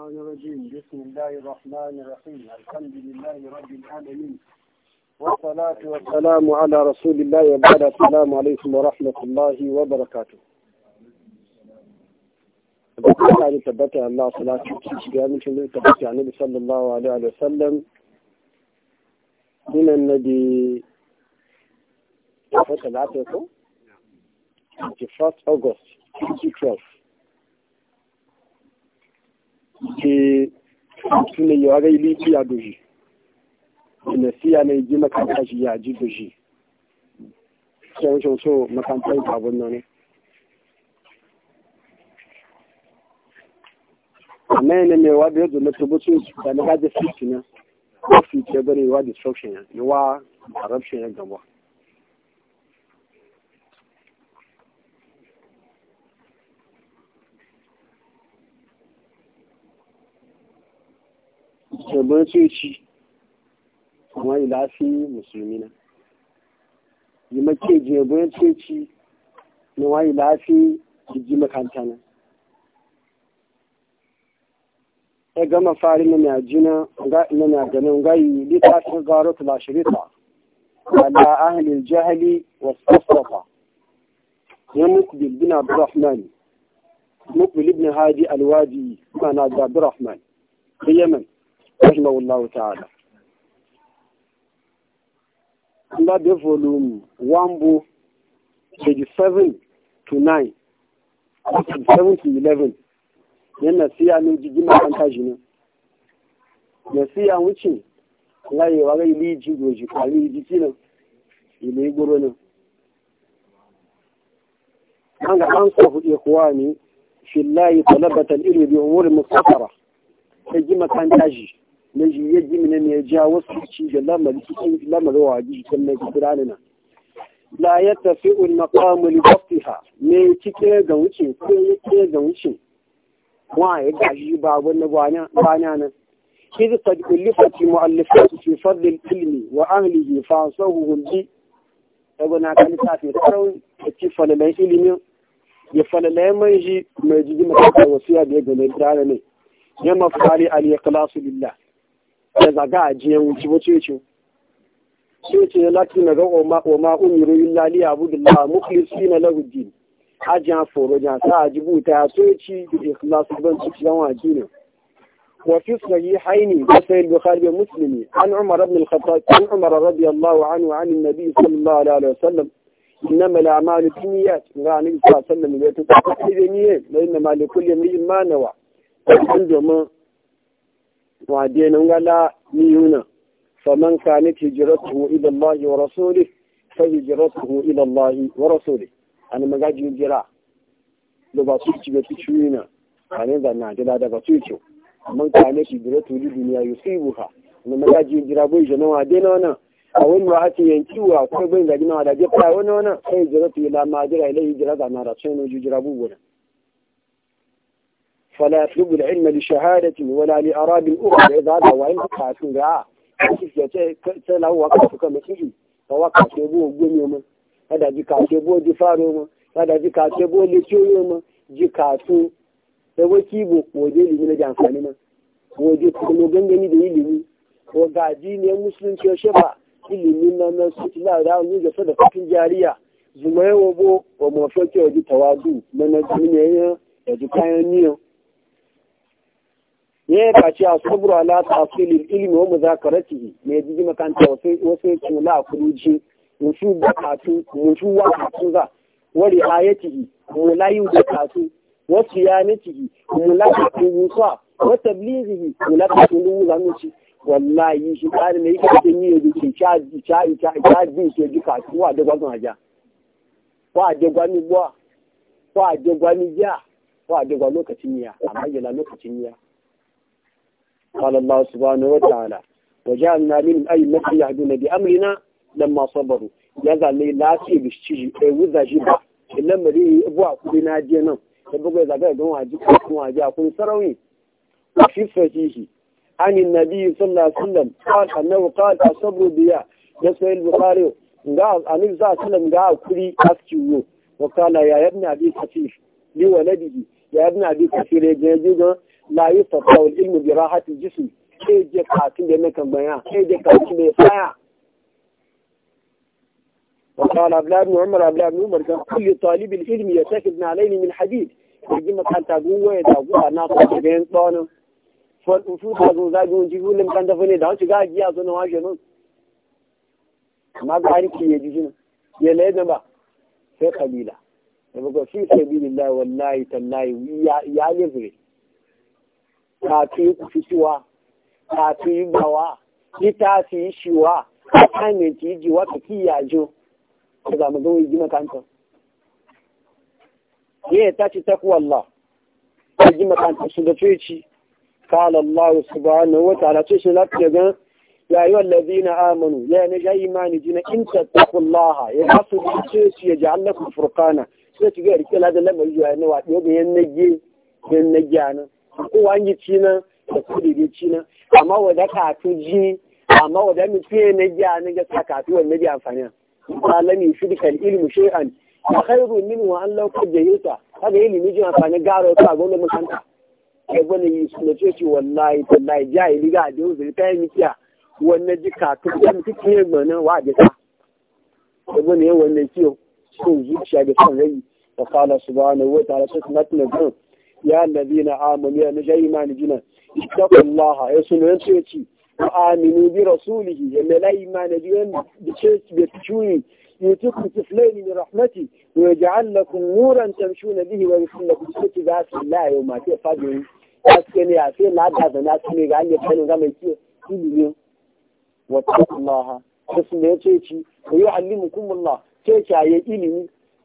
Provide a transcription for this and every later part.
الشيطان الرجيم بسم الله الرحمن الرحيم الحمد لله رب العالمين والصلاة والسلام على رسول الله وبعد السلام عليكم ورحمة الله وبركاته Bukata ثبت الله صلاة salatu ci shiga mutum zai tabbata a Nabi sallallahu alaihi wa في dinan na 2012 ke tune yawa ga iliki ya doji na siya na ji makanta shi ya ji doji sai so makanta ya abun nan amma yana mai wa da ya zo tabbacin da na gaji fitina ko fitina bane wa destruction ya wa corruption ya gaba ẹ̀gbọ́n tí ó ci àwọn ìlàáfí mùsùlùmí náà ìmọ̀ kejì ẹ̀gbọ́n tí ó ci ni makanta na ya gama fari na majina na ganin gayi littafin garo tula shirita ala ahalin jihali wasu sassafa ya mukbil bin abdurrahman mukbil ibn hadi alwadi kuma da abdurrahman a yaman رحمه الله تعالى under the volume 1 book page 7 to 9 7 to 11 yana siya ne jigin makanta jini na siya wuce layewa wa ili ji goji kwari ji kina ile goro nan an ga an sahu ikhwani fillahi talabatan ilmi bi umuri mustaqara jigin makanta jini na shi ya ji mine ne ya ja wasu ci da lamari waje kan lamari wa ji na gidan nan la ya tafi un maqam li ha. me cike ga wuce ko ya ke ga wuce wa ya ga shi ba wannan banya banya nan kiz qad ulifat mu'allifat fi fadl al-ilm wa ahlihi fa sawhu bi ego na kan ta fi tarau ta ci fa da ilmi ya fa da mai ji mai ji ma ta wasiya da ga ne dare ne yamma fali al-ikhlas lillah da zaga a jiyan wuce wuce wuce su ce na lati na ga o ma o ma yin lali abu da la muhlisi na lagu din a jiya sa a jibu ta ya da ikhlasu ban su ci yawan aji ne wa fi sahi haini da sayil bukhari bin an umar ibn al-khattab an umar radiyallahu anhu an nabi sallallahu alaihi wa sallam inna mal a'mal binniyat ga annabi sallallahu alaihi wa sallam ya ne ne inna mal kulli min ma nawa dan Wa dena nga la miyiuna, ka man kane ki yi jarrabu da ita wajen wara sori, sai yi jarrabu da ita wajen na suci na suci, kani kane ki yi jarrabu duniya da yau, su i buha, kani maza jinjira bai yi jarrabu da wani a wani wani haka yankyuwa ko yi ban yakin yana, ko yi ban yana da zai kai a wani wani, sai yi jarrabu da wani, sai yi jarrabu da wani. فلا يطلب العلم لشهادة ولا لأراد أخرى إذا هذا وإن وقع سنجاء سلا وقع كما تجي فوقع سيبوه قنيوما هذا جيكا سيبوه دفاروما هذا جيكا سيبوه لتيوما جيكا سو ewe kibo waje ilimi na amfani ma waje kuma gangani da ilimi ko gaji ne musulunci ya shaba ilimi na na su tila da wani da sada kafin zuma yawa bo wa mafi kyau ji tawadu na na duniya ya ne ka ce a sabru ala tafsilil ilmi wa muzakaratihi me jiji makanta wasu wasu kula kuruji mushu bakatu mushu wa katuza wa riayatihi mulayu da kasu wa siyanatihi mulaka kuwusa wa tablighihi mulaka kuwu zanuci wallahi shi tsari ne yake cikin yi da ke caji caji caji ke ji kasu wa da gwazon aja wa da gwani gwa wa da gwani ja wa da gwa lokacin ya amma yana lokacin ya قال الله سبحانه وتعالى وجعلنا من أي مثل يهدون بأمرنا لما صبروا يزال لي لا سيب شيء وذا جبا لما لي أبوا كلنا جينا يبقى إذا قال دون عجيب واجا كل سروي وفي فتيه عن النبي صلى الله عليه وسلم قال أنه قال الصبر بيا يسوي البخاري قال النبي صلى الله عليه وسلم قال كلي أسكيو وقال يا ابن أبي كثير لولده يا ابن أبي كثير يجي la yi tattawa ilmu bi rahati ya sai je kafin da naka gbaya sai je kafin da tsaya وقال أبلا بن عمر أبلا بن عمر كان كل طالب العلم يتخذ عليه من حديد يجي طالب بين لم كان ما بقى في في سبيل الله والله تالله يا يا na fi yi kufisuwa na fi yi gbawa jita fi yi shiwa a kanin ki ji wata ki yajo ko zama zo yi gina kanta yi ta ci ta kuwalla ta yi gina kanta su da tuci Ka Allah su ba na wata na ce shi lafiya gan yayi wallazi na amanu ya ne ga imani ji na in ta kuwalla ya ba su ci ce ya ji Allah ku furkana sai ki ga rikala da lamari ya ne wa dogo yan nage yan nage anan ko wangi ci nan da ko dede ci nan amma wada ka tu ji amma wada mi fiye na ja na ga saka tu wannan ji amfani malami shi da ilmu shay'an khairu min wa an law kajayuta kaga ilimi ji amfani garo ta gole mun kanta kai bane yi sunna ce ce wallahi tallahi jahili ga a yau zai tayi mikiya wannan ji ka tu da mi fiye gbana wa a da ta kai bane wannan ciwo sun zuciya da son rai وقال سبحانه وتعالى سكنت نجوم ya lazina amini ya nijar imani jina istakullaha ya suna yin su ya ci aminu bi rasulihi ya mela imani jiyan da ce bai fi cuni ya ci ku ci flani ne rahmati ya ji allakun nuran tamshu na bihi wani sun da kusa ci za su la ma ce fadi ya ce ne ya ce na da zana su ne ga an yi fani ga mai ciye wata kullaha ya suna yin su ci ya yi allimu kumulla ce ki a ilimi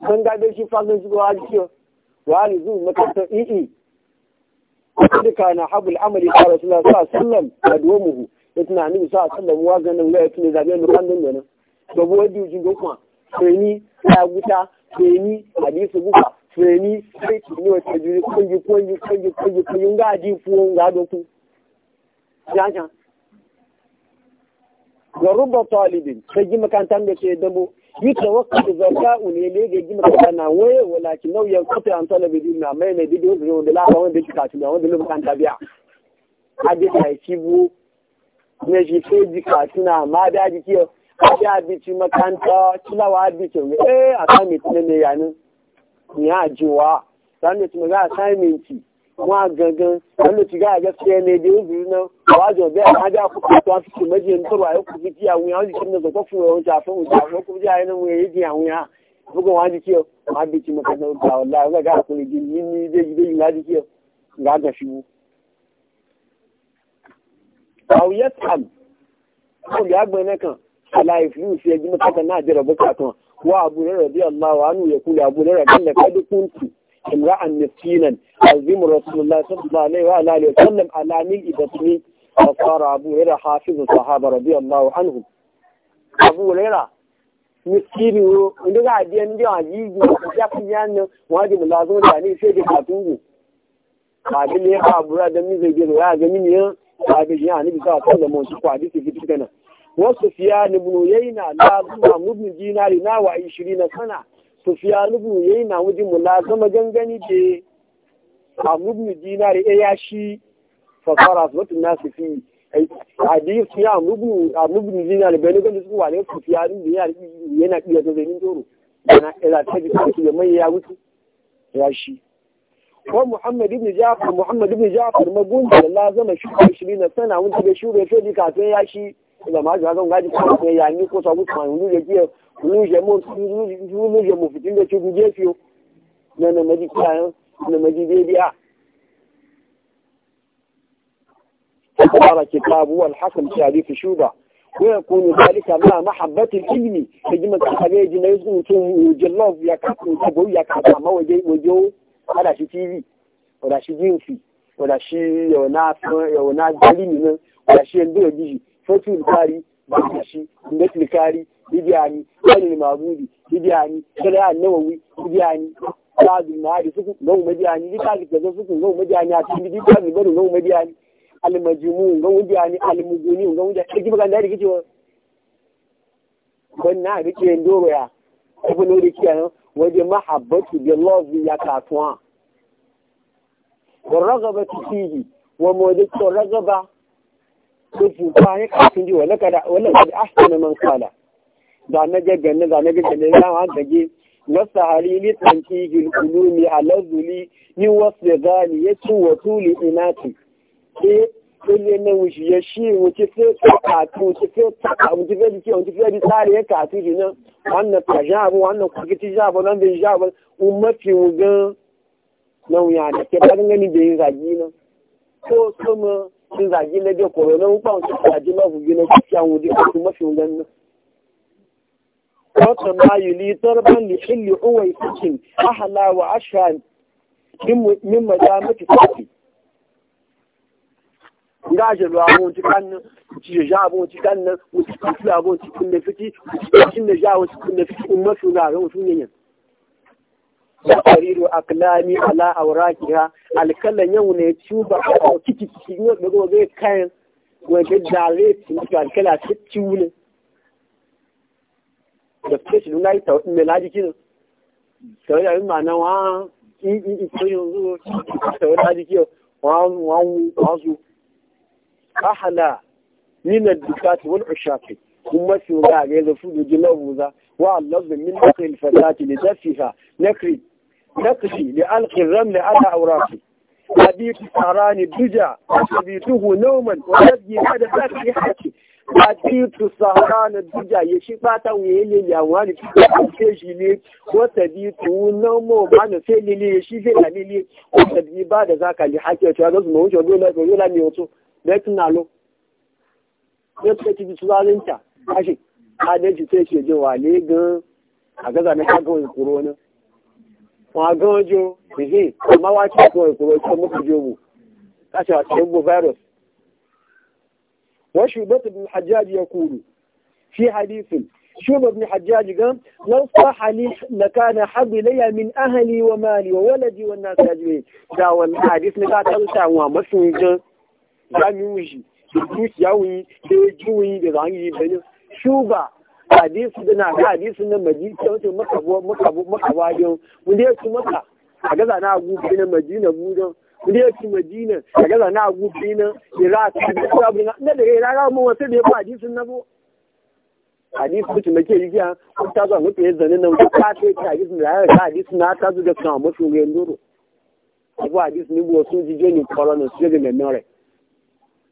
kan gado shi fagen shi wa jiyo wa ni zu makanta ii kada na habul amali ta rasulullah sallallahu alaihi wasallam adumuhu yatna ni sa sallam wa ganin ga yatne zabe mu kan dan nan babu wadi ujin go kuma feni ya guta feni hadisi guka feni sai ki ne wata juri ga di ga do ku ga rubba talibin sai ji makantan da ke dabo yi tawakkal zakka ne ne ga gina kana waye wala ki nauyin kofi an talabi din na mai ne bidiyo da wanda la ba wanda kika ci da wanda lubukan tabiya ade sai kibu ne shi sai jika tuna ma da jike a sha bici makanta tilawa abici eh a kan ne ni ajiwa dan ne tuma wa gangan wanda ci a gaskiya ne da yanzu na wajo bai a haja ku ka to su maji en to wayo ku ji awun ya jikin da zakwa fu wayo ta fu ta ko ku ji ayin mu yayi ji awun ya bugun wa ji kiyo ma bi ci maka da wallahi ga ga ku ji ni ni da ji da ina ji kiyo ga shi mu aw yatam ko ya gbene kan alayi fulu fi eji maka na jira bukatun wa abu rarrabi Allah wa anu kula abu imra'an عظيم رسول الله صلى الله عليه وآله وسلم على ملء بطني فصار أبو هريرة حافظ الصحابة رضي الله عنهم أبو هريرة miskini wo inda za a biya ndi a yi yi ya fi ya nan wajen mulazon da ne sai da katungu ba bi ne ka bura da mizai gero ya ga mini yan ba bi ya ni bisa kan da mun kwa dike fi kana wasu fiya ni bunu yaina la zuwa mudin dinari na wa 20 sana sufiya ibn yaina wajin mulazama gangani da a mudni dinari eh, ya shi fasara su wata nasu fi hadis ya a mudni dinari bai nufin su wale su yana iya zo zai toro yana ila ta ji kansu da mai ya wuce ya shi ko muhammad ibn jafar muhammad ibn jafar magun da la shi ko sana wanda bai shure to di kafin ya shi da ma ga zan gaji ko ya ni ko sabu kan ni da ke ni je mu ni je mu na majidediya وقال كتاب والحكم شادي في شوبة ويكون ذلك مع محبة الابن يجمع الحبيج يزغو جلوف يكاكو تبو يكاكو ما وجي وجو على شي تي في ولا شي جنسي ولا شي يونا يونا جالين ولا شي ندو جيجي فتو الكاري ba shi net likari bidiyani wani mabudi bidiyani shari'a nawawi bidiyani kazi na hari suku ga umajiyani di kazi kaza suku ga umajiyani a cikin di kazi bari ga umajiyani almajimu ga umajiyani almuguni ga umajiyani kike baka da rikici ban na rike ndoro ya ko no rike ya waje mahabbatu bi love ya ka wa ragabatu fihi wa mawdatu ragaba ko ju ne ka tunji wala kada wala kada ahsana man kala da na ga ganna da na ga ganna da wa wasahali li tankihil ulumi alazuli ni wasu gani ya ci wa tuli inati ke kulle na wuce ya shi wuce fe kakatu wuce fe taka wuce fe jiki wuce fe ji tsari ya katu shi nan wannan ka jabu wannan kwakiti jabu nan bai jabu un mafi wugan na wuya da ke ba gani da zagi nan ko kuma yin zagi na bai koro na wuɓa wuce zagi mafi gina kusa wuce mafi wugan nan wata mayu li zarban li hilli uwai cikin ahala wa asha min majamati lo awon ti kan ti ja awon ti kan o ti kan ti awon ti kun le fiti ti ne ja awon ti kun le fiti ga wasu ne yan tariru aklami ala awrakiha alkalan yau ne tuba ko kiki kiki ne ga ga kayan wajen da rate ni alkala ti ne. da suke shi lungayi ta mai laji kinu ta wani abin ma nan wa ikon yanzu ta wani laji kiyo wa su ahala nina dukati wani ushafi kuma su ga ga yanzu su duji labuza wa allazu min nakil fasati li dafiha nakri nakshi li alqi ramli ala awraqi Sarani, أراني بجا أبيته نوما ويبني هذا ذاك حكي àti tùsàrà ní dújà yìí ṣí pátá wọn èlé ilẹ̀ àwọn àrùkí kéjì lé wọ́n tẹ̀bí tòun náà mọ̀ mánà fẹ́ lílé ṣí fẹ́lá lílé wọ́n tẹ̀bí bá dàzá kàlẹ̀ àti ẹ̀tọ́ àgọ́sùmọ̀ oúnjẹ ọdún lẹ́gbẹ̀ẹ́ orí lámì ọ̀tún lẹ́tùnà lọ. lẹ́tùnà ti fi túlá ní ìta káṣí adéjì tẹ́ ṣe je wa lé gan àgọ́sà ní kágan ìkúrò náà. wọn àgán jo ìhìn àmáwá tí ìkúrò ìkúrò ìkúrò mọ́kànjọ́ wò káṣí àti ẹgbò virus. وشعبة بن الحجاج يقول في حديث شعبة بن الحجاج قال لو صح لي لكان حب لي من أهلي ومالي وولدي والناس أجمعين دا والحديث نقاط ألسا ومسوجة زميوجي dukiyawi da ya juyi da zangi bayan shuba hadisi da na ga hadisi na madina wato makabawa makabawa yau wanda ya su maka a gaza na gugu na madina budon kudeci madina daga zana a gubi nan iraq da sabu na daga iraq mun wasu da ya ba hadisin na bo hadisin mutum da ke rigiya kun ta zuwa mutum ya zane na wuce ta ce ta hadisin da ya hadisin na ta zuga suna mutu ga yin doro abu hadisin ni bo sun jije ni koronan su yaga memore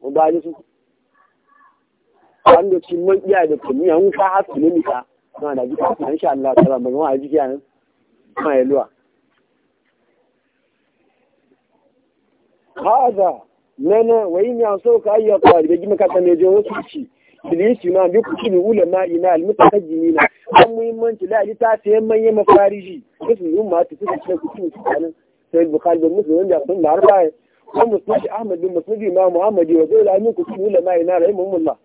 mun ba hadisin an da cin man iya da kamiya mun fa hasu ne ni na da jika insha Allah ta'ala mun wa jika nan ma yaluwa haza nana wai ya so ka ayya kwari da gimi ka mai jiwo wasu ci bilisi ma bi kuci bi ulama ina almutakajjimi na an muhimmanci la ta ta yan manyan mafariji musu yi ma ta kusa ce kuci musu kanin sai bukari da musu wanda sun da harba ya kan musulunci ahmad bin musulunci ma muhammadi wa zai lamin kuci ulama ina rai mummullah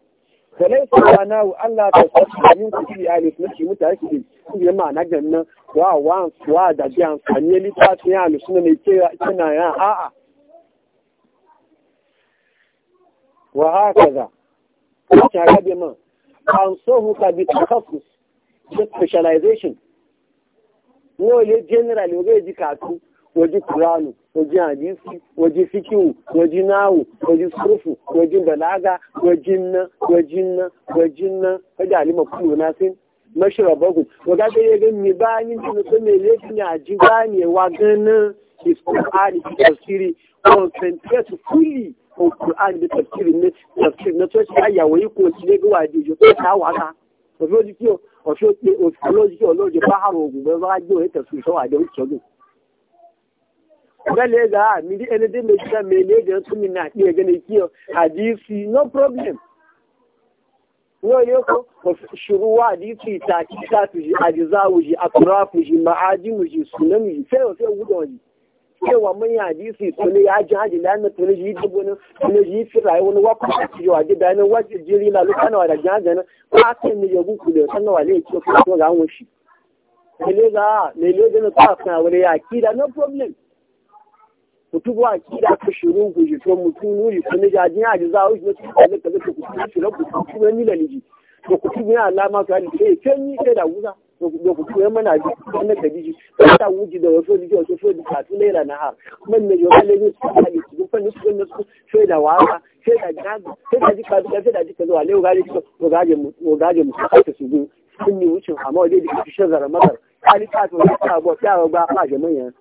kalai sana wa allah ta sa min kuci ali sunci mutane mutaki ne na ganna wa wa wa da biyan saniyali ta ta yan alusunan ne ke na a, a'a wa hakaza wace haka bai man an so huka bi takafus da specialization no ye general yoga ji katu waji kuranu waji hadisi waji fikihu waji nawu waji surufu waji balaga waji na waji na waji na waji alima kullu nasin mashrabahu waga ga ye mi ba ni tun so me le tin aji ba ni e wa ganan is qur'ani tafsiri concentrate fully ko Qur'an da tafsirin ne tafsir na to sai ya wai ko shi ne gwa ji jo ta waka to lo ji ko o so ti o lo ji ko lo ji ba haro gu ba ba o ta su so da wuce do gale a mi di ene de me ga me ne da su min na iya gane kiyo no problem yau ko shuruwa hadisi ta kita tuji ajiza wuji atrafu ji ma'ajimu ji sunan ji sai o sai gudu waje cewa mun ya yi hadisi tuni ya ji haji da lana tuni ji da wani ne ji fi rayu wani wa kuma ci yawa ji bayanin wajen jiri na lukana wa da jaja na ba ta ne yugo ku da na wale ci ko to ga mun shi ne mele ga ne mele da na ta kana wani ya kida no problem mutu ba kida ku shiru ku ji to mutu nuri ne ga ji haji za wuce ne ka kaza ku ku shiru ku ku ne ni laliji to ku ji alama ka ni sai kan ni sai da wuza yọkùnkùn yẹn mọ́nà àti ọ̀nà kẹ̀díjì pátá wújì dọ̀rọ̀ fún ìdíjọ́ ọ̀sẹ̀ fún ìdíjọ́ àti náírà náà mọ́nà mẹ́jọ ọ̀lẹ́ ní sọ́kà sai da fún sai da lọ́sọ́kù fẹ́ẹ̀dà wàhálà fẹ́ẹ̀dà gáàgù fẹ́ẹ̀dà jíkà fẹ́ẹ̀dà jíkà lọ́wọ́ alẹ́ ògájẹ mùsùlùmí ṣùgbọ́n fún ní wucin àmọ́ ilé ìdíjọ́ ṣiṣẹ́ zara mọ́tàr káàlì káàtì wọn ta àbọ̀ tí àwọn gba alájẹ mọ́yàn.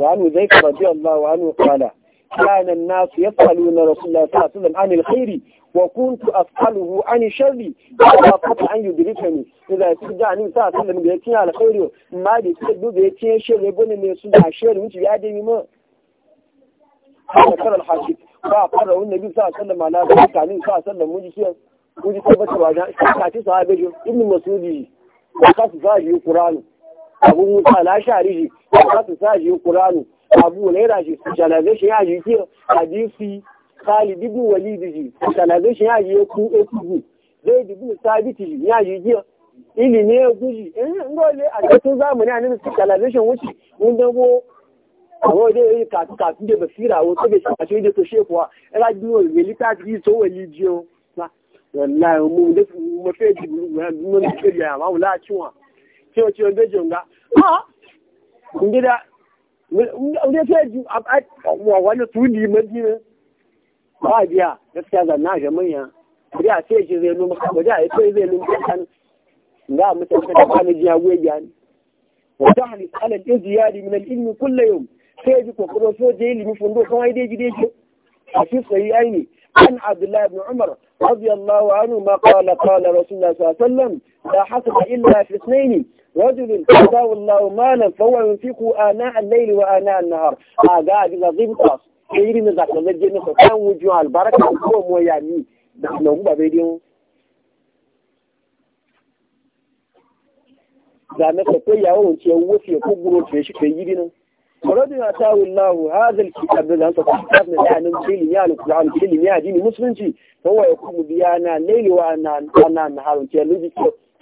wàánu zai ba allah wàánu kọ́lá كان الناس يسألون رسول الله صلى الله عليه وسلم عن الخير وكنت أسأله عن الشر فلا قطع أن يدركني إذا سجعني صلى الله عليه وسلم على خير ما دي تدو بيتين شر يقول من يسجع الشر وانت بيعدي ما هذا كان الحاكم فأقره النبي صلى الله عليه وسلم على ذلك عليه صلى الله عليه وسلم وجي شيء وجي تبت واجه كاتي صحابه ابن مسعود وقاس ساجي القرآن أبو موسى لا شعري وقاس ساجي القرآن abu laira shi specialization ya ji kiyo hadisi khalid ibn walid ji specialization ya ji ku ekugu zai dubu sabiti ji ya ji kiyo ilimi ya guji eh ngole a cikin zamani a nan specialization wuce mun dago àwọn ilé ìrìn kàtí da bẹ̀síra àwọn tó a ṣàṣẹ́ ilé tó ṣe fún wa ẹlá bí wọ́n rèé lítà tí tó wẹ̀ lè jẹun wọ̀nà ọmọ ilé mo fẹ́ jù wọ́n ní kéde àwọn láàchí wọn wanda sai ji a wa wani tudi madina ba biya gaskiya zanna ga manya kuri a sai ji zai numa kaba da ya sai zai numa kan ga mutum ta ba jiya goyi ya ni wa tahli ala al-izyadi min al-ilmi sai yawm ji kokoro so je ilimi fundo kan ai dai gide a shi sai ai عن عبد الله بن عمر رضي الله عنهما قال قال رسول الله صلى الله عليه وسلم لا حسد إلا في اثنين رجل آتاه الله مالا فهو ينفقه آناء الليل وآناء النهار هذا نظيم خاص يجري من ذاك الجنة كان وجوه البركة هو موياني نحن هم بابيديون da na tafiya yawancin wufi ko guro ce shi ke yi nan ورجل أتاه الله هذا الكتاب الذي أنت تحدثنا الآن مسلم يعني القرآن مسلم يعني دين مسلم فهو يقوم بيانا الليل وأنا أنا نهار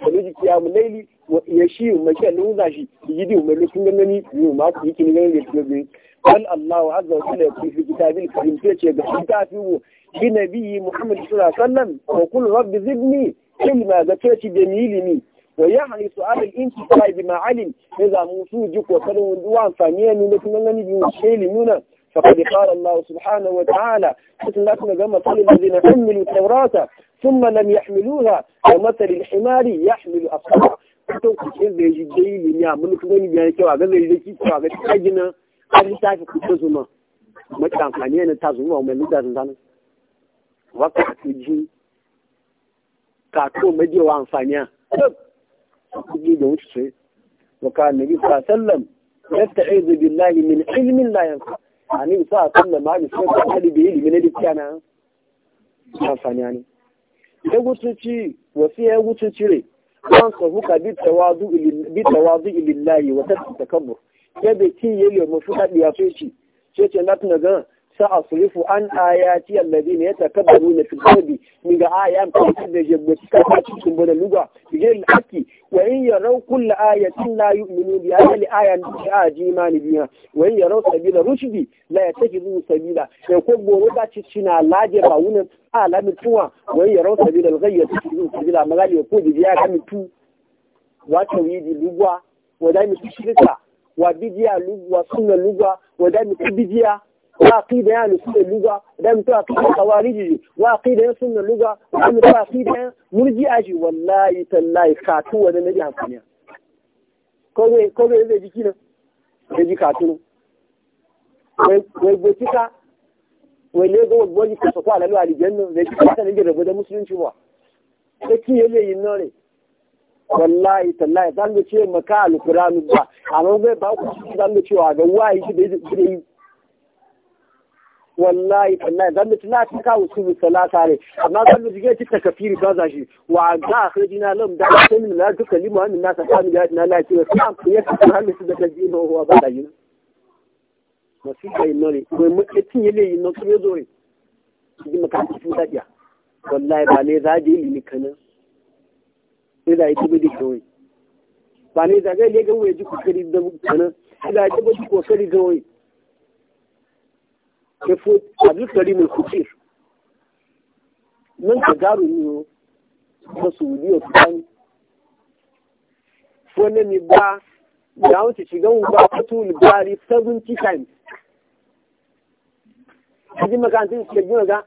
kalli kiyamun laili ya shi mai kyan lunza shi yi di mai lokacin gangani yi ma ku yi kini gangani da tulobi wal Allahu azza wa jalla fi kitabil karim sai ce ga kitabi wo bi nabiyyi Muhammad sallallahu alaihi wasallam wa qul rabbi zidni ilma zakati bi ilmi Wai ya hani su'alin inci kai bi ma'alim ya zamu su ji kokarin wunduwa amfani ya nuna kuma gani bi shaili nuna فقد قال الله سبحانه وتعالى مثل لكم جمع مثل الذين حملوا التوراة ثم لم يحملوها ومثل الحمار يحمل أصحابه kusan kusan da ya shi dai ne ya mulki gani biya kyau a gaza da kici a gaci ta gina har ta fi kusa zuma mace amfani yana ta zuma mai lida zan zanen waka ta ji ka to majewa amfaniya kuɗi da wuce sai waka nabi sa sallam yasta'izu billahi min ilmin la yanfa ani sa sallam ma bi sai da bi ilmi ne dukkan nan amfani ani da gutuci wasiya gutuci re an sahu ka bi tawadu bi tawadu lillahi wa takabbur yabe ki mu fuka biya ce na سأصرف عن آياتي الذين يتكبرون في الأرض من آيام كتب جبت كتب اللغة بجير الحق وإن يروا كل آية لا يؤمنون بها لآية آية إيمان بها وإن يروا سبيل رشدي لا يتجدون سبيلا يقول بورودا تشينا لاجي باونا على متوا وإن يروا سبيل الغي يتجدون سبيلا مغالي يقول كم بها كمتو وتويد اللغة ودائما تشركها وبديا لغة سنة لغة ودائما تبديا وعقيدة يعني سنة اللغة دام تو عقيدة خوارجي وعقيدة سنة اللغة دام تو عقيدة مرجي أجي والله تالله خاتوة دا نجي هنفنيا كوبي كوبي إذا جي كينا نجي خاتونا ويبوتيكا ويليغو وبوجي كسوكوا على لوالي جنة نجي خاتونا نجي ربدا مسلم شبوا لكي يلي ينوري wallahi tallahi zan ga ce maka alkurani ba amma bai ba ku zan ga cewa ga wayi shi da yi wallahi wallahi zan mutu na ta kawo su salata tare, amma zan mutu ga ta kafiri ba za shi wa ga akhrajina lam da ta min na duka lima min na ta kanu ga na la ki wa ku ya ta halu su da kaji no wa ba da yin masu kai nore ko mu tin yele yin no su yo zore ji maka su da ya wallahi ba ne za je yi kana sai da ita bidi kawai ba ne za ga le ga waje ku kari da kana sai da ita bidi ko kari da waje ke fo abdul karim al kufir nan ka garu ni ko su wuli o tan fo ne ni ba ya wuce shigan ba fatul bari 70 times kaji makarantar su kaji maka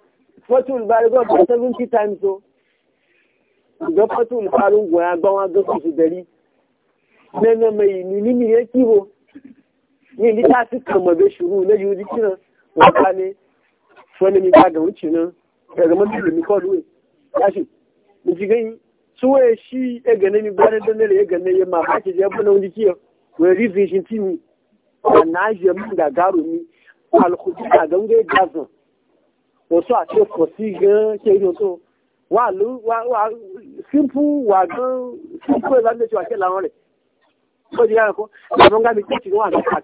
fatul bari ga 70 times so ga fatul farin goya gawa ga su su dari nan mai ni ni ne kiwo ni ni ta su kama be shuru na yuji kiran wata ne wani mi ga wuce nan daga mun da mi kawai ya shi mi ji gani su waye shi ya gane mi gwanin da nare ya gane ya ma hake ya bana wani kiyo wai rizin shi timi da na ji mun da garo mi alhudu da gangaye gazan wasu a ce kwasi gan ke yi to wa lu wa wa simple wa gan simple zan da ke lawan rai ko ji ya ko da mun ga mi kici wa ga ka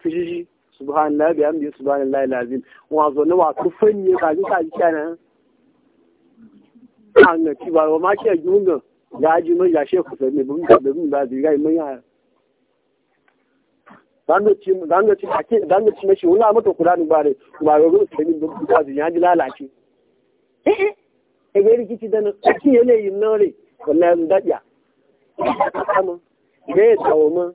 subhanallah bi amdi subhanallah lazim wa zo ne wa ku fanye ka ji ka ji kana an ne ti ba wa ma ke junga ga ji no ya she ku ne bun ka bun ba ji ga mun ya dan da ci dan da ci ake dan da ci mashi wala ba ne ba ga sai min bun ji ya ji lalace eh eh ga eh, rikici dan ki yana yin nore wallahi mun dadiya kama mun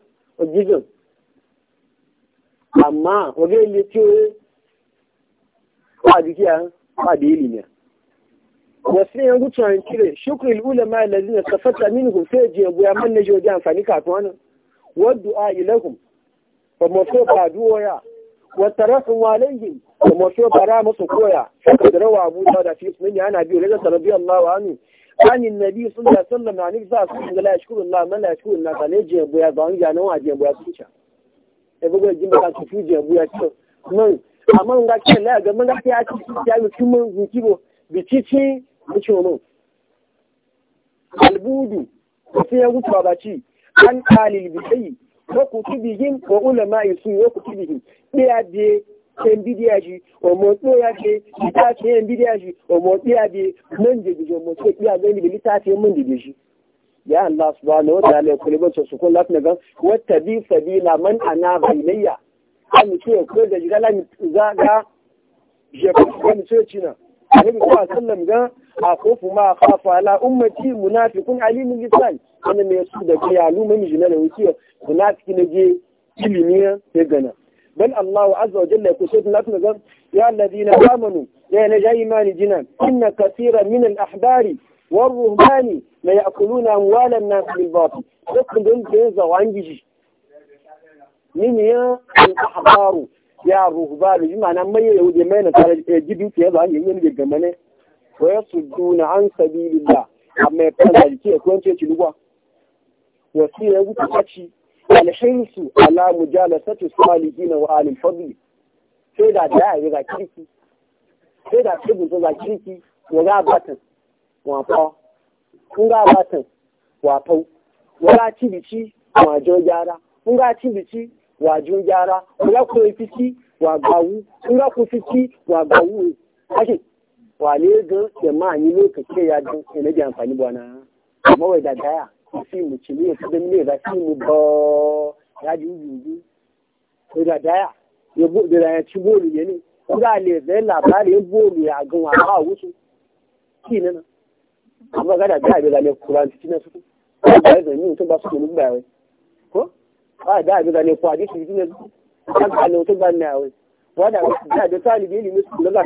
gizon amma waje ne ce ba jiki a ba da ilimi wasu yan gutu an kire shukri ulama lalzi na tafata minhum sai je goya man na joji amfani kafin wannan wadda a ilahum ba mafi ba duwaya wata rafin walayhim ba mafi koya da rawa abu da fi sunan yana biyu rajin sarabiyar lawa ne Ali na bi sun laminuwa ni za su ingila e ya shukuru nuna a mana ya shukuru nuna zane ajiyabu ya zama zane wani ajiyabu ya kushe cakula. Ibi biyar jinbata cikin ji'anbu ya kyau. Mun amun nga ke ne ga mun kaya aci ya yi tun mun zikibo bi cikin shiru mun. Alibudu, zai yi wuti abaci. An kalil bi ta Ko ku bi ulama aiki, ko ku bi yan bidiya shi wa motsi ya ce litafi yan bidiya shi wa motsi ya ce nan da bijo motsi ya gani da litafi yan mun di ji ya Allah subhanahu wa ta'ala kulli ba so ko lafi ga wata bi sabila man ana bainayya an ce ko da jira la za ga je ko ni ce cina annabi sallallahu alaihi wasallam ga akhofu ma khafa ala ummati munafiqun alimun lisan wannan me su da ya lu mun jinala wuciyo munafiki ne je ilimiya ya gana بل الله عز وجل يقول سيدنا أتنظر يا الذين آمنوا يا نجاي إيمان جنا إن كثيرا من الأحبار والرهبان لا يأكلون أموال الناس بالباطل لكن دول جيزة وعنجي من يا الأحبار يا الرهبان بمعنى ما يهودي ما ينسى يجب في هذا عن يمين جمانه ويصدون عن سبيل الله أما يبقى ذلك يكون تيتي لغا وسيرة وكتشي alhinsu ala mujalasatu salihin wa alim fadli sai da da ya ga kiki sai da kibin ga kiki ya ga batan wa fa kun ga batan wa fa wala cibici wa jo gyara kun ga cibici wa jo gyara kun ga fiki wa gawu kun ga ku fiki wa gawu ake wa ne ga jama'a ni lokaci ya dan ina da amfani bwana amma wai da daya fíìmù tìlú ètò bẹ́ẹ̀ nílé ìgbà fíìmù bọ́ọ̀ ìdájú yìí ìgbà dáyà ìgbà yẹn tí bóòlù yẹn ni ìgbà lè da làbárè bóòlù àgùn àbá àwùjọ kí ni na àbá gàdà bí àgbẹ̀dà kura títí náà tuntun àgbà ẹ̀sẹ̀ ní tó bá sọ̀rọ̀ nígbà rẹ̀ kó àgbà àgbẹ̀dà lè kó àdéṣe títí náà tuntun àgbà lè tó gbà ní àwẹ̀ wọ́n dà bí àgbẹ̀ tó àlè bí èlì mi sùn lọ́gà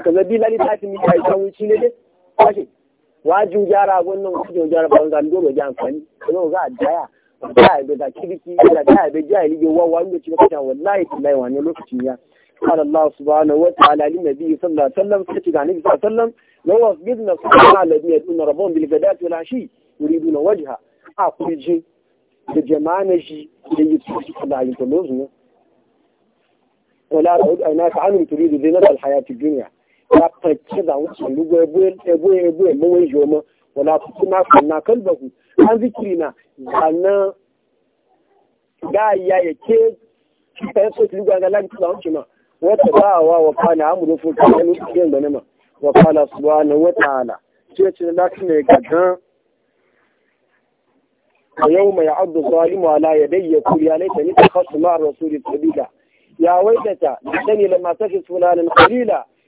ne bí waju gyara wannan wajen gyara ba wanda dole ya amfani kuma za a daya ba ya da kirki da da da ya lige wa wani lokaci ba ta wallahi tallahi wani lokacin ya قال الله سبحانه وتعالى للنبي صلى الله عليه وسلم فتجد عن النبي صلى الله عليه وسلم لو أصبدنا الصلاة الذين يدعون ربهم بالغداة والعشي يريدون وجهها أقول جي الجماعة نجي ليتسوس الله na ولا تعود turi عنهم تريد زينة الحياة الدنيا ya fake da wucin lugu ebo ebo ebo wai joma wala kuku na kanna kalbahu an zikiri na zanna ga ya ya ke kifayen sotu lugu an ga lagi da wucin ma wata ba wa wa kana amurin fulka ya nufi kiyan da nema wa kana subhanahu wa ta'ala ce ce na ne gagan a yau mai abdu zalimu ala ya dai ya kuriya laita ni ta kasu ma rasulun sabila ya waidata da sani lamma tafi sunanin kalila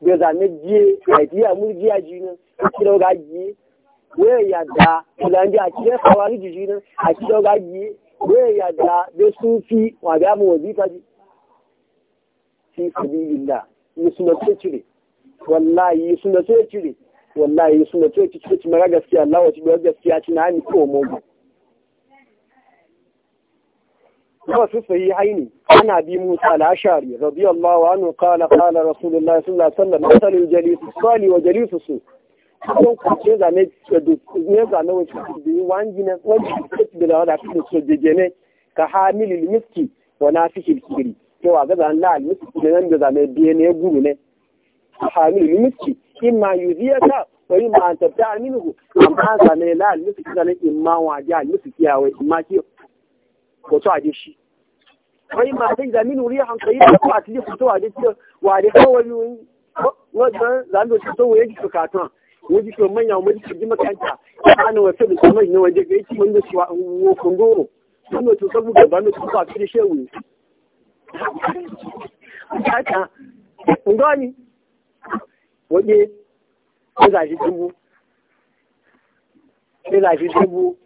bai zame jiye haifiya mun jiya ji nan a kira ga jiye waya yadda kulanji a cikin hawari ji nan a kira ga jiye waya yadda bai sufi wa ga mu wazifa ji fi sabilillah musulmai cire wallahi suna cire wallahi suna cire cire gaskiya su wasu sahihaini ana bi Musa al-Ashari radiyallahu anhu qala qala Rasulullah sallallahu alaihi wasallam masalul jalis sali wa jalis su don ku ce da ne ne da ne wacce da yi wangi na wacce take da wada ku so jeje ne ka hamilil miski wa nafikil kiri to a gaza Allah al-miski da nan da zame biye ne guru ne hamilil miski imma yuziyaka wa imma an tabta minhu amma zame la al-miski da ne imma waje al-miski ya wai imma kiyo wato a shi bai ma sai da minu rihan kai a dashi wa da kawai da manya makanta da kuma shi wa shewu ngani dubu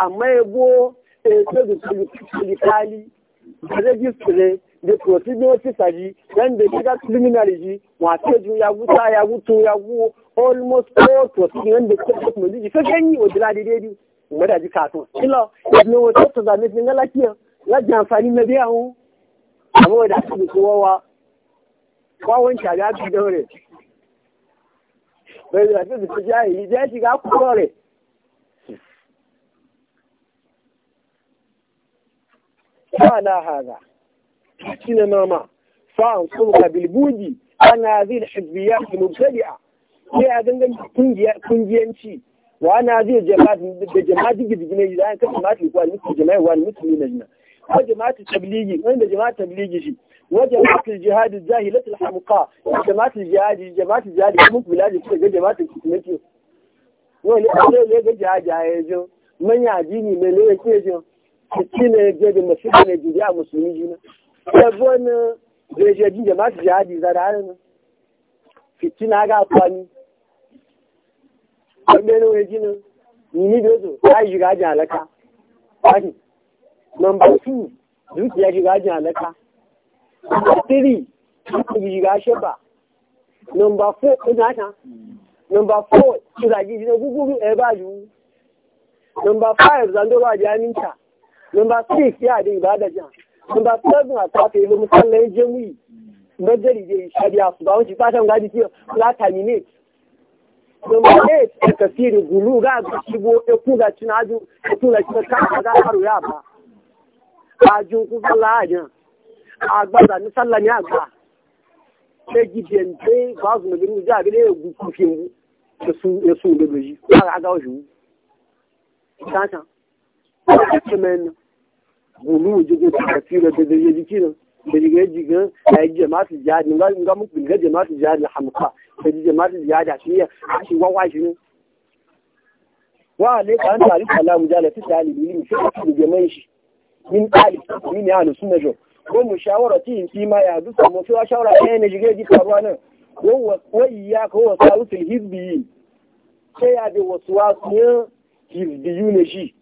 amma yabo eto da tsikali da registry da procedure officer ji dan da shiga criminal ji wato ju ya guta ya gutu ya gu almost all procedure da suka kuma ji ka ganyi o dila de dedi mo da ji ka to kilo ne to da ne singa la kiyo la jan me bi ahun amma da su ko wa wa won ta ga bi dore bai da su ji ya yi ya qala hadha sina mama fa ansuruka bil buji ana zil hizbiyat al mubtadi'a ya adan gan kungiya wa ana zil jama'at da jama'at gidgine da an kasa mati ko ni jama'i wa ni mutumi na jina wa jama'at tablighi wanda jama'at tablighi shi wa jama'at al jihad al zahilat al hamqa jama'at al jihad jama'at al jihad mun bila da ga jama'at kungiyanci wa ne ne ga jihad ya yi jin manya dini ne ne ke jin ne je da masu ne a musulmi jina ya bona da da masu jihadi za da ga wanda jina ni yi alaka wani 2 dukiya alaka 3 dukiya Nomba 4 ina ta number 4 shiga jina Nomba 5 zando ba jaminta Number six ya da Ibadan. Number seven a tafi ilu musallan jami'i. Majari da shari'a su ba wuce fatan gadi kiyo la terminate. Number eight a kafiri gulu ga ga shigo e kuga cina ajin e kuga cina kan ga haru ya ba. Ajin ku sallah a Agbada ni sallah ni agba. Ṣé gidi ẹ̀ ń gbé báàgùn lóbi ní ìjà àbílẹ̀ ègún kúfin wú? Èsùn ya yìí, lára agáwọ̀ yìí wú. Ṣáṣán, ó ti ṣe mẹ́rin náà. Bulu, jigo ta kasira da zai yi da riga jiga a yi jama'atu jihadi nga nga mu riga jama'atu jihadi hamka da jama'atu jihadi a shi a shi wawa shi wa ale ka an tari salamu jala ta talibi ne sai da jama'in shi min talibi min ne nu sunna jo ko mu shawara ti fi ma ya du mu fi wa shawara ne ne jiga ji faruwa nan wa wa iyyaka wa sa'utul hizbi sai ya bi wasu wasu ne hizbiyu ne shi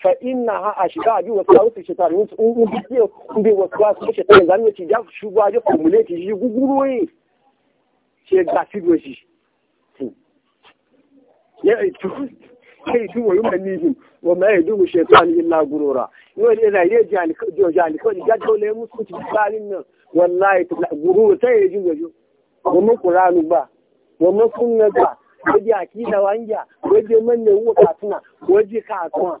fa ina ha a shiga bi wasu wasu shekaru wasu in bi ke in bi wasu wasu shekaru zan yi ci shugaba ya formulate shi guguro yi ce ga shi ya aitu ya aitu wa yi manihim wa ma yaidu mu shekaru illa gurora yau da yana yi jalikawai ya dole musu ci tsarin nan wallahi gururu ta yi jin gajo wa mu kuranu ba wa mu sunna ba waje akida wanja waje manne wuka tuna waje kasuwa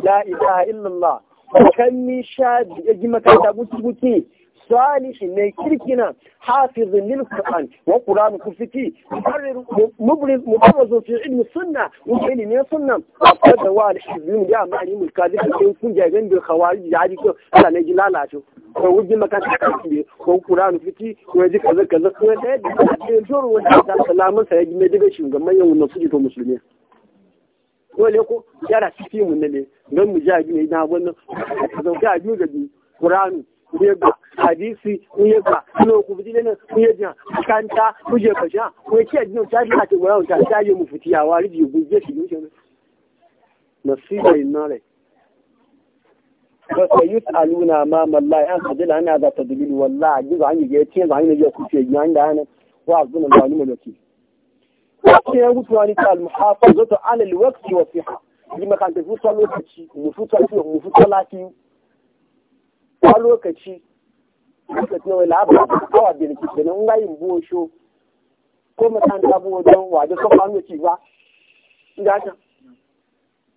la ilaha illallah kan ni sha da ji makanta buci salihi mai kirkina hafizin lil qur'an wa qur'an kufiti mubarrir mubriz mubarriz fi ilm sunna wa ilm sunna da wa al-hizbin ya ma'ani mulkazi da kun jagan bil khawarij ya ji ko Allah ne ji lalato ko wuji makanta kafiri ko qur'an kufiti ko ji kaza kaza ko da da joro wa da salamun sa ya ji mai daga shugaban yau na fujito musulmi dole ko yara su fi mun ne don mu ja biyu na wannan ka zauka a biyu ga biyu Qur'anu ku ya ga hadisi ku ya ga kuma ku bi nan ku ya ga kanta ku ya ga ja ku ya ce din ta ta ce Qur'anu ta yi mu fitiya wa riji ku je shi ne nasiba inare ba yi aluna ma mallahi an sajila ana za ta dalilu wallahi ga an yi ga ce ga an yi ga ku ce an da ana wa azuna ba ni malaki wacce ya mutu wani ta almuhafazatu ala alwaqti wa siha ji makanta fusa lokaci mu fusa mu fusa lafiyu a lokaci lokaci wai labar awa da ke kenan ga yin bosho ko makanta bu wajen wajen kan ba ci ba ga ta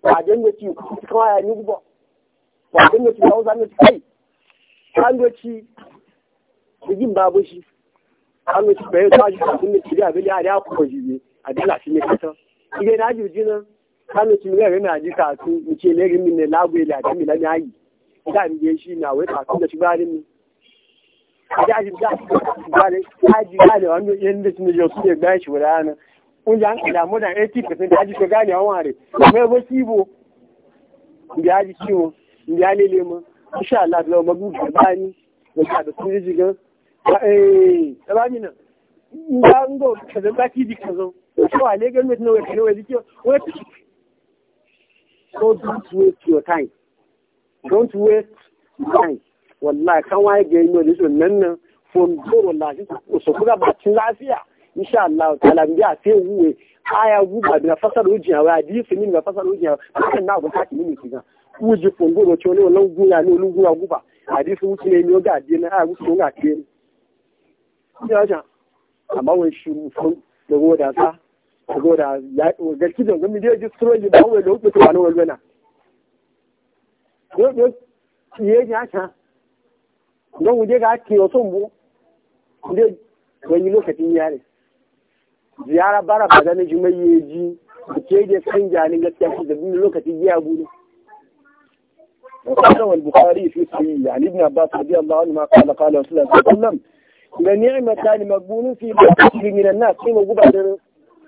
wajen da ci kuma ya ni ba wajen ya ci ba wajen da ci kai an da ci da jin babu shi an da ci bayan ta ji kafin da ci da abin da ya kuma jibe a dala shi ne kasa ide na juji nan kanu tun ga na ji ka su mu ne rimin ne lagu da mi la mi ayi da mi je shi na wai ka da shi barin ni da ji da bare ka ji ga da wannan yan da tun je su ne ga shi wala nan kun ya an mu da 80% da ji ko gane an ware mai ba kibo ya ji kiwo ya lele mu insha Allah da ba ni? da ka da su ji ga eh ba ni na? ga ngo ba ki ji kazo òṣèwà lẹ́gẹ́ mẹ́tí náà wẹ̀kẹ́ wẹ̀dí kí wọ́n ti so don't waste your time don't waste time wallahi kan waye ga yi mai nan nan fon doro lafi so kuga ba cin lafiya insha Allah ta'ala bi a sai wuwe aya guba da fasar ujiya wa hadisi min da fasar ujiya kan na ba ta min kiga uji fon doro cho ne wannan guya ne lu guya guba hadisi wuce ne yo ga dina aya wuce ga ke ya ja amma wani shi fon da goda sa saboda ya gaski da gumi da ji suro ji bawo da hukunta wani walwana yo yo ye ya ta don wuje ga ke yo son bu wani lokacin yare ziyara bara ba da ne jumai ye ji ke da kan jani gaskiya shi da lokacin ya gudu وقال البخاري في صحيح عن ابن عباس رضي الله عنهما قال قال رسول الله صلى الله عليه وسلم لنعمتان مقبول في بعض من الناس كما قبل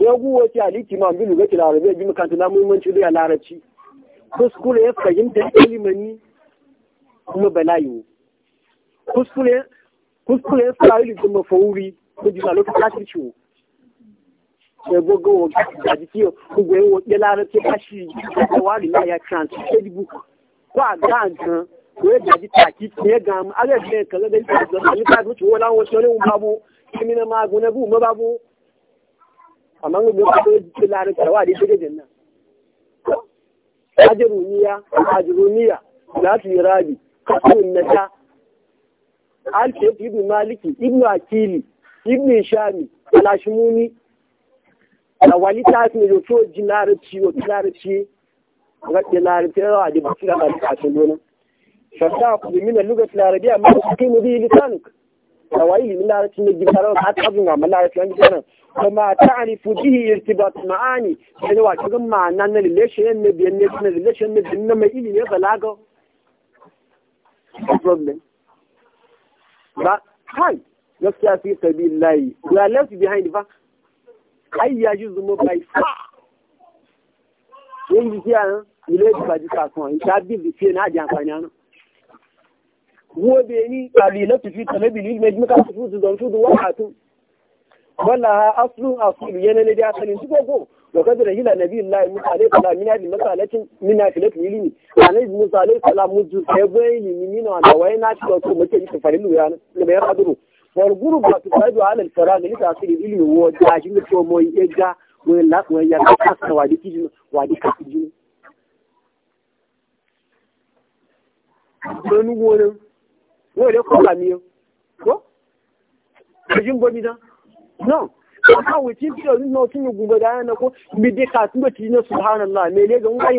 ya guwa ce aliki ma bi lugati larabi ya bi makanta na muhimmanci zai larabci kuskure ya fahimta kalimani kuma bala'i kuskure kuskure ya fa'ili da mafauri ko jima lokacin kashi ciwo sai gogo wa gaji ciwo ko goyi wa ya larabci kashi da wari na ya kanci facebook ko a gangan ko ya gaji taki ya ga mu aga ne kaza da ita da ta mutu wala wani wani babu kimina magu na bu ma babu amma ga gobe ko jikin lari karwa da ita janna ajruniya ajruniya la tu rabi kasun nata al alfi ibn maliki ibn akili ibn shami alashmuni da wali ta fi ne to jinare ciwo jinare ciwo ga jinare ciwo a jibi cikin da kashin gona shasta ku bi min lugat larabiya ma ku mu bi lisanuk da wali min larabci ne gidarawa ka tabin ga malarabci an gidarawa kama ta'rifu bihi irtibat ma'ani yana wa cikin ma'anan na relation ne biyan ne na relation ne din na mai ilimi ya balaga problem ba kai gaskiya fi sabilillahi we are left behind ba ai ya ji zumo by far yin ji kiyan ilé ìbàdí kàkan ìta bíbí fi na. di àǹfààní àná wo bẹ ní me ilẹ̀ tuntun tẹ̀lébìlì méjì mẹ́ka tuntun tuntun wala ha aslu aslu yana ne da asalin su gogo da kadar hila nabi Allah Musa alaihi salam mina bi masalatin mina filat ilimi alaihi Musa alaihi salam muju sai bai ilimi mina da wai na ci wato muke yi farilu ya ne bayan aduru wal gurba tu sadu ala al farag li tasiri ilmi wo da shi ne to moyi ega wo la ko ya ka ka wadi kiji wadi ka kiji don wo ne wo ne ko kamiyo ko kijin gomina no amma wucin fiye da na da ko na subhanallah me ne ga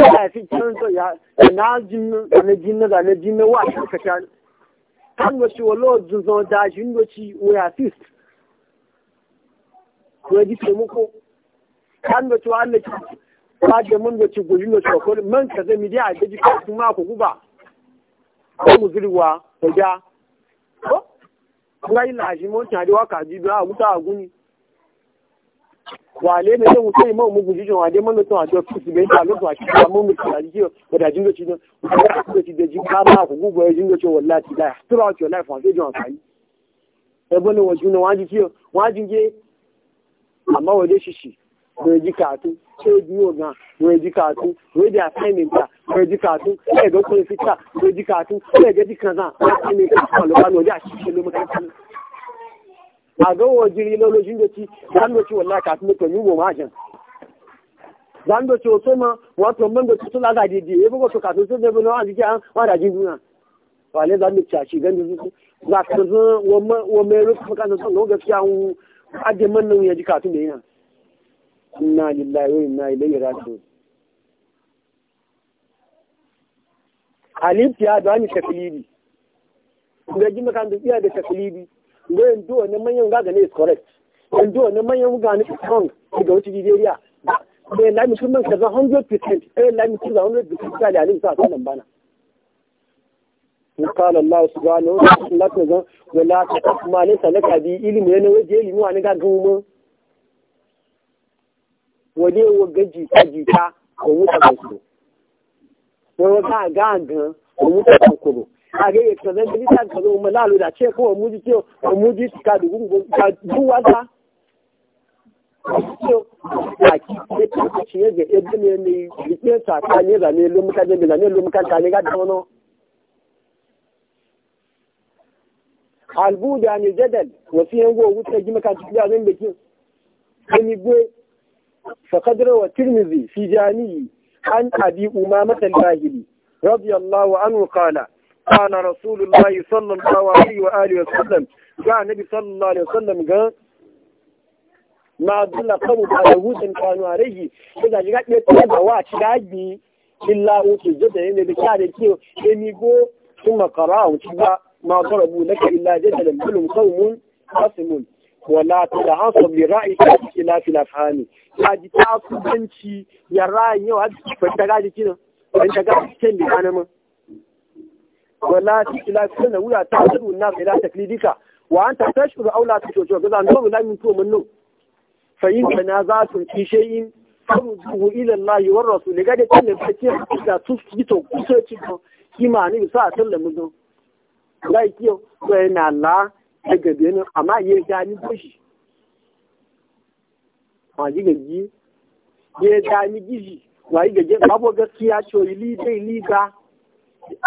ya fi ya na jin na jin na na jin na wa ka kan kan shi wallo zo da jin do ci we assist ji kan ci Allah ba da mun ci da ko man ka zai mi ji ka kuma ko guba ko muzirwa ko ngayi lashi mo tari wa kaji don aguta aguni me ne don wuce imam mu guji jonwa dai mamatin a jọ fisi bai ta lokacin a cikin amma mu tari kiyo da da jingo ci don da jingo ci da jin kama ku gugu ya jingo ci wallahi da throughout your life on sai jonwa kai ebe ne amma waje shishi wọ́n ji kàtún ṣé ojú yóò gan wọ́n jí kàtún wọ́n di assignment à wọ́n jí kàtún ẹ̀ẹ́dọ́ pé fíta wọ́n jí kàtún ẹ̀ẹ́dẹ́ di kan náà na ti ní kàtún ló bá ní ọjà ṣiṣẹ́ ló mọ́ kàtún. àgọ́wọ̀ jírí lọ́lọ́jú lọ́tí dáńdọ̀tí wọ̀lá kàtún ló pẹ̀lú wọ̀n máa jẹun. dáńdọ̀tí ò tó mọ wọ́n tó mọ́ gbèsè tó lága dìde èyí fọ́kọ̀ tó kàtún tó dẹ́gbẹ́ náà àti jẹ́ wọ́n àdàjì ń dúnà. wàlẹ́ dáńdọ̀tí àṣìgẹ́ ní tuntun gbàtàn wọ́n mọ ẹrú fún kàtún tó lọ́wọ́ gẹ̀ fi àwọn adé mọ́ nínú yẹn jí kàtún lè yàn. inna lillahi wa inna ilaihi raji'un alif ya da ni taklidi ga ji maka da iya da taklidi ga yanzu wani manyan gaga ne is correct yanzu wani manyan gaga ne is wrong daga wata jijeriya da ya lami man kaza 100% lami sun 100% sa nan bana قال الله سبحانه وتعالى لا تقف ما ليس لك به علم wale waga jita jita ko mutu kankuro wani waga gangan ko mutu kankuro a ga yi tsanan da nita ka zo malalu da ce kawai muji ke muji ka dubu ka duwa ta a ki ta ta da ne ta jadal wasu yango wuta ji makan cikin da zan da ki sai gwe فقد روى الترمذي في جامعه عن ابي امامه الباهلي رضي الله عنه قال قال رسول الله صلى الله عليه واله وسلم جاء النبي صلى الله عليه وسلم قال ما ضل قوم على هود كانوا عليه اذا جاء يتبع واتشاجي الا أوتي جدا يعني بكاد كيو يميقو ثم قرأهم تبع ما ضربوا لك الا جدلا بلهم قوم خصم ولا تتعصب لرايك إلا في الأفهام a ji ta kudanci ya ra'ayin yau a ta gaji kinan ta gaji kyan da ana ma wala ta ila sunna wuya ta zuru na ila taklidika wa anta tashkuru aula ta jojo ga zan zo lamin to mun nun fa in kana za su ci shay'in farzuhu ila Allah wa rasu. ga da kin da ce da su fito kusa ci ko kimani sa sallama zo ga kiyo ko na la daga benin amma yayin da ni boshi wa ji gaji ya da ni gizi wa yi gaji babu gaskiya ce yi lidai liga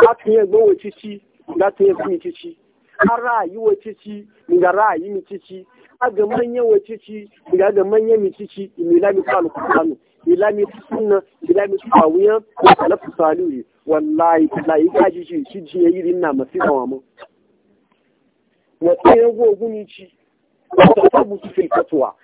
a tun yi gbowo cici ga tun yi fi cici an ra'ayi wa cici ga ra'ayi mi cici a ga manya wa cici ga ga manya mi cici milami kalu kanu milami sunna milami tawiyan wa salafu salihi wallahi tallahi ka ji shi shi ji yayi rinna masifa wa mu wa tsayen gogun ci ta tabu fil fatwa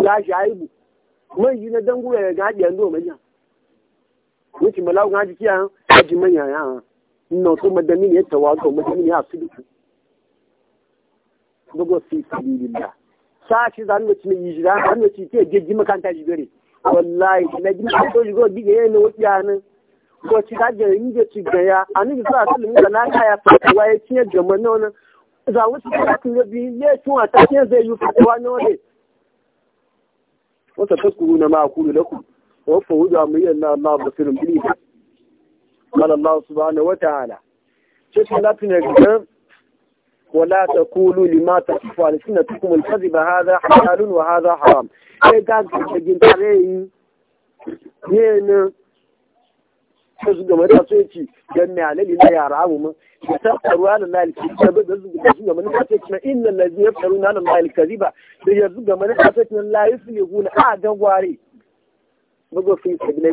la shaibu man yi na dangu ya ga hadiya ndo manya wuce malawu ga hadi kiyan haji manya ya inna to madami ne tawazo madami ne asibi dogo fi sabilillah yi zan wuce ne yijira zan wuce ke geji makanta jigare wallahi na ji ma to jigo dige ne wuce anan ko ci ka je ni je ci ga ya ani sa asalin ga na kaya fa wa ya ci ga manona za wuce ka kun bi ne tun a ta ke zai yi fatuwa ne wata taskuru na ma'akulu lakum wa fawudu amriyan na Allah basirin bi ba qala Allah subhanahu wa ta'ala ce ta lafi ne ga ta taqulu lima tasifu alsinatukum ba haza, halalun wa haza haram sai ga gin tare ne ne ko su da su yaci dan mai alali na yara abu mun da na alki da da su su da na inna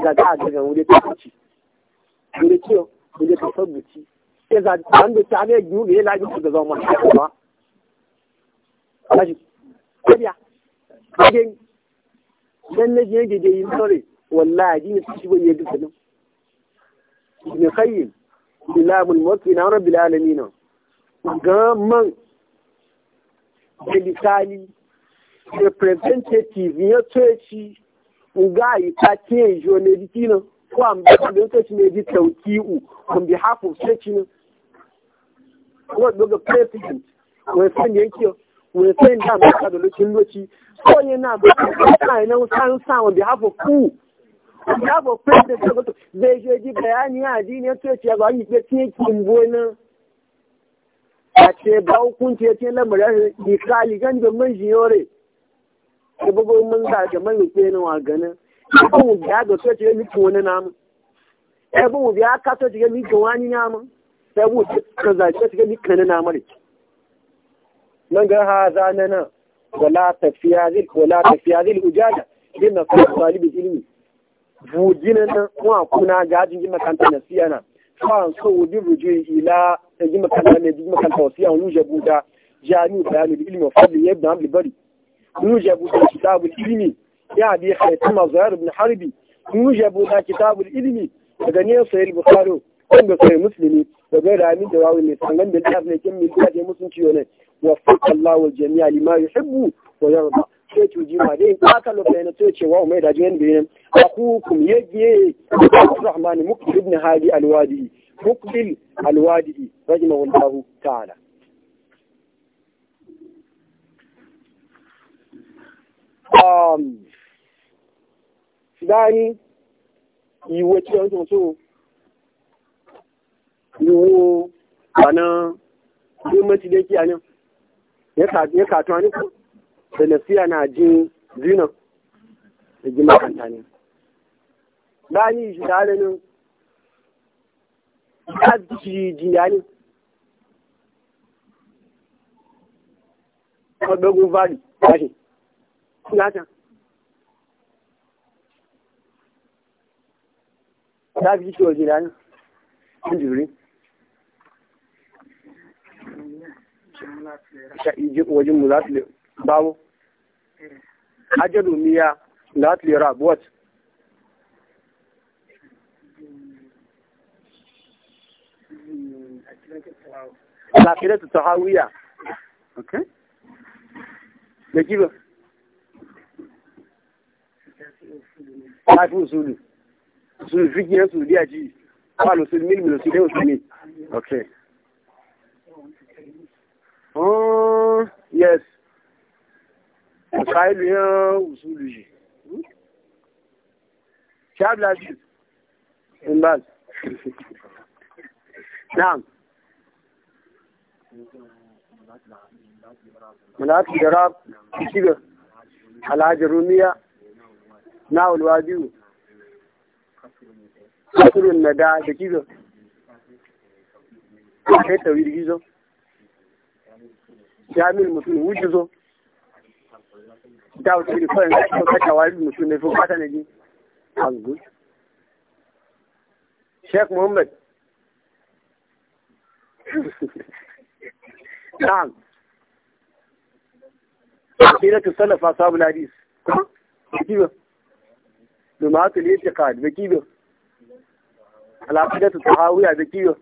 da na ibn qayyim bilabul mulki na rabbil alamin ga man delikali representative ya tsoci ga yi ta ke jo ne dikino ko am ba da tsoci ne di tawkiu on behalf of tsoci ne ko daga president ko sai yake ko sai da ba da lokacin lokaci ko yana ba sai na san san on behalf of who ya bo fura da ta goto zai je ji bayani a ji ne to ya ba ni ke cikin kin a ce ba hukunci ya ce lamarin di kali gan da mun ko bugo mun da ga mun ke ne wa ganin ko ga ni namu e bu ka to ni ko wani namu sai bu ka za ni kana namu nan ga ha za na wala ilmi bujina na kuma kuna gajin gima makanta na siyana fa so wudin rujui ila ji eh, makanta ne ji makanta wasiya nuje buda jami'u bayani bi ilmi wa fadli yabna abli bari nuje buda kitabul ilmi ya bi khaytuma zuhair ibn harbi nuje buda kitabul ilmi daga ne sai bukhari wanda sai muslimi daga ramin da wawi ne sangan da ne kin mi da musun ciyo ne wa fakallahu jami'a lima yuhibbu wa yarda sai cuji ma dai ba ka cewa umai da jiyan bayan akukum yaje ibn hadi alwadi alwadi ta'ala um dani iwe ti o so iwo ana ki ya ka ya ka salafiya na jin zina da ji makanta ne bayan shi da hannun ya ji jina ne ọgbẹ́gun ya wáṣí látà láti ṣe òjì lánà ìjìrí wajen mu mú láti lè báwọ́ ajaru miya lat li rab what alaqidatu tahawiya okay najiba láti òṣèlú òṣèlú fíjì ẹ̀ sùn ní àjí wà lòṣèlú mílì mílì òṣèlú òṣèlú okay oh yes misali yan usulu shi shabi lafi in ba na'am munafi da rab shiga na ulwa biyu kasirin na da da kizo kai tawir ta wuce da kawai ga cikin kata mutum ne fun kata na ji azgu muhammad na'am akira ta salafa sabu hadis kibo lumatul itiqad da kibo alaqidatu tahawiyya da kibo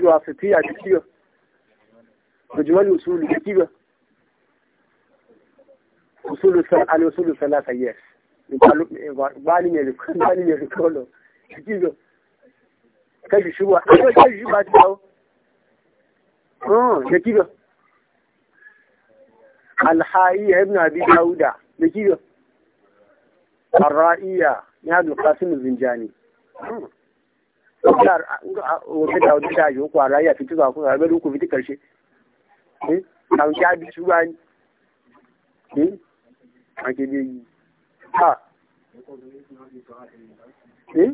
da wasitiyya da kibo mujmal usul da kibo usulu an usulu salasa yes bani ne bani ne rikolo kizo kashi shuba akwai kashi shuba ta hau hmm, da kizo alhayi ya ibn abi dauda da kizo arra'iya ya abdul qasim zinjani wata hmm. da wata da yi kwara ya ba kuma rabe da uku karshe eh kan ya bi ne akédéyí ha eh?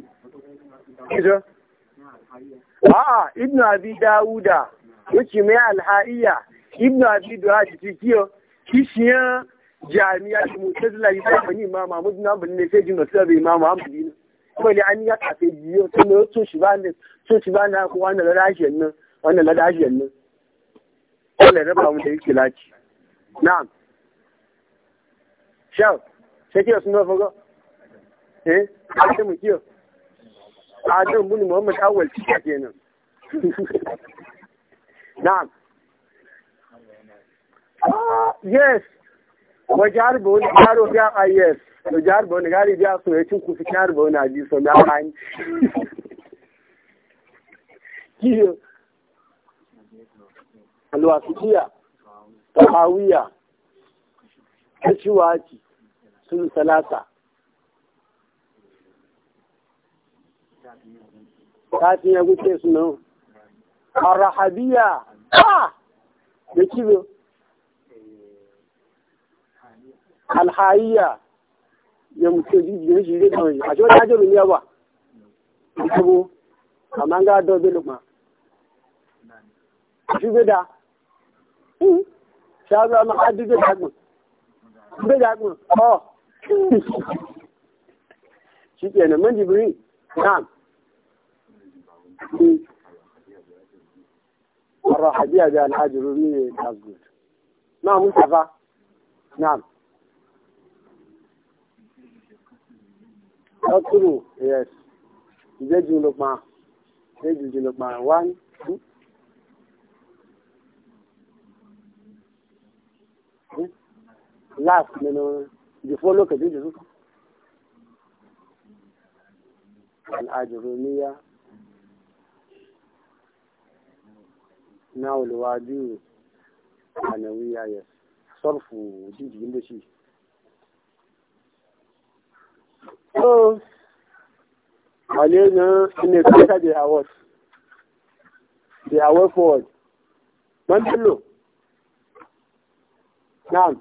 a'a ibnu abi dauda wuce mai alha'iya Ibn abi dauda ti kiyo kishiyan jami'a da mutazila yi ta bani ma mahmud sai ne ne an ya kafe jiyo shi ba ne shi ba na ko wannan nan nan raba mu da yake laci na'am shan shakiyar sun zafi ga eh a ce mu kiyar a muhammad awal cika kenan na'am ah, yes wajar ba a yes wajar ba wani gari biya so ya cin kusa kyar ba wani aji so na hanyar kiyo alwasiya kashiwaci sun salasa kafin ya guke su nan a rahabiya ba da kibo alhaiya ya mutu jijiyar jire da wani a jiwon ajiyar rumiya a kabo amma ga dobe lukma shi gida hmm. shi azu amma adigar hagun bidagun oh shi ke nan man jibiri na'am ƙwarar hajjiya da alhajiru ne that's mmiri na mustafa na'am That's yes. One, two, last nínú before lokacin jisu al'ajirumiya na wulwa biyu a nawiya ya sarfu jijigin da shi so na ina kasa da award da award forward man na'am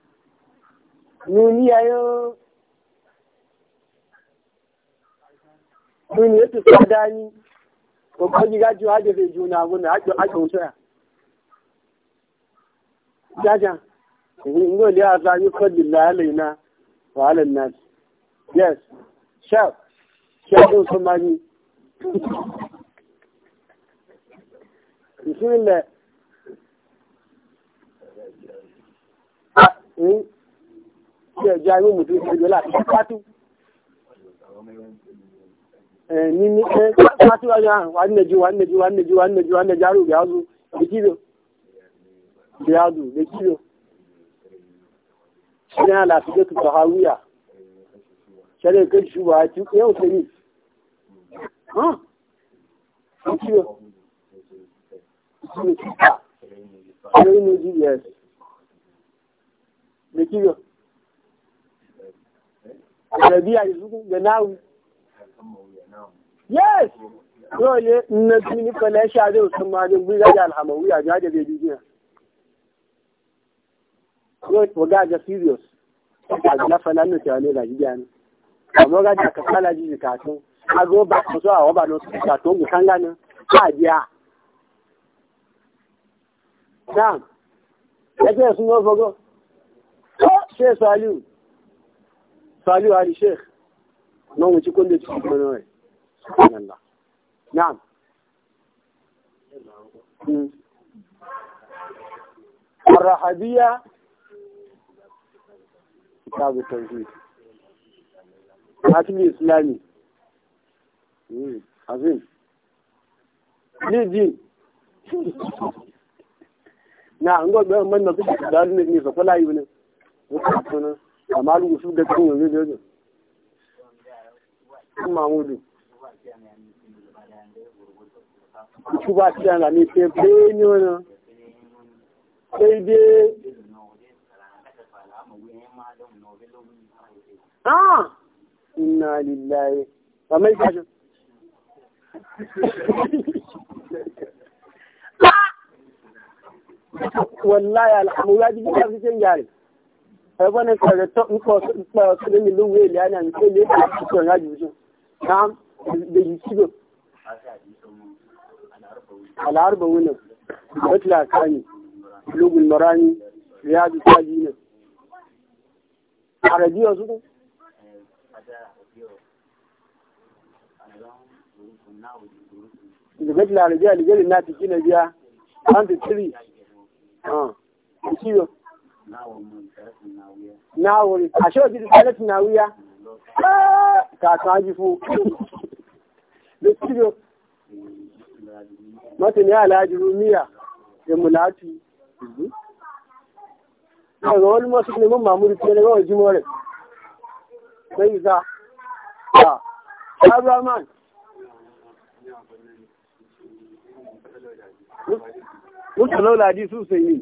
duniyayen duniyar su tsada ni ko kwaji gaji wa zai juna guna ake ake wuta jaja in go liya za yi kwallin lalaina wa halin nasi yes sha sha ɗin mani bismillah ah, hmm? ya ja yi mutum ya lola ta katu ni ni katu ya ja wani ji wani ji wani ji wani ji wani jaru ya zo da kido da ya zo da kido shi na lafiya ta hawiya shari'a kai shi ba ci yau sai ni ha kido arabiya da yes yau ne na sha zai da alhamawu ya jihar bai yau waga ga serious a ga fana na tsawane da jijiya ne amma ga da ka kala jiji a zo ba na kan biya ya ce sun yi fago ko oh, sai saliu salihu علي شيخ nan wuce kun da ci kuma na wai subhanallah na'am الرحبية كتاب التوحيد حاكم الإسلامي عظيم ليه دين نعم نقول من نصيحة دارنا نيسا فلا يبنى amma lu su da kan yanzu da kuma wudu su ba su yana ne sai bene wani sai dai ah inna lillahi ba mai kashin wallahi alhamdulillah ji bi kashin gyare ẹgbọ́n ní kẹrẹ tó ń kọ́ nípa ọ̀sẹ̀ ní ìlú wéèlì àná ní pé lè fà sí ọ̀rọ̀ àjùjù náà lèyí síbò. alárùbọ̀ wọn nà bẹ́tìlá kánì lógun mọ́ra ní ríájú tájì nà. àrẹ̀bí ọ̀sùn kún. da gajin larabiya da biya 1 ah ciwo náwòrì àṣọ òjìdí sẹ́lẹ̀tì náwíyá ah, kàkàn ájífò lókìlò mọ́tí ní àlàájúrú míyà èmùláàtì ọ̀rọ̀ olúmọ́sí ni mọ́ màmúrí tí ẹlẹ́gbẹ́ òjímọ́ rẹ̀ mẹ́yìíká abraman mú yìí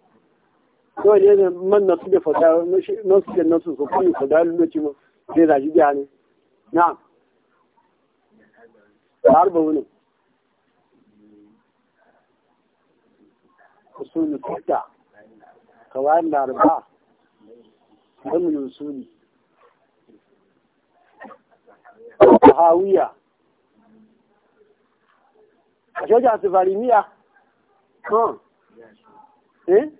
kawai ne ne man nasu da fata nasu da nasu su kuma fada lokaci ma zai zaji biya ne na har ba wani usulu tutta kawai larba ɗan usuli hawiya a shaja su farimiya kan eh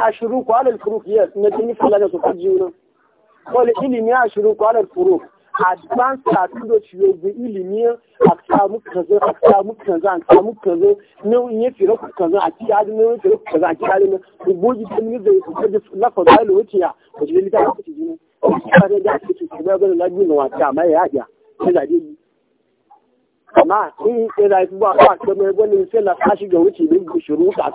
ashiruku ala alfuruk yes na jini fulana su kaji wuna ilimi ashiruku ala alfuruk advanced study ci yo bi ilimi a samu kaza a samu kaza a samu kaza ne yin fira kaza a adi ne yin kaza a adi ne ku boji ta ni zai ku kaji lafa da ilu wuce ya ku ji lita ku ci jini ku ci adi ku ci ku ga ganin labi na wata amma ya ya ya yi amma in ya zai ba ka ta mai gwanin sai la kashi ga wuce ku shiru ka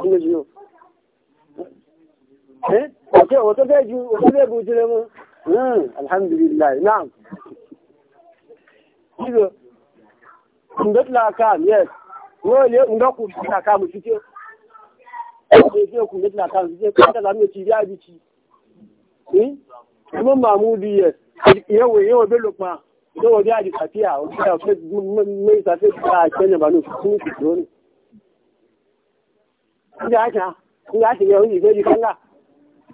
eh okay wato zai ji wato zai bujire mu mm alhamdulillah na'am kido ndat la ka yes wole ndo ku ta ka mu fice ke ke ku ndat la ka mu fice ka ta lamu ci ya bi ci eh kuma mamudi yes yawo yawo bello pa do wodi aji katia o ti ta fe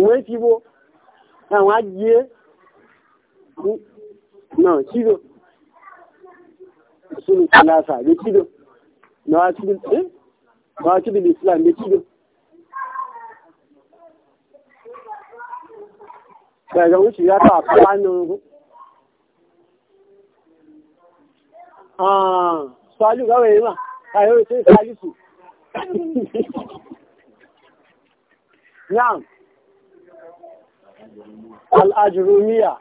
ìwé ti wo àwọn ajé náà sílò ìṣúlù kàlàsà lè sílò náà sílò islam lè sílò bẹ̀rẹ̀ ń ah, ṣe yàtọ̀ àpapá náà sọ́lù rọ́wẹ̀ ìwà àyẹ̀wò tó ìsàlùsù náà al'ajirumiya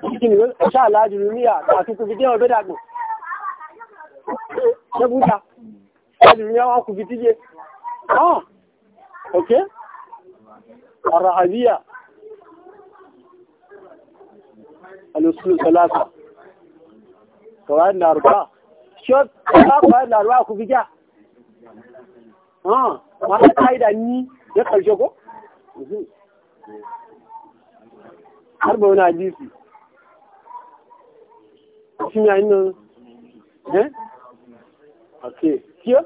cikin sha al'ajirumiya a cikin fitin wa bada ta buta al'ajirumiya wa ku fiti ah ok al'ahabiya al'usul salasa kawai na arba shi kawai na arba ku fita ah ma ta ƙa'ida ni ya ƙarshe ko har ba wani hadisi shin yayin nan ne? Eh? ake kiyo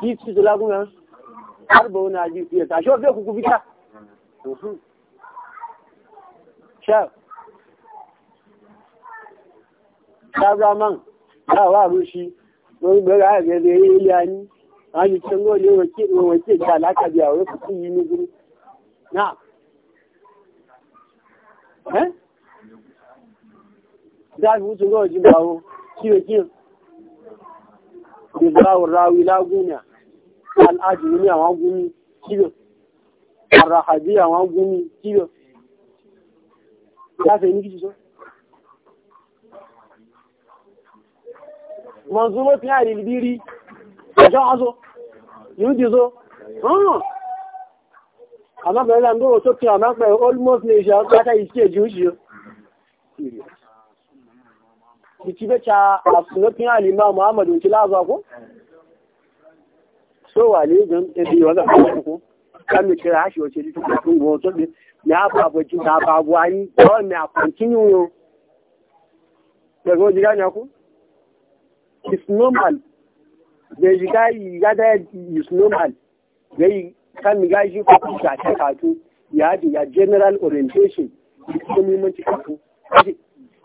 kiyo ci laguna har ba wani hadisi ya tashi wafe kuku bita sha ta zaman ta wa rushi wani gbara a gaza ya yi yani a yi can gole wakil da alaka biya wani kuku yi ni guru na ẹ́ dáàbí wútu náà jí báwo kí o kí ìgbàwò ráwí lágúnmíà ní àwọn gúnmí kíyọ àràhàbí àwọn gúnmí kíyọ láti ní kìí sọ mọ̀súnmọ́ fi àìlè bí rí ẹ̀ṣọ́ aṣọ yóò jẹ́ sọ àmọ́ bẹ̀rẹ̀ láàrín owó tó kí àmá pẹ̀ almost nation pátá ìṣẹ́ ìjú ìṣẹ́ ìtí bẹ́ ta àfúnlọ́pín àlìmá muhammadu ti láàbá kó wà ní ìgbẹ̀m ẹbí wọ́n gbà fún kó kámi kẹrẹ àṣì ọ̀ṣẹ́ tó kẹ́ it's normal the òjìká it's normal kan gashi ko kusa ta katu ya ji ya general orientation mun muhimmanci katu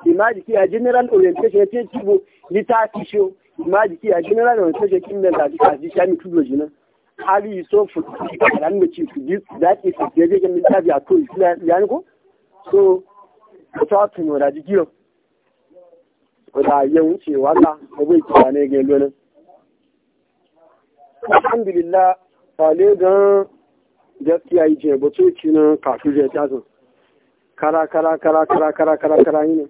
imaji ki ya general orientation ce cibo ni ta ci sho imaji ki ya general orientation kin da ji kaji shami tudo jina hali so fu ran mu ci ku dis that is the je mun ta bi ato ya ni ko so ta tuno da yo ko da yau ce wala ko bai ne ga lona alhamdulillah sale gan gaskiya yi ce bato ci na kafin ya tazin kara kara kara kara kara kara kara yi ne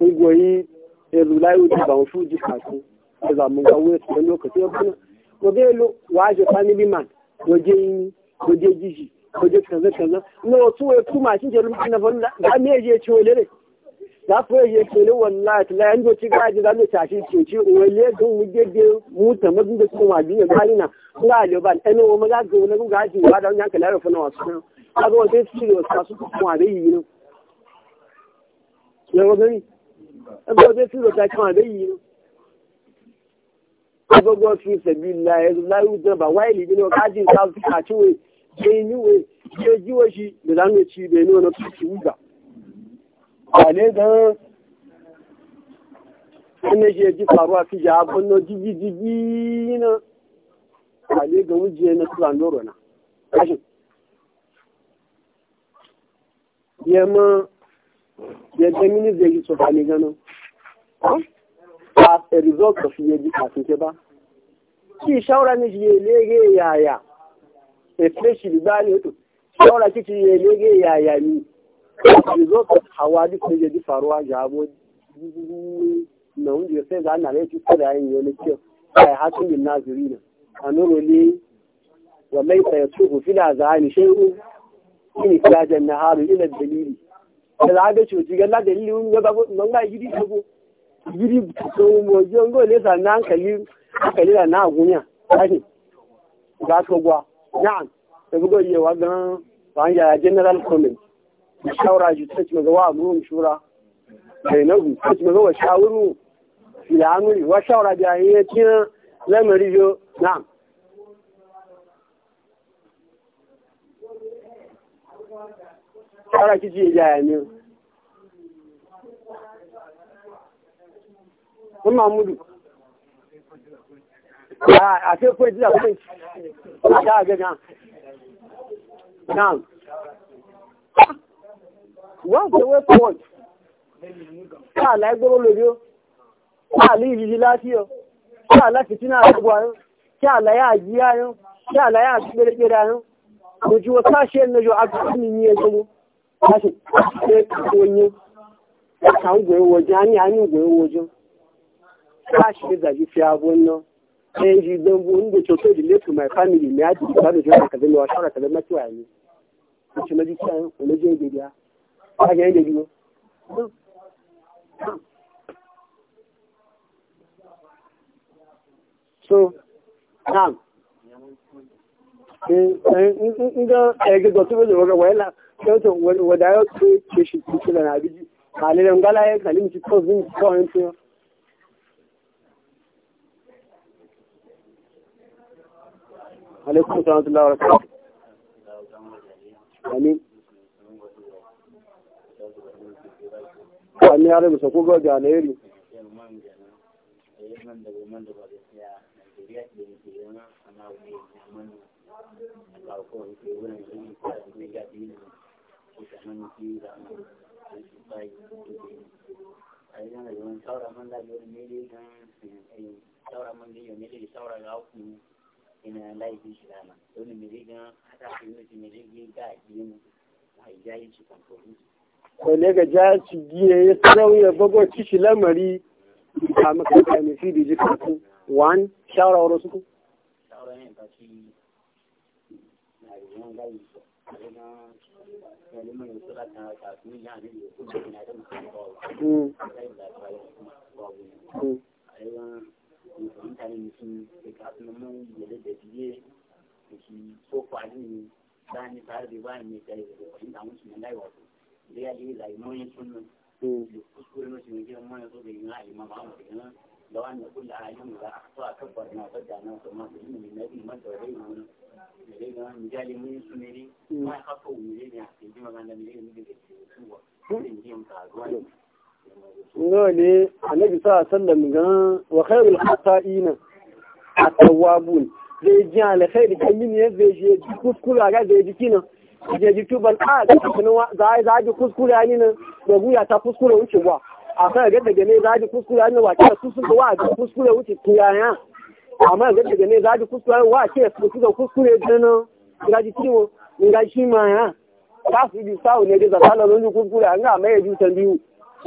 ugwoyi ezulai wuce ba wasu ji kafin da zamun gawo ya tsoron lokaci ya kuna waje lo waje family man waje yi waje gishi waje kaza kaza na wasu wai kuma shi jarum na ban da me je ciwo lere za ku yi kele wallahi ta layan doci gaji za mu tashi ceci wani don mu gege mu mazu da kuma wajen yin hali na nga liban ɗan wa maza ga wani ga gaji ba da wani yanka lara fana wasu nan a ga wata su da wasu kuma zai yi nan ya wa a ga wata su da kuma zai yi ne a ga wata su sabi la zuwa yi wuce ba wai libi ne wa gaji za su kaci wai sai yi wai ya ji wa shi da za mu ci bai nuna su ci wuga. ale gan ene je ji faruwa fi ja abunno jigi jigi na ale gan wuje na tulandoro na kashin yamma yadda mini zai yi tsofani ganin as a result of yaji kafin ke ba ki shawara ne shi lege yaya e especially ba ne to shawara kici lege yaya ni result hawa duk da ji faruwa jabo na wanda sai da Allah ya ci kada yin yau nake ai hakin bin nazirina anuru li wa laysa yasuhu fil azani shay'u in kalajan naharu ila dalili ala da ci ji galla dalili mun ga babu mun ga gidi ko gidi ko mo jongo le sa nan kali kali da na gunya ai ga to gwa na'am da bugo yewa gan ban ya general comment shawara ji ta cima gawa abu shura bai na gu ta cima gawa shawuru filamuri wa shawara da ya cina lamari jo na shawara kici ya jaya ne kun mamudu a sai kawai jira kwanci a ta gaga na what's the way forward káà láì gbóró lórí ó káà lè yìí láti ọ káà láti tí náà gbogbo àyán káà láyé àjí àyán káà láyé àti pérépéré àyán kò ju ọ̀tá ṣe ń lọ́jọ́ agbóhùn ní ẹgbẹ́ láti pé kò ní ẹ̀ka ń gbèrò wọ̀jọ́ á ní àní ìgbèrò wọ̀jọ́ káà ṣe dàjú fi abo ná ẹ̀yìn ìdánwò ń gbèsò tó to my family ní àdìgbò bá mi jẹ́ àkàdé lọ aṣọ́ra àkàdé mẹ́tọ́ àyè ìṣẹ́lẹ́jú kí àwọn ọ̀hàjẹ́ ilẹ̀ dúró so now eh, eh, ndị eh, ẹgbẹ̀gbọ̀ tó wọ́n wọ́n wọ́n la yọ́tọ̀ wọ̀dá yọ́ tó ṣe ṣe tó ṣe lọ́nà àbíjí àlẹ́lẹ́ ń gálá yẹ́ kàlí ti tọ́ sí ìtọ́ ẹ̀ tí wọ́n alẹ́kùn wani yare musa ko ga ganeri ina laifin shi dama su yi mutu ga a yi mu a yi kone ga ja ci giye ya sauya bago ci lamari a makarta mai fi da ji karfi wan shawarar su ku Sani tare da mai tare na laiwa da ya yi laimoyin sunan da kuskure mace mai gidan mana so da yi na ba mu kenan da wanda kulla a yi da hmm. a so a kabbar na fadda na so ma da ilimin na bi mata da rai mun da rai na mun jali mun su ne ne ma haka mu ne ne a cikin da da ne yi ne annabi sa sallam wa khairul khata'ina at-tawwabun zai ji alkhairi kan yin ne ji kuskura ga zai ji je ji tuban a ah, ga tafinin za a zaji kuskure ya nina da guya ta kuskure wuce ba a kan ga daga ne zaji kuskure ya nina wa kira kuskure wa ga kuskure wuce tuyaya amma ga daga ne zaji kuskure wa kira kuskure kuskure dana ga ji ciwo ga shi ma ya ta su bi sa'u ne da zata lalon ji kuskure an ga mai ya jutan biyu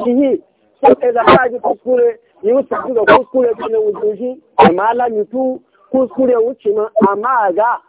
shi yi sai ka zata ji kuskure yi wuce kuskure kuskure dana wuce shi amma lamitu kuskure wuce ma amma ga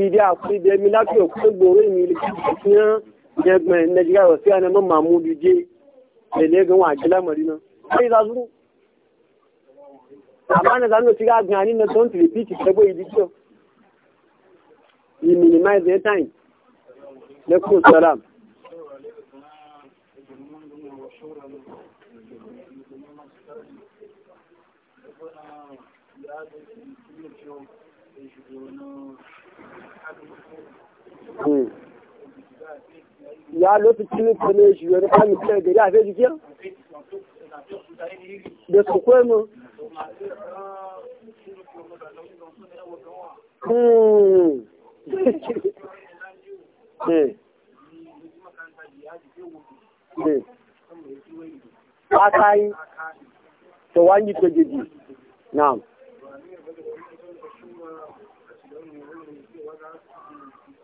ìdí àkúrídé mi láti òkú gbòòrò ìmì ìlẹ̀kùn jẹgbẹ̀ nàìjíríà rọ̀ sí àná mọ́mà mú bí jẹ́ ẹ̀lẹ́gbẹ̀ wọn àjẹ́ lámọ̀rí náà ṣe ìsásúrú àmánà sánú ti rá gan nínú tó ń tìrì pí ti tẹ́gbẹ́ ìdí tí ó yìí minimize air time lẹ́kùn sọ́ràm Thank you. Hmm. ya lokacin da ne shi wani kwanin kai gari a fai jikin da su hmm. hmm. ta wani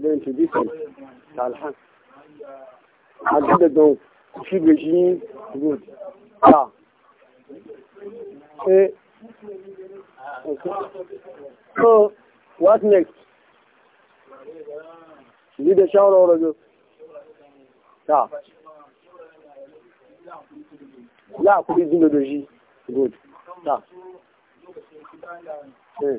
zai introduce da alhan a duka don shi da shi good ta ah. eh so what next ni da shawarar ta la kuɗi jin da good ta ah. eh.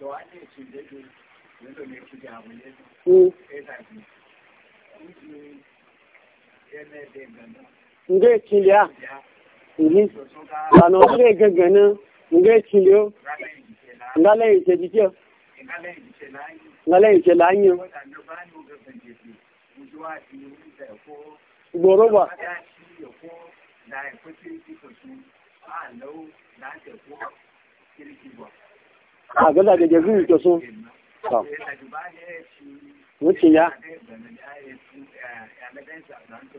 Nge a? Ihi. Bana ọdún gangan náà, nge kile o? Nga lẹ́yìn ìṣẹ́ jíjẹ́ o? àgbẹ́lá gẹ̀gẹ̀ fún ìjọ wọ́n ti yá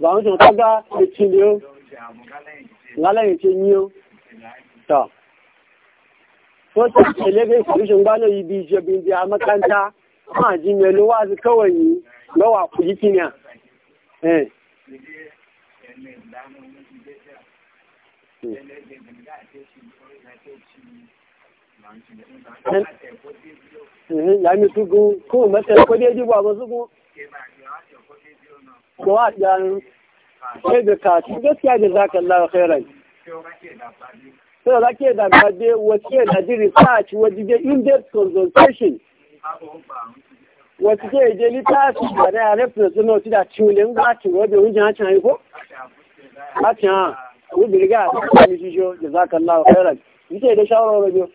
àwọn tó tágbá etí ni ó lálẹ́yìn tí ní ó tọ̀ tó tí ẹlẹ́gbẹ́ ìfòríṣẹ́ ń gbálẹ̀ ibi ìjẹbi ìdí amọ́kántá wọ́n àjí mẹ́lú wá sí kọ́wọ̀ yìí lọ́wọ́ àkùjí Thank you. Eh, yàmi sugun kó o mẹ́tẹ̀ kó dé dìbò àwọn sugun da wa ɗan sai da kasu gaskiya da za ka lara khairan sai za ke da gade wace da ji research wajen da in-depth consultation wace ke je littafi da na reference na wasu da ciwulin ba ci wajen wajen hacin haiko hacin ha wajen riga a cikin jijo da za ka lara Ni yake da shawarar wajen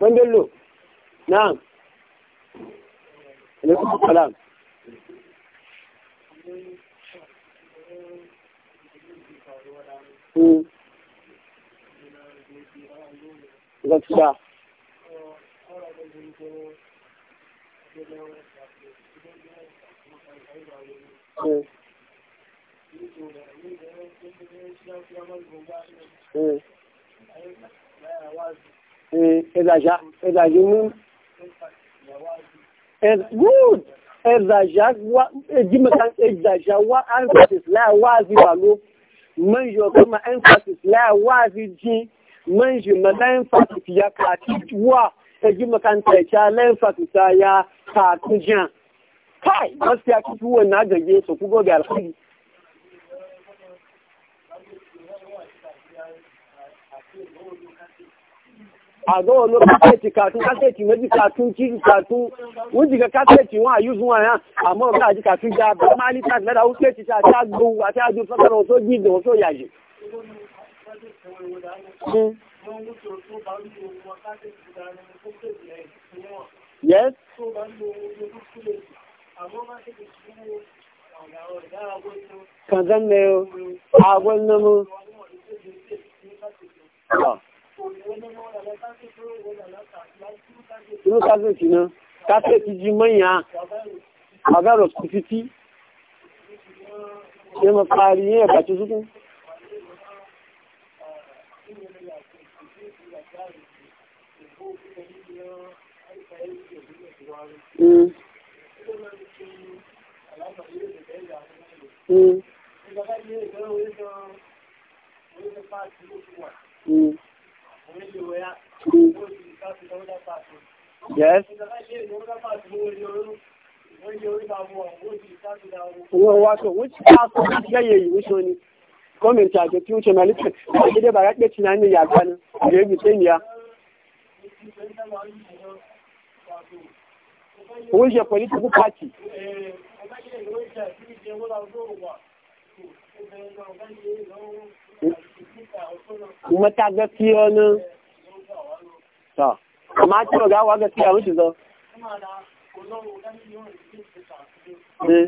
من بلو نعم عليكم السلام gaskiya Mm. good ẹ̀dàṣà wá emphasis láàwáàzí wà ló mẹ́jọ kọ́ ma emphasis láàwáàzí jí mẹ́jọ mẹ́lá emphasis ya kàtí wà ẹjí makanta ẹ̀kẹ́ alẹ́emphasis ya kàtí jí kai wọ́n sí akíkú wọn náà gẹ̀gẹ́ sọ kúgọ́ a ga wani kaseti katun kaseti na ji katun ci katun wun jiga kaseti wọn a yuzu wọn ya amma wọn ka ji katun ja ba ma ni tasi lada wuce ci ta ta gbogbo a ta ju fasara wato ji inú káfíìsì náà káfíìsì jí mọ́yà àgbàrọ̀ kò fi tí ṣe mọ́ parí ní ẹ̀bà tó súnkún Mm. Mm. Hmm. Yes. Owó wa sọ, which part of the day yìí wíṣọ ni? Gọ́ọ̀mẹ̀ntì àjọ tí ó ṣe Màlíkà, ìdílé bàrá pé tí náà ní ìyàgbá ni, ìrẹ́ ibi ìyá. Owó ṣe political party. Ẹ̀ẹ́ mata gaskiya ne ta amma cewa ga wa gaskiya wuce zo da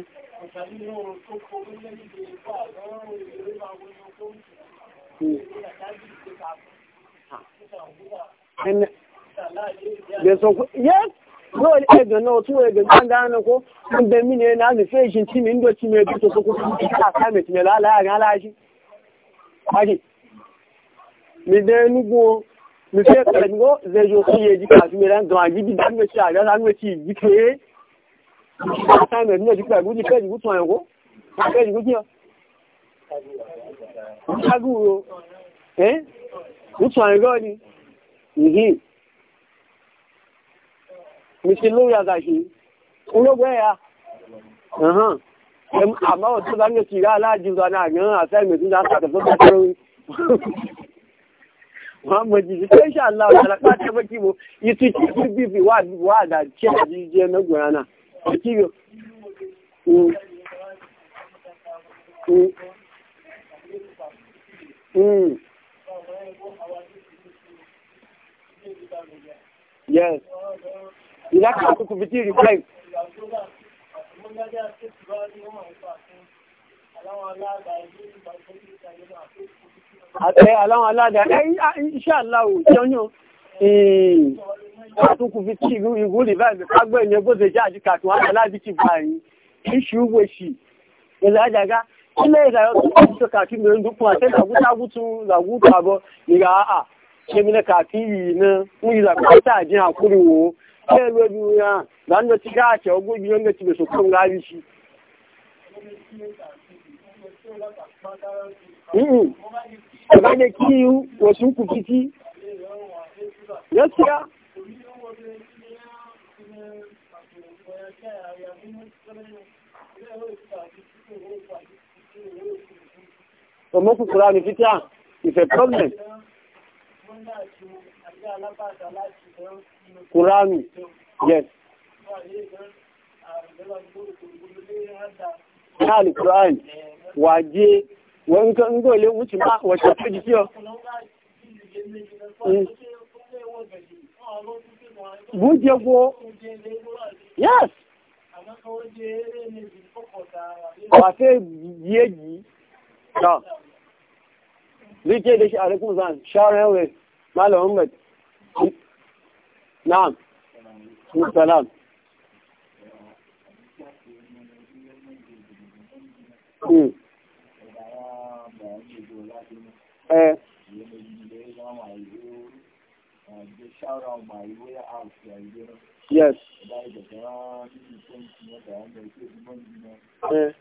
so yes no ne ga no tu ne ga da na ko mun da mine na ne fashion team indo team so ko ta ka me ne kwashi mi da nugu mi sai karango zai zo su yi jika su mai gama gidi da hannun shi a ga hannun shi jike ta guji eh ni mi shi amma wasu zan ga shiga alhaji zuwa na ganin a sai mai sun zasa tafi da kawai muhammad jiji sai insha Allah ta ka ta baki mu yi ci ci bibi wa wa da ce a jijiye na guyana ki ga mm mm yes ila ka ku fitiri lájá sí ìgbà ní ọmọ ìfàfin aláwọn aláàdá ilé ìgbàgbọ́ ìgbàgbọ́ àtẹ aláwọn aláàdá iṣẹ́ aláwò jọyàn àtúnkù fi tí ìgú rìváìsì kágbẹ́ ìyẹn bó ṣe jẹ́ àjíkà tó wáyé aláàbí ti gbà yìí iṣu wèṣì ìlàjàgá ilé ìdáyọ́ tó kọ́ tó kàkí mẹ́rin dúkùn àti ìlàgútàgútù làgútù àbọ̀ ìgbà àà zan da ci ga ogun biyo ga ci da su kun gari shi Mm. Ba da kiyu wasu ku fiti. Gaskiya. Ọmọ kùkùrà ní fítíà, ìfẹ̀ problem. Kùránì, yes. na alkur'an waje wani kan gole wuce ma wacce ta jiki hmm. Guje go. Yes. yi yeji. Na. Rike da shi a rikun zan, sharon yawon Malam Muhammad. Na'am. Salam. ẹ. Hmm. Eh. Yes. ẹ. Eh.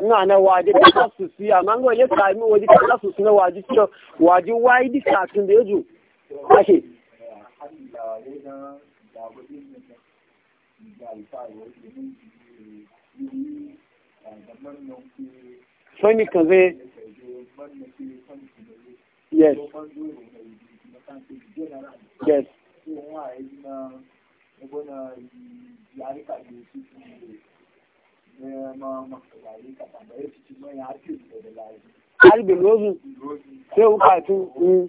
ina na da kasu su amma ga waje sami waje da su na waje ciyo waje wayi di satun da yazo kashe sani kan zai yes yes albin rozu sai hukatu mm.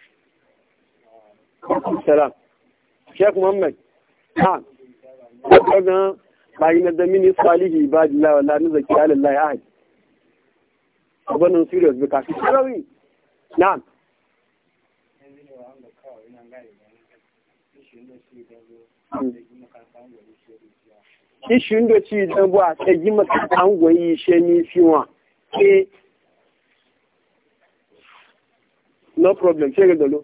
salam sheikh muhammad ha kaga bayi na da mini salihi ibadillah wala ni zaki alallahi ahad abanin serious bi kafi sarawi na'am Ishin da ci dan ba ta yi maka an goyi she ni fiwa eh no problem shege dalo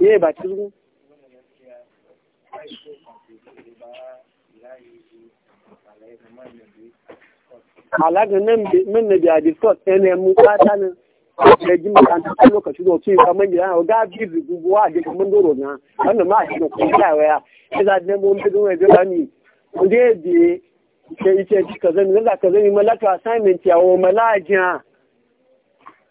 ne ba ta zuwa alaga nan na biya discos ɗaya mu kata nan da ji makaranta a lokacin da su yi kamar gida na ga bi rubuwa da kamar doro na wannan ma a cikin kuma ya waya ya za ta mun bidon ya zama ni ko ya biye ke ice ka zan zan ka zan malaka assignment yawo malajiya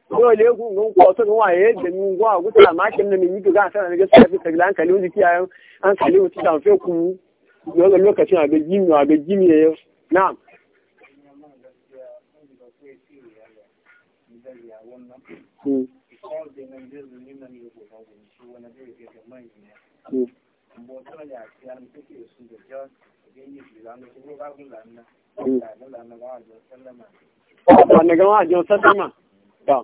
yau ne ku gun kwato ga waye da mun gwa ku ta makin da mun yi ga sanar da gaskiya fi tagla an kalli jiki ayan an kalli wuta da fe ku yau lokacin a ga jimi a ga jimi ne na'am Wanda gama a da dama? Da.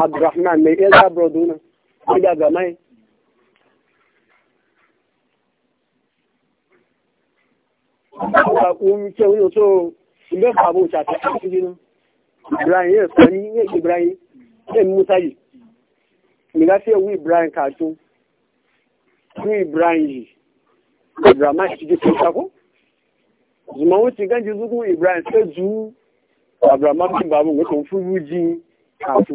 abdulrahman mai elza broduna ida ga mai ọkùnrin tí ó tó ilé ìfàbò ìṣàtẹ̀ àti jínú ibrahim yẹ́ sọ ní ibrahim yẹ́ múta yìí nígbà tí ewu ibrahim kàtó fún ibrahim yìí ibrahim ti jẹ́ kíkàkó zùmọ̀wó ti gánjú zúgún ibrahim fẹ́ ju abraham fún bàbá òun fún yú jí kàtó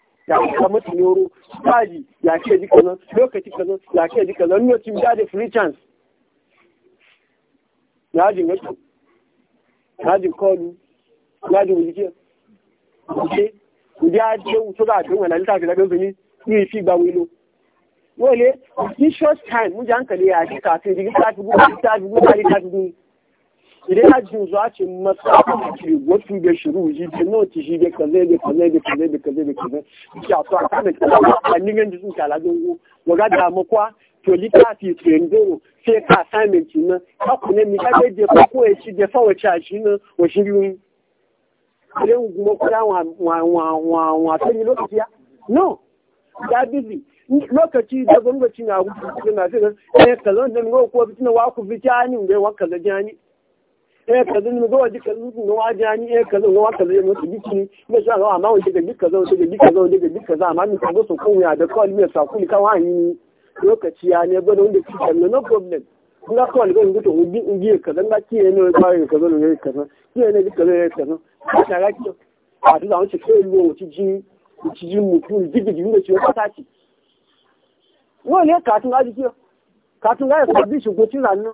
ya kuka mutum yoro kaji ya ke ji kanan lokaci kanan ya ke ji kanan lokacin ya da free chance ya jin gato ya jin kọlu ya jin wujike wuje wuje a je wuto da abin wani alita ni ni fi wilo wale in time mu ji hankali ya ji kafin jigi ta idan jin zuwa ce da ke wasu da shiru ji da nawa ci shi da kaze da kaze da kaze da kaze da kaze ki a to a kana kaza a ningan ji sun kala don go waga da makwa to litafi tsendo sai ka ki na ka ne mi ka da ya ko ya ci da sawa ci a shi na wa shi yun idan kuma wa wa wa wa lokaci ya no da lokaci da gwamnati na gudu na sai eh, da ko fitina wa ku jani ne wa kaza jani eh kaza ne zuwa duka zuwa wa jani eh kaza wa kaza ne mutu biki ne sha ga amma wani daga duka zuwa daga duka zuwa daga duka zuwa amma ni kan go so kun ya da call me sa kun kan wani lokaci ya ne gwada wanda ki kan no problem ga call ga ngutu ubi ubi kaza ga ki ne ba ya kaza ne kaza ki ne duka zuwa kaza ka ga ki a duk an ce kai ruwa wuci ji wuci ji mutu digidi ne ce ka ne wani katun ga ji katun ga ya sabi shi gocin rannan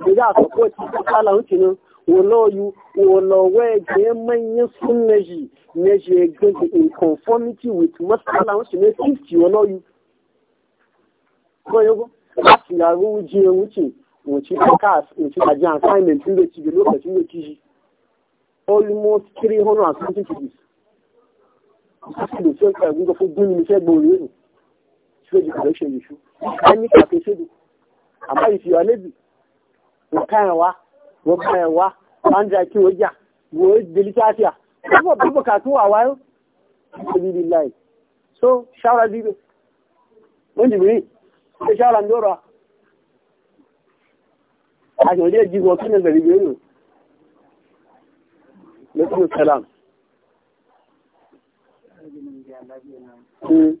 da za a sako ci ta kala je manyan sun na ji je gidi in conformity with masala wasu ne 50 woloyu kawai ko a sinaru wuce wuce wuce a kas wuce a ji assignment tun da ci da lokacin da ci shi almost 360 degrees asibu tí ó ń ka ẹ̀gún gbọ́fún gún ní iṣẹ́ gbòòrò yìí ṣe jù kọ̀ọ̀ṣẹ́ yìí ṣú a ní ṣe dù àmọ́ ìfìyà lébì wakayawa wakayawa an jaki wajja goyi da littafiya kuma ba bukatu a wayo sabili lai so shawara biyu wani jibiri da shawara ndora a shi wajen jigo kan da ribe ne na kuma salam Mm.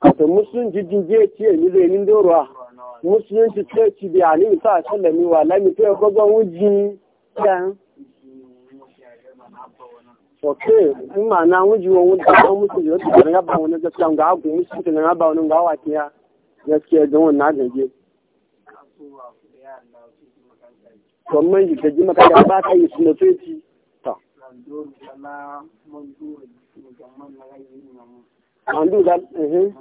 kasa musulunci jinje ci yi zai a musulun ti ce ti bi a nimi sa sallami wa lami ta gwagwa wuji dan ok in ma na wuji wa wuji ba musu da wata garin ba wani gaskiya ga ke ya gaskiya don wani na gaje gwamnan ji gaji maka ya ba ta yi suna ta. Andu gal, eh.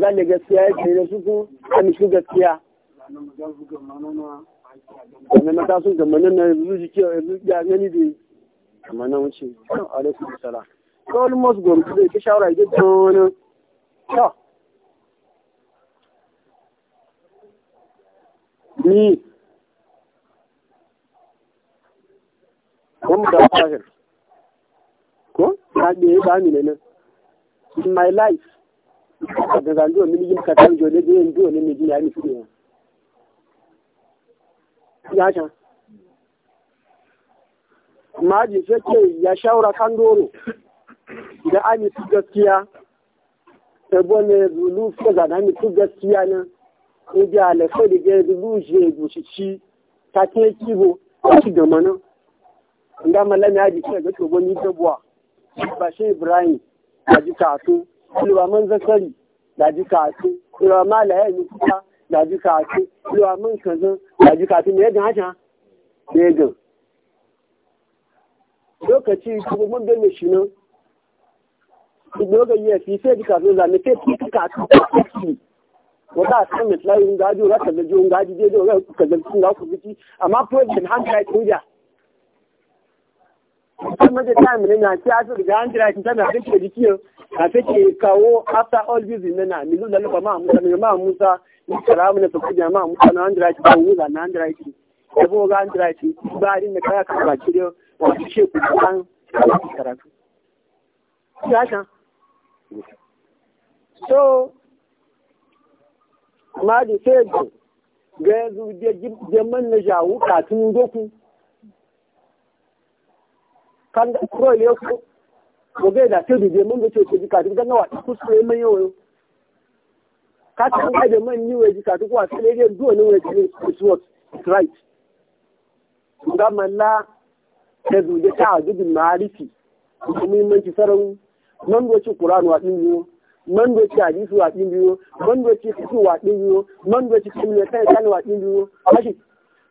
da gaskiya ya ce su ku an shi gaskiya. ta su ga na yanzu ya gani da wuce. Alaikum salam. shawara gidan wani. Ni. Kuma da fahimta. ko na ɗaya ba mi nan in my life a ga zan duwa mini ka katon jole da yin duwa ne mai jiya mi fiye ya ta maji fake ya shawara kan doro da ami su gaskiya ta ne zulu fiye ga ami su gaskiya nan ko da alaƙa da ga zulu je gushi ta ke kibo a ci gama nan. ma malami ya ji kira ga tobo ni dabuwa. bashe ibrahim da ji kasu man zakari da ji kasu ilwaman lahiyar nukuta da ji kasu ilwaman kazan da ji kasu mai gan haka mai gan lokaci kuma mun gane shi nan lokacin yi fi sai ji kasu zane sai fi kasu kasu wata a kan mai tsayin gaji wata da jiwon gaji daidai wata kazan sun ga ku fiti amma project hankali kuja kan mace ta mini na ci asir ga an jira kinta na kake kawo after all busy na na mizu da lufa ma musa ne ma musa ni karamu na fakuja ma musa na an jira ki ba wuza na an jira ki da bo ga an jira ki ba rin ne kaya kan baki da wa ki ce ku kan karatu ya so ma di sai ga zu je man na jawu katun doku kan da kuro ile ko ko ga da tudu je mun ga ce ko jika duk nawa ku su yi mai yawo ka ta ga da man ni wai jika duk wa sai dai duwa ne wai ce it's what it's right ga malla ta zuje ta gudun marifi muhimmanci sarau man goci Qur'an wa din biyo man goci hadisi wa din biyo man goci fiqh wa din biyo man goci kimiyya kai kan wa din biyo kashi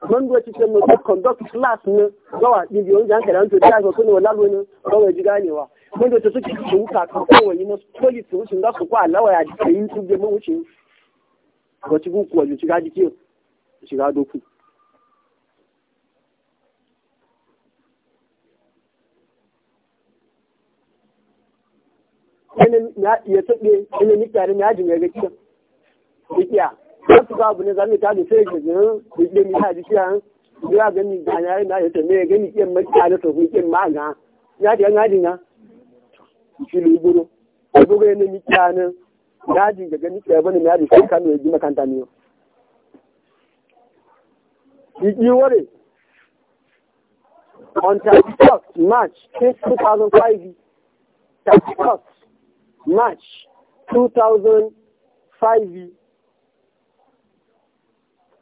man do ci sun ko conduct class ne gawa ni biyo jan kada to ta ga kun wala ji ganewa man do to suke sun ka ko wani na police sun ga akwụkwọ kwa lawa ya ji yin su je mu wuce ko ci ku ko ji na ji doku ene ya ene ni tare wasu abu ne zami ta nufe shi zan kuɗe mi ha jiki han ya gani ga ya na ya tame gani kiyan ma ta da tofu kiyan ma ga ya da ngadi na shi lu buru ko go ne mi ta ne ngadi ga gani kiyan bane mi ha kan ne ji makanta ne yi yi wore on 31st March 2005 31st March 2005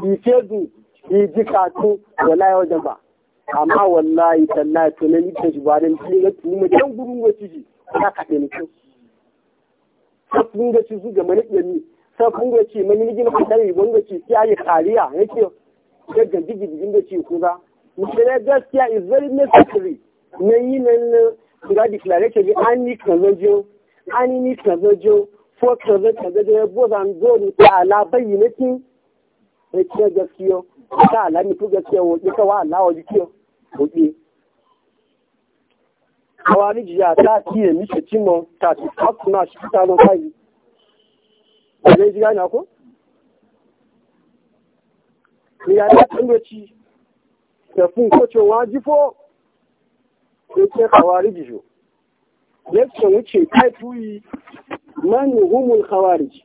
bice du yi ji kato wala yau da ba amma wallahi tallahi to na nita shi ba dan tiga tuma dan gurun wace ji ta ka ne ko sabun ga ci su ga mani dani sabun ga ci mani ni gina ko dai wanga ci sai ayi kariya yake ga eh, ga digi digi ga ci ko za mu sai gaskiya is very necessary na yi nan ga declaration bi an ni kan zo an ni kan zo fo kaza kaza kan zo da bodan zo ni ta ala bayyinatin sai kiyar gaskiyo ta alami tu gaskiya woke ka Allah waje kiyo woke kawani jiya ta tiye mishi cimo ta ci hakuna shi ta lo kai zai ji gane ko ni ya ta tun ci ta fun ko ce sai ce kawari jijo lecture wuce kai tuyi man humul khawarij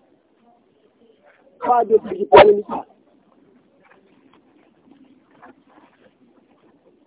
ba da su ji kwanin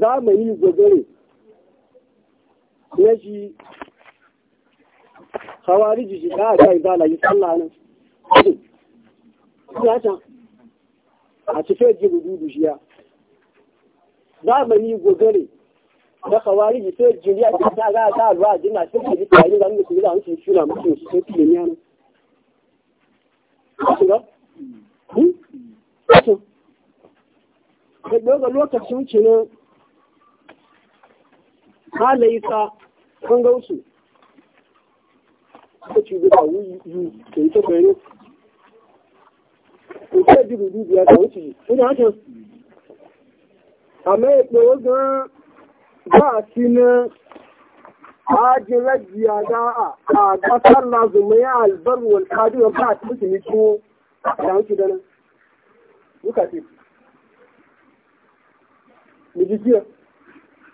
za mu yi gogare na shi hawari jiji da aka yi zala sallah nan ya can a cikin ji gududu shiya za mu yi gogare na hawari jiji, sai jiriya ta ta ga a alwa jina sai ka ji tare da mutum da mutum shi na mutum shi sai kiliya nan Kasu, lokacin cinan kala isa kan gausu ko ci guda wuyu ke ita bayo ko ta ji rubu biya ta wuce ina hakan amma ya ɗaya gan ba a ci na ajin rajiya ga a kasar ƙasar lazumai albaru wal kaduwa ba a ci mutu ne ciwo da wuce da nan. ce, mu ji jiya.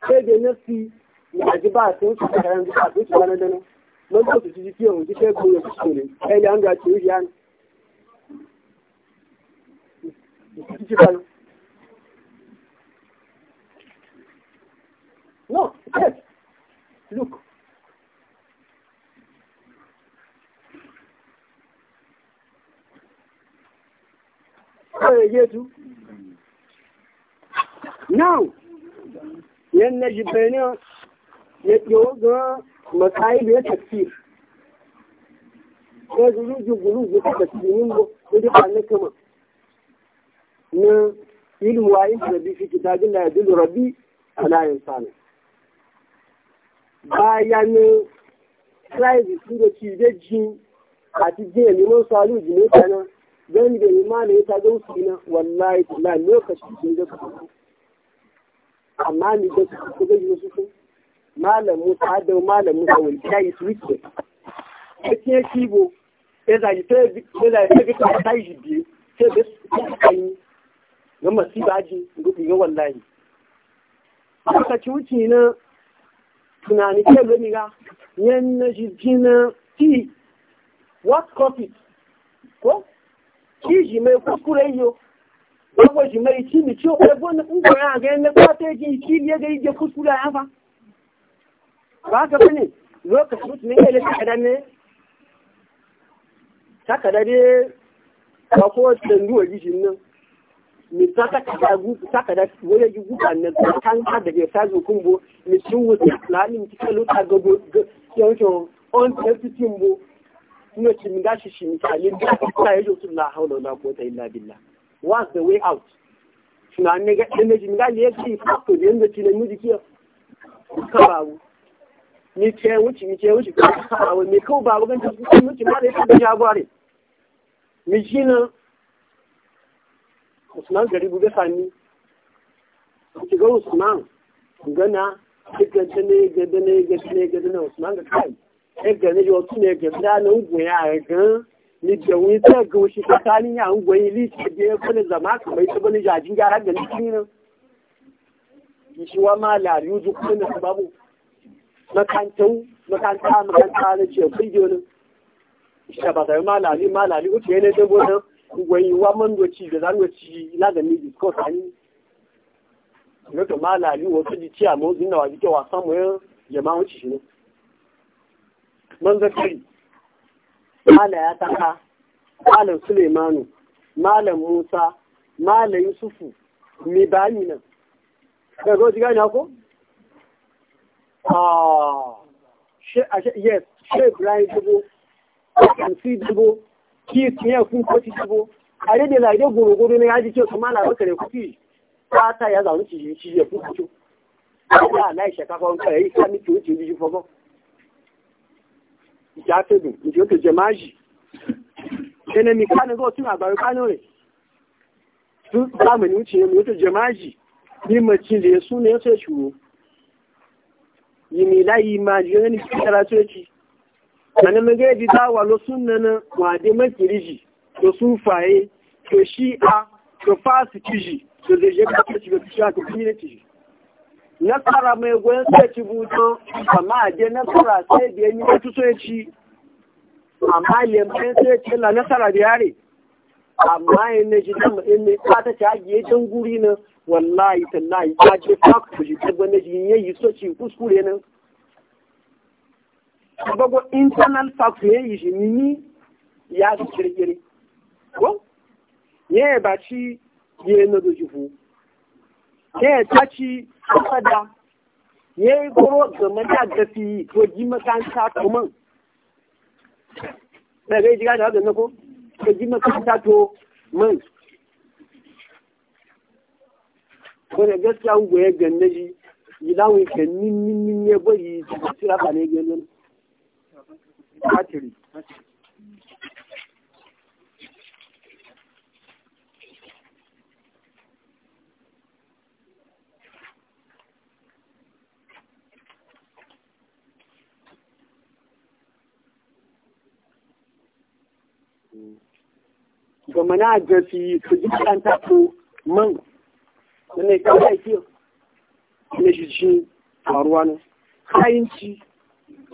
sai da na fi yaji ba sun su karan ba sun su wani dana nan ko su ji kiyon ji sai ko ya su ne kai da an ga ci ya ne no yes look Oh, yeah, too. Now, yan na jibeni ya ɗiyo matsayi da ya tafi ko zuru jugulu da ta tafi yin bo ko da ba na kama na ilmu wa yin rabbi fi kitabin da ya Rabi a ala insana bayan Christ su da ci da ji a ti je neman salu ji ne kana dan da imani ya ta zo su na wallahi tallahi lokaci sun ga amma ni da su ku gaji wasu su malamu ta da malamu musa wani ta yi suwike a ke kibo ya zaji ta yi ta ta yi biyu ta yi ta ta yi ga masu baji gudu ga wallahi aka ci wuce na tunanin ke gani ga yan na jirgi na ti what profit ko ki ji mai kuskure yau gbogbo mai ci ìtí mi tí ó pẹ́ bọ́n ń gbọ́ra àgẹ́ nípa tẹ́jì ìtí ilé ẹgbẹ́ ìjẹ kú súra yáfa ba ka bane lokacin mutum ne ya lesa kadan ne takada dai ba ko dandu wa gishin nan mi ta takada gu takada wani yi gugu a nan kan ka da ke sa zukun bo mi cin wuta lalin ta kalu ta ga go yankin on tsafitin bo ne cin gashi shi mi ta yin da ta yi josu la haula la quwata illa billah what's the way out tunanin ga ɗanajin ga ya ce fasto da yanzu ce na miji kiyo ka babu ni ce wuce ni ce wuce ka babu me kawai babu ganta ta kusa wuce ma da ya taɓa jagware mi shi na usman gari bube sani ki ga usman gana cikin ta ne gada ne gada ne gada ne usman ga kai ya gane ya wasu ne gada na ugu ya ga nike wani ta ga wasu tsakanin ya hangwayi liki da ya bani zama kamar ta bani jajin gyara ga liki nan kishiwa ma lariyu zuku na babu makantau makanta makanta na ce kurgiyo nan isha ba zai ma lali ma lali uku yana dabo nan gwayi wa man doci da zan doci na da ni discuss ani ne to ma lali wo su ji ciya mu zin na wa jike wasan mu jama'a wuce shi ne man zakari قال يا تقى قال musa, مال موسى مال يوسف مبانينا kago ji gani ko ah, ah, yes she brian dubo and dubo ki tiya kun ko dubo are de la de goro goro ne ce kuma na baka ne kuki, ta ta ya zauni ci ci ya fuku to ya na shi ka ko kai ka mi ci ci ji fofo ìjátẹ́gùn ìdí ó tó jẹ máàjì ẹni ní kánigọ́ tí àgbàrí kánú rẹ̀ tún dáàmù ní ti ẹni ó tó jẹ máàjì ní mọ̀tí lè sún ní ẹ́sẹ̀ ṣùgbọ́ yìí láyìí máa jẹ́ ní kíkára tó ẹ̀kì ẹni mẹ́gẹ́ di dáwà ló sún nana wà dé mẹ́kìrì jì ló sún fàáyé tó ṣí a tó fáàsì kìjì tó lè jẹ́ pàtàkì nasara mai goyon sai ci buto amma a je nasara sai da yi wata so ya ci amma lemfen sai ci la nasara da yare amma yin na ji dama in ne kwata ta ajiye can guri nan wallahi tallahi ta ce fak ku ji ta ji yin yi so ci kuskure nan bago internal fact ya yi shi ni ya su kirkiri ko ne ba ci yi na dojifu ke ta ci da ya yi goro game da gafi ko ji makaranta kuma daga yi jiga da haka na ko ko ji makaranta to man ko da gaskiya ungo ya ganna shi yi lawon ka nin nin ya bari su tsira ba ne ganin ne. ga mana yi su ji an ta ko man ne kawai kai ki ne shi shi faruwa ne kayan ci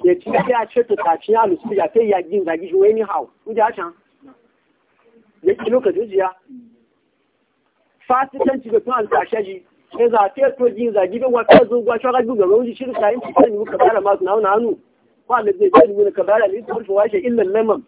ya ci ya ce ta ci ya lusu ya kai ya gin zagi shi wani hau ku ja can ya ki lokacin jiya fasikanci ga tun ji ya za ta to gina zagi da wata gwa shara guga ga wuji shirka yin fitan yi muka bara masu na hannu ba da zai ce ne ka bara ne su warfa washe illan lemon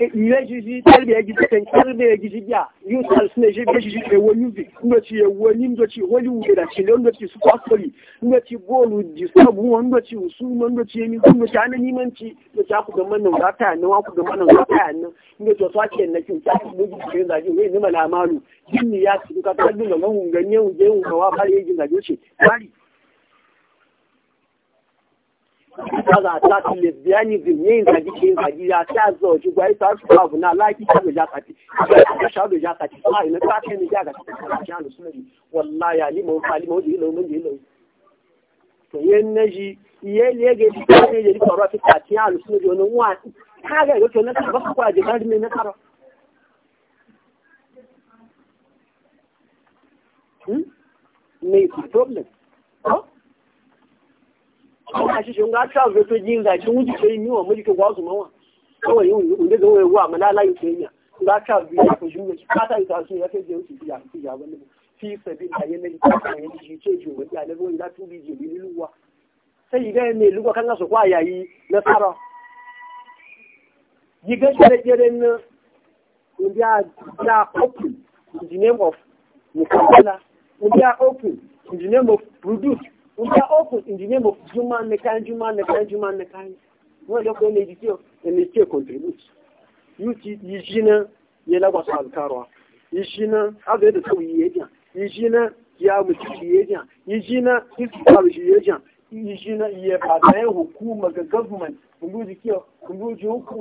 relationship tẹ́lẹ̀ ẹgbẹ́ tẹ́lẹ̀ ẹgbẹ́ jíjá yóò sáré sínú ẹgbẹ́ ẹgbẹ́ wani ẹwọ music ndọ̀tí wani ní ndọ̀tí hollywood àṣìlẹ̀ ndọ̀tí superstory ndọ̀tí bọ́ọ̀lù disturb wọn ndọ̀tí òṣùwọ̀n ndọ̀tí ẹni ndọ̀tí anẹ́yìmẹ́ntì ndọ̀tí akùdọ̀mọ́ náà ọ̀gá táyà náà akùdọ̀mọ́ náà ọ̀gá táyà náà ndọ̀tí ọ̀tọ́ àti ẹ̀nẹ́kì ọ̀tí àti ìgbójú ìgbẹ́ ìdájọ́ wẹ́ẹ̀ ní màlá àmàlù jíìnì yá sí ní kátàgbìn lọ́wọ́ ń gẹ̀ ní ẹ̀hùn jẹ́ ẹ̀hùn kan wá bá lè yé jìnnà jọ́ọ̀ṣì báyìí kaza ta ti lesbianism yin zagi yin zagi ya ta zo ji gwai ta su kawo na laki ta da jakati ta kawo da jakati kawo ina ta ce ni jaga ta sha da sunan wallahi ali mun fali mun ji lo mun ji lo to yen naji ye le ge ti kawo ne ji koro ti ta ti alu sunan jo no wa ka ga yo to na ta ba kwa ji ta ni na karo hmm ne problem àwọn àṣìṣe ń gá tíráàfù tó jí ń ga ìṣe oúnjẹ ṣe ní ọmọ ìṣe wàásù mọ́wà lọ́wọ́ yìí yi tó wọ ewu àmọ́ láláyé ṣe yàn ń gá tíráàfù yìí yi mẹ́ṣì pátá ìtàṣe ẹ̀fẹ́ jẹ́ oṣù ìyá àti ìyá wọn fi ìfẹ̀bí ayé mẹ́rin pátá ẹ̀yẹn ti ṣe ìjọ ìwé ìyá lẹ́wọ́ ìlà tó bí ìjèlú nílùú wa sẹ́yìn bẹ́ẹ̀ ni ìlú kan sọ fún yi yìí lẹ́sàrọ̀ yìí gẹ́ jẹ́rẹ́jẹ́rẹ́ ná ndí a open in the name of mukabala ndí a open in the name of produce nta ofis engineer mo juma ne kan juma ne kan juma ne kan wọn lọ kọ ne di tiyo contribute yu e e yi ji na yẹ lagwa sa yi yi yi ya mu ci yi yediya yi ji na isi kalu yi yediya yi ji na iya maka da yan hukuma ga government kundu ji tiyo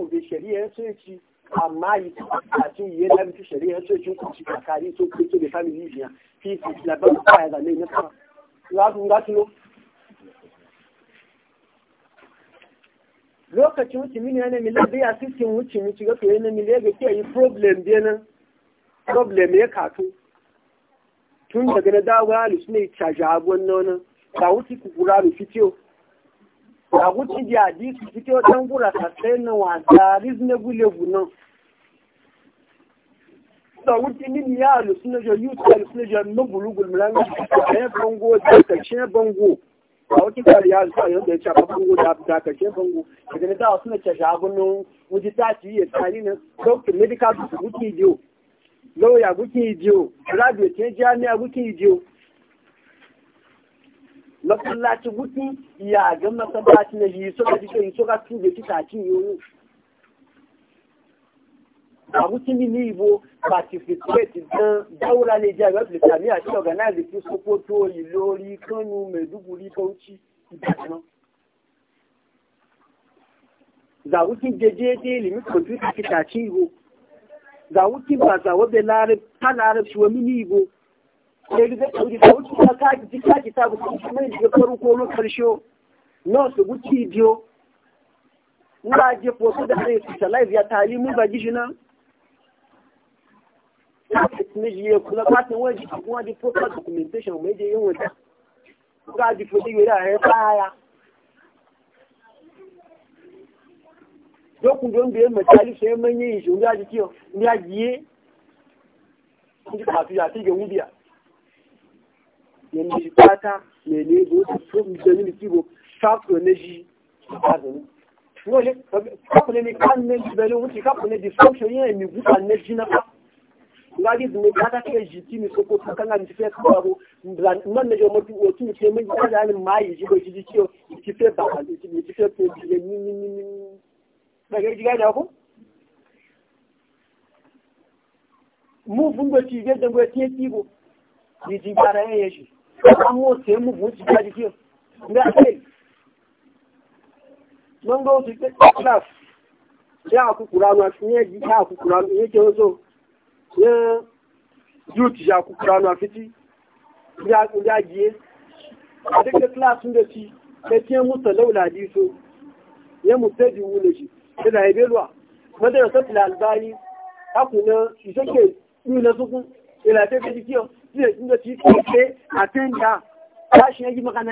da shari'a ya sai ci amma yi a ce yi yediya mutu shari'a ya sai ci hukunci kakari so kai ce da family jiya ya la ba ta ya na kama ngatulo lokacin wuce mini yana mila biya cikin wuce mi shiga to yana mila ga kiyaye problem biya nan problem ya kato tun daga na dawo ya lusu ne caji abuwan nonon ba wuce kukura da fitiyo ba wuce ji a disu fitiyo dan gura sasai na da reasonable level nan ta wuce min ya alusu na jayu ta alusu na jayu bulu bulugul mulanga a yi bango da karshe bango a wakil kari ya zuwa yadda ya shafa bango da karshe bango daga na da suna kashe abunan wuji ta ci iya tsari na doctor medical su guki jiyo lawyer guki jiyo graduate ya jami'a guki jiyo masallaci guki ya ga masallaci na yi suka ji kai suka tube ci ta ci yoyo àbútí nínú ìbò pàtìfìkúrẹ́tì gan dáwọ́lá lè jẹ́ àgbẹ̀ pẹ̀lú tàbí àti ọ̀gánáìzì tí sọ́pọ̀ tó yìí lórí kánú mẹ̀dúgbùrí tó ti ìdájọ́. jejeje limi kwamfuta ki tace ibo zawuki ba zawo da larab ta larab shi wa mini ibo sai da kauri zawuki ta ka ji ka ji ta bu shi mai da farko no karshe no su guci biyo na je fosu da sai su ya tali mun méjì kula pati wọn di wọn di proper documentation méjì yìí wọn dá wọn ká di fòdì ìwé rẹ fáyà. yókùn tó ń bèèrè mẹtàlí ṣe é mẹyẹ ìṣó ní àjí kí ọ ní àjí yé a àfihàn àti ìgbẹ̀wù bíà. yẹn ní pátá yẹn ní ebò tó ń bẹ nínú kíbo sáfù méjì àdùnnú. wọ́n lé kápẹ́lẹ́ ní ká ní bẹ́ẹ̀ ló ń ti kápẹ́lẹ́ di fọ́ọ̀ṣọ̀ yẹn ní gúúsà ní jìnnà pátá. ngadi dumi kada ke jiti ni soko kanga ni fe ko abu man ne jo mo o tu ke men kada ni mai ji go ji ki o ki fe ba ni ti ni fe pe ni ni ni ni ni ji ga da ko mu fun go da go ti ti go ni ji bara ye ji an mo mu bu ji ga ji ki o nda ke mon go ti ke class ya ku kuranu ya ji ya ku na yóò ti ṣàkó kúránù àfitì ní àjíyé e. àdékẹ́ kíláàsì ń ti ẹtí ẹmú tẹ̀lẹ́ òlà àdíso yẹmú tẹ́jì wú lè ṣe ẹ̀dà ìbélùwà mọ́tẹ́rẹ̀ sọ́tìlẹ̀ àlùbáyé akùnà ìṣẹ́kẹ̀ ìrìnà sókún ìlà ìfẹ́fẹ́ ti kíọ̀ sí ẹ̀sìn ń ti kí pé àtẹ́ńdà láṣẹ ẹjí mọ́kànlá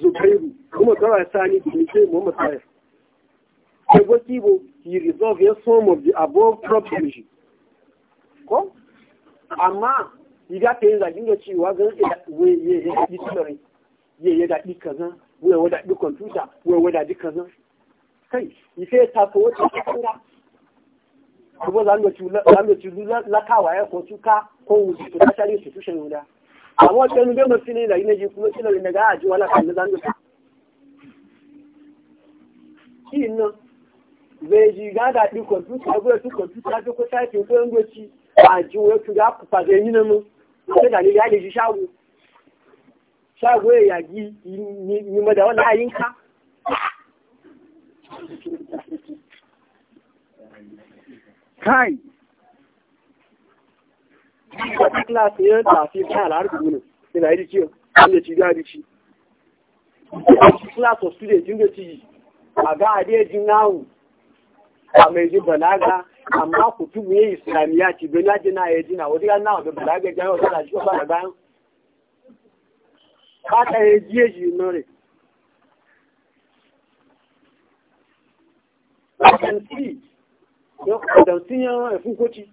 zubairu kuma kawai sani tunike muhammad sayar ego kibo he resolve your some of the above problems ko amma iga ta yin zagin da cewa gan we ye da dictionary ye da kaza we we da di computer we we kaza kai ife ta ko wata kanga kuma zan ga tula zan ya ko tuka ko wuce ta tare guda àwọn ọjọ́ inú bẹ́mọ̀ sí ní ilẹ̀ ilẹ̀ ìkúrò sí lọ́rin nẹ̀gá àjí wọn láti ìlú zanzibar kí iná bèèjì gáàdà ní kọ̀mpútà ẹgbẹ́ tí kọ̀mpútà tó kó sáìtì tó ń gbèsì àjí wọn tó gá pàdé yín nínú lọ́dà ní ìyá ìlẹ̀jì Shago ṣáwó èyà yìí ni mọ̀dà wọn láàyè ń Kai! wata na ya tafi ta al'arku ne na yi kiyo wanda ci ga rici class of a ga adejin nawu ji balaga amma ku tubu ya islamiyya ci bai na jina ya jina wani ya nawa da da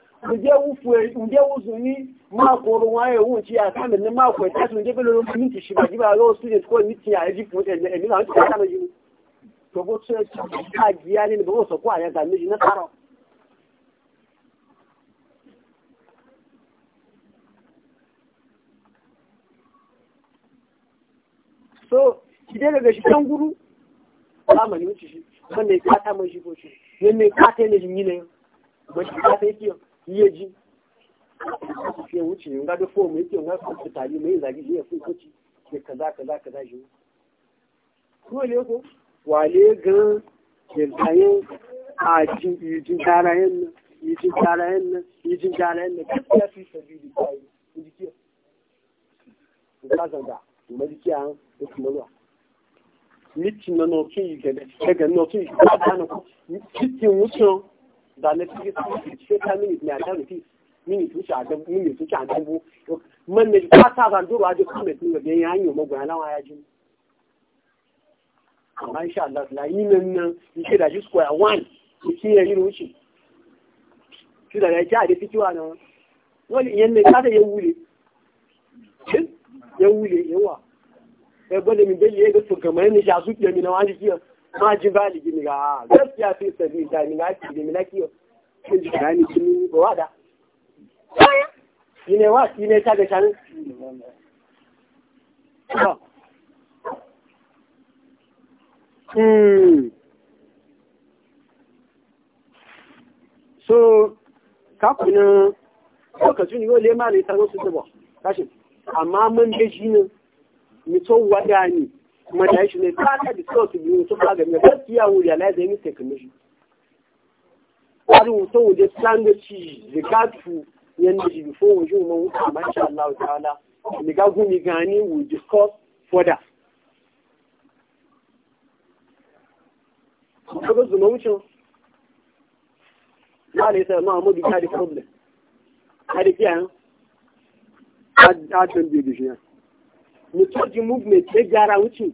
ǹjẹ́ wúfu ǹjẹ́ wúzu ní máa kọrọ wọn ayé ti àtàmì ní máa kọ ìtàkùn ǹjẹ́ bí lórí ní shi ba àjíbá lọ́wọ́ student ko ni ti àyẹ́jì fún ẹ̀jẹ̀ ẹ̀mí náà ti àtàmì yìí gbogbo tó ẹ̀ tó káàdì á nínú gbogbo sọ̀kọ́ àyẹ̀ gbà méjì náà kárọ̀. so ìdé rẹ̀ gẹ̀ṣin tán gúrú ọlámọ̀ ni ó ne, ṣe wọ́n lè ká tá mọ́ ìṣ yeji fiye wuce yin gado fomu yake yin gado su tari mai zagi shi ya fi kuci ke kaza kaza kaza shi kuma ne ko wale gan kirkayen a yijin tarayen nan yijin tarayen nan yijin tarayen nan duk ya fi sabi da bayi jiki ka zanga da kuma ruwa mitin na nokin yi gada daga nokin yi gada na kuma mitin wucin da na cikin sun ce ta minit na ta rufi minit wuce a dambu minit wuce a dambu man na ta ta zan doro a jikin mai tunga bayan ya yi magoya lawa ya ji amma sha Allah la yi nan nan yake da shi square one yake ya yi wuce shi da ya ci a da fitiwa nan wani yan ne kada ya wule ya wule yawa ya gwada min bai ya ga shugabanni ne shi a zuciya min na wani kiyar ma ji baligi ga gaskiya fi sabi da ni ga ki ni na kiyo kin ji ga ni wa da? wada ne wa shi ne ta ga shan hmm so kakunan lokacin yau lema ne ta zo su zuba kashin amma mun da shi ne mito wada ne kuma da shi ne ta ka discuss biyu su ba ga gaskiya wuri ala zai sai wani wuje ci zikatu shi wuje mu masha Allah ta'ala ga gumi gani discuss further zuma wucin ma ne sai ma mu da problem hadi kiyan a tun bi ne movement ya gyara wucin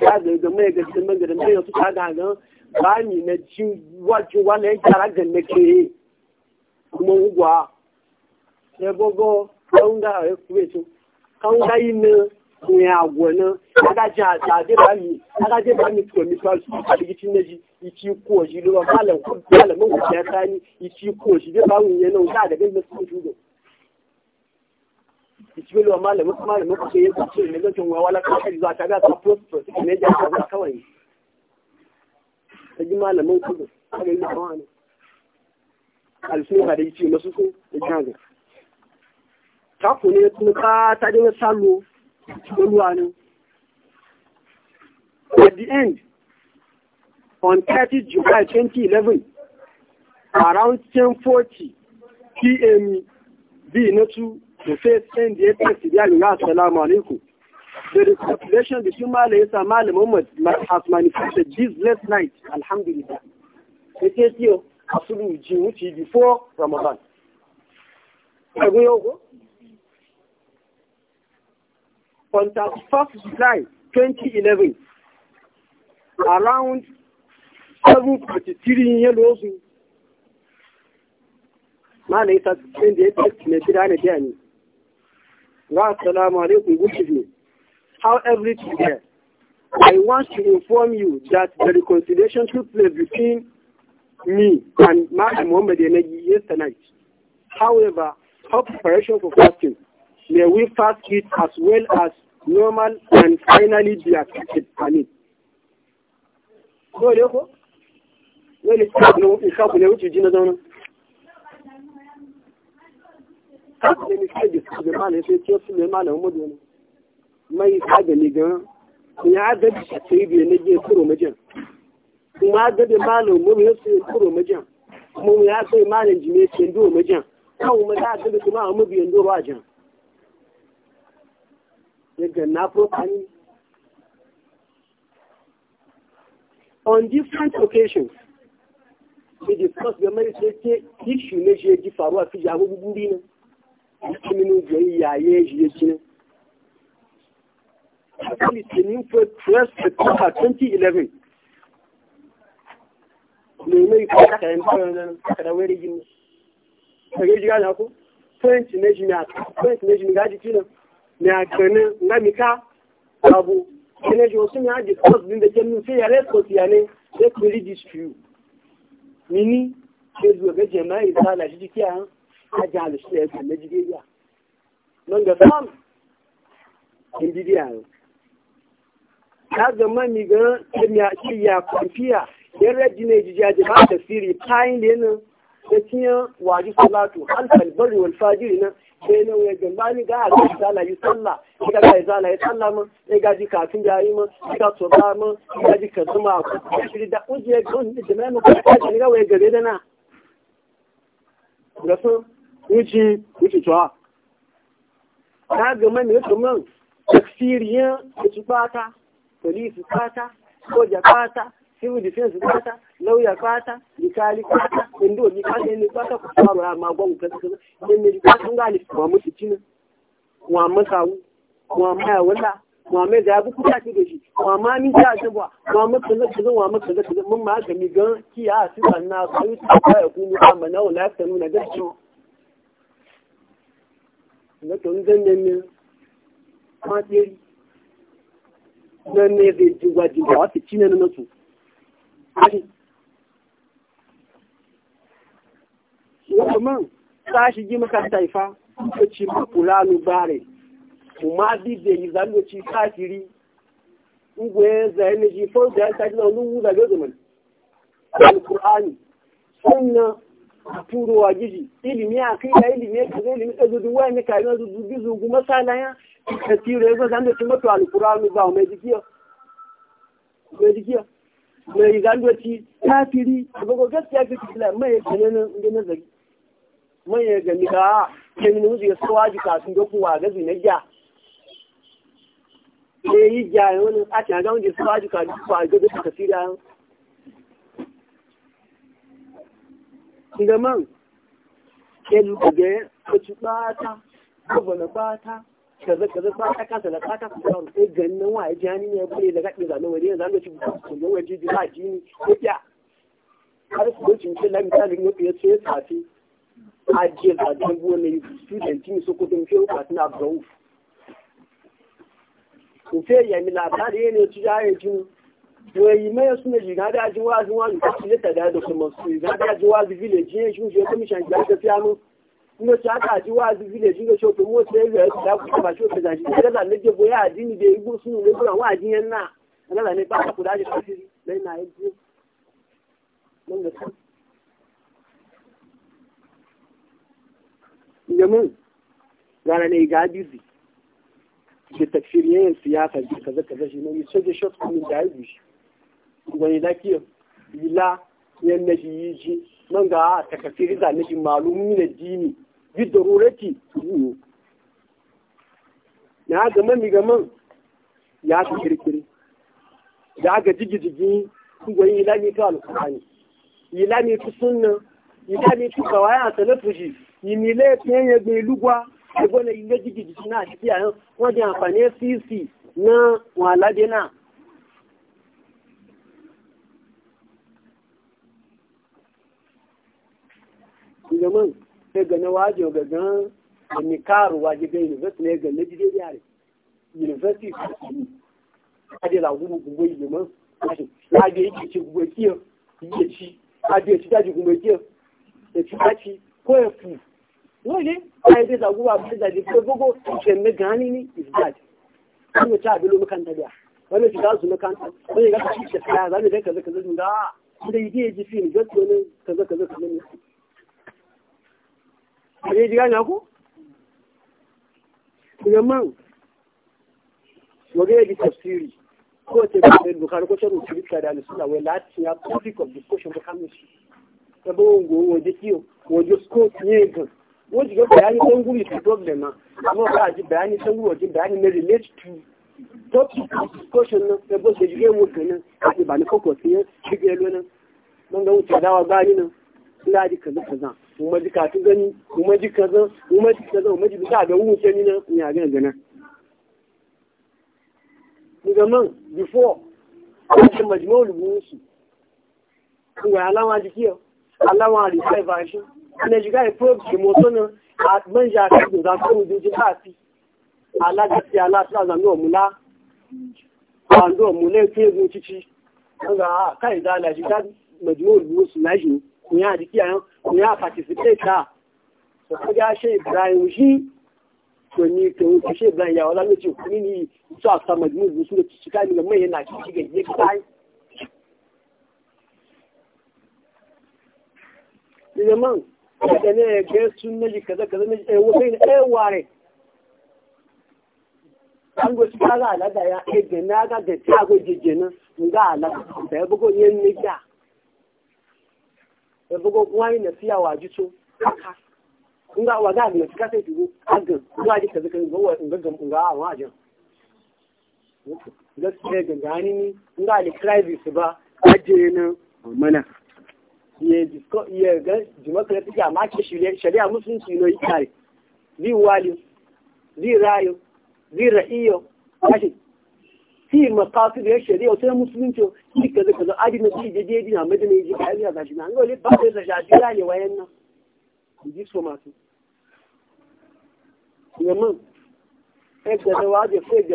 ta ga mai ga cikin ga mai su ta ga ba ni na ci wajen wannan kara ga na ke kuma ugwa ya gogo kan ga ya kuwe su kan ga yi na ne agwo na aga ji a tsaje ba ni aga ji ba ni to mi fa su a digi cin naji ichi ko ji lo ba malam ko malam mun ko ji ba da ga ga cikin wa malamin kuma malamin ku sai ya kuce ne zai tunwa wala ka kai zuwa ta post sai ne da ka kawai sai malamin ku kaga ina wani alfin ba da yace masu ko da jaga ta ku ne tuni ka ta dinga salo ruwa ne at the end on 30 July 2011 around 10:40 pm b na 2 the faith send the atheist to alaikum. The reconciliation between Mala and Muhammad has manifested this last night, Alhamdulillah. It is here, Asulu Uji, which is before Ramadan. On the 1st July 2011, around 7.43 years old, Mala Isa send the atheist to their regard, Wa assalamu alaikum, good evening. How everything here? I want to inform you that the reconciliation took place between me and Imam Muhammad Enegi yesterday night. However, our preparation for fasting, may we fast it as well as normal and finally be accepted on it. Dole ko? Dole ko? Dole ko? Dole ko? Dole ko? Dole ko? káàkiri na káàkiri ṣe máa lè ṣe tí ó sì lè máa lè wọ́n mọ́dún mai káàkiri gan ìyá agbẹ́bí ṣàtì ibi ẹlẹ́jẹ́ kúrò méjì ìmọ̀ agbẹ́bí máa lè mú mi ó sì kúrò méjì mo mi On different occasions, we discuss the marriage issue faruwa fi cikin gari yaye shi ya ci haka litinin press september 2011 ne mai kwata kayan fara nan aka da wani gini kage jiga na ku french nation ya french nation gaji tina ne a gane ngamika abu kene jo sun ya ji sports din da kenan sai ya response ya ne let me read this to you mini ke zuwa ga jama'i da hala shi jikiya ajá gan a shirya kwamfiya, yan raji na jijiya da ba da firi. kayan da yanan da tiyan waji salatu, alfal bari wal fajiri sai ya gamba ni ga yi sallah, ga yi sallah ma, ya ga kafin da ba ma, ya ji a kuma zama da ƙungiyar gwamnati da mai na. wuce wuce tuwa ta gama ne su man experience wuce fata police fata soja fata civil defense fata lauya fata likali fata indo ni fata ne fata ku faro ya ma gwan kan kan ne ni fata ga ni wa mutu cin wa masawu wa maya wala wa mai da bu kuta ce da shi wa ma min ta ta ba wa mu kaza kaza wa mu kaza kaza mun ma ga mi ga kiya su sanna su ta ya kunu amma na wala ta nuna gaskiya nga to nze nene kwatiri nene be jingwa jingwa wati chine nene tu ari kuma sashi ji makaranta ifa ko ci makulanu bare kuma bi de izalo ci satiri ngwe za energy for the side na lu da gozo man alqur'ani sunna a turo wa ilimi a kai da ilimi ka zai ilimi ɗazu duk wani ka yi zuzu gizu kuma salaya ka tiro ya zan da cimma to alkuranu ba mai jikiya mai jikiya mai zandoci kafiri da bago gaskiya ka kila mai ya kane nan inda na mai ya gani ka ke min wuce ya sawa ji kafin da kuwa gazi na gya ne yi gya wani a ga wani sawa ji man kelu ga kaci bata na bata kaza kaza bata kasa da bata ku sai gannan waye hannu ne bude da gaɗe zanen wani yanzu an ga ci kullum waje ji ba jini ko ya har su gocin ce la misali ne ku ya ce a je da dan wani student ne so ko dun fiye abu da gawo ku fiye ya mi labari ne ci ya yi jini yi mai suna shiga da ajin wazin wani kasu ya tada da kuma su shiga da ajin wazi village shi shi kuma shan kuma wazi village ga da ku ba shi ta da da kuma wa yi mun san shot kuma da yi shi gwani lafiya ila yan na shi yi ji man ga a takafiri da na malumi na dini bi da rurati zuwa na gama mi gaman ya ta kirkiri da aka jigi-jigi gwani ila ne ta alkurani ila ne ta sunna ila ne ta kawaya a salafushi yi ni laifin ya bai lugwa a gwani yi na jigi-jigi na a shi kiyayen wajen amfani sisi na walade na gaman sai ga na waje ga gan waje ga university ne ga yare university a dai la gugu gugu yi man la yake ci gugu ya ci a ci daji gumu kiyo ya ci ya ke ne gani ni is kuma da ya wani shiga su wani ga shi ta za ne da kaza kaza da da yi ji fi ne gaskiya kaza kaza ne Aje ji gane ku? Zaman, wani yaji tafsiri, ko ce ba da bukari ko da alisuna wai latin ya kofi of discussion ba kamun shi. Sabo wongo waje kiyo, waje scope ne gan. Wajen ga bayani san guri su problem na, amma ba a ji bayani san guri wajen bayani na relate to topic of discussion na, sabo da jirgin e wuce nan, ba ni kakwasin ya e, shige nan, don ga wuce dawa gani nan. ladi kaza kaza kuma ji katu gani kuma ji kaza kuma ji kaza kuma ji bisa ga wuce ni na ya ga gana ni ga before alama ba shi probe shi a man ja da za ku ji ji hafi kai da la ji ga majmu'u na shi kunya ya jiki yan kun participate ta so ko ga she Ibrahim shi to ni to ko she Ibrahim ya wala mi kun ni so asa majmu su da cika ni ga mai yana ciki ga yake kai Idan da ne ke sunna ji kaza kaza ne eh wo sai eh ware an go shi ga ala da ya eh ga na ga da ta go jijjena nga ala da ya bugo yen ni ga ẹ̀bọ́gọ́ wọ́n yìí nà sí àwọn haka, káká nga wa ga ne kika sai dubu agan zuwa ji kaza kan gowa in gaggam in ga awon ajin gaskiya ga gani ni nga da crisis ba aje na mana ye disko ye ga democratic amma ke shirye shari'a musulunci yi kare. Zai wali zai rayu, zai ra'iyo kashi fi makasu da ya shari'a sai musulunci shi kaza kaza adi na ji jeje dina madina yi ka yi na ngole ba sai da shafi ya ne wayan nan ji so masu yamman sai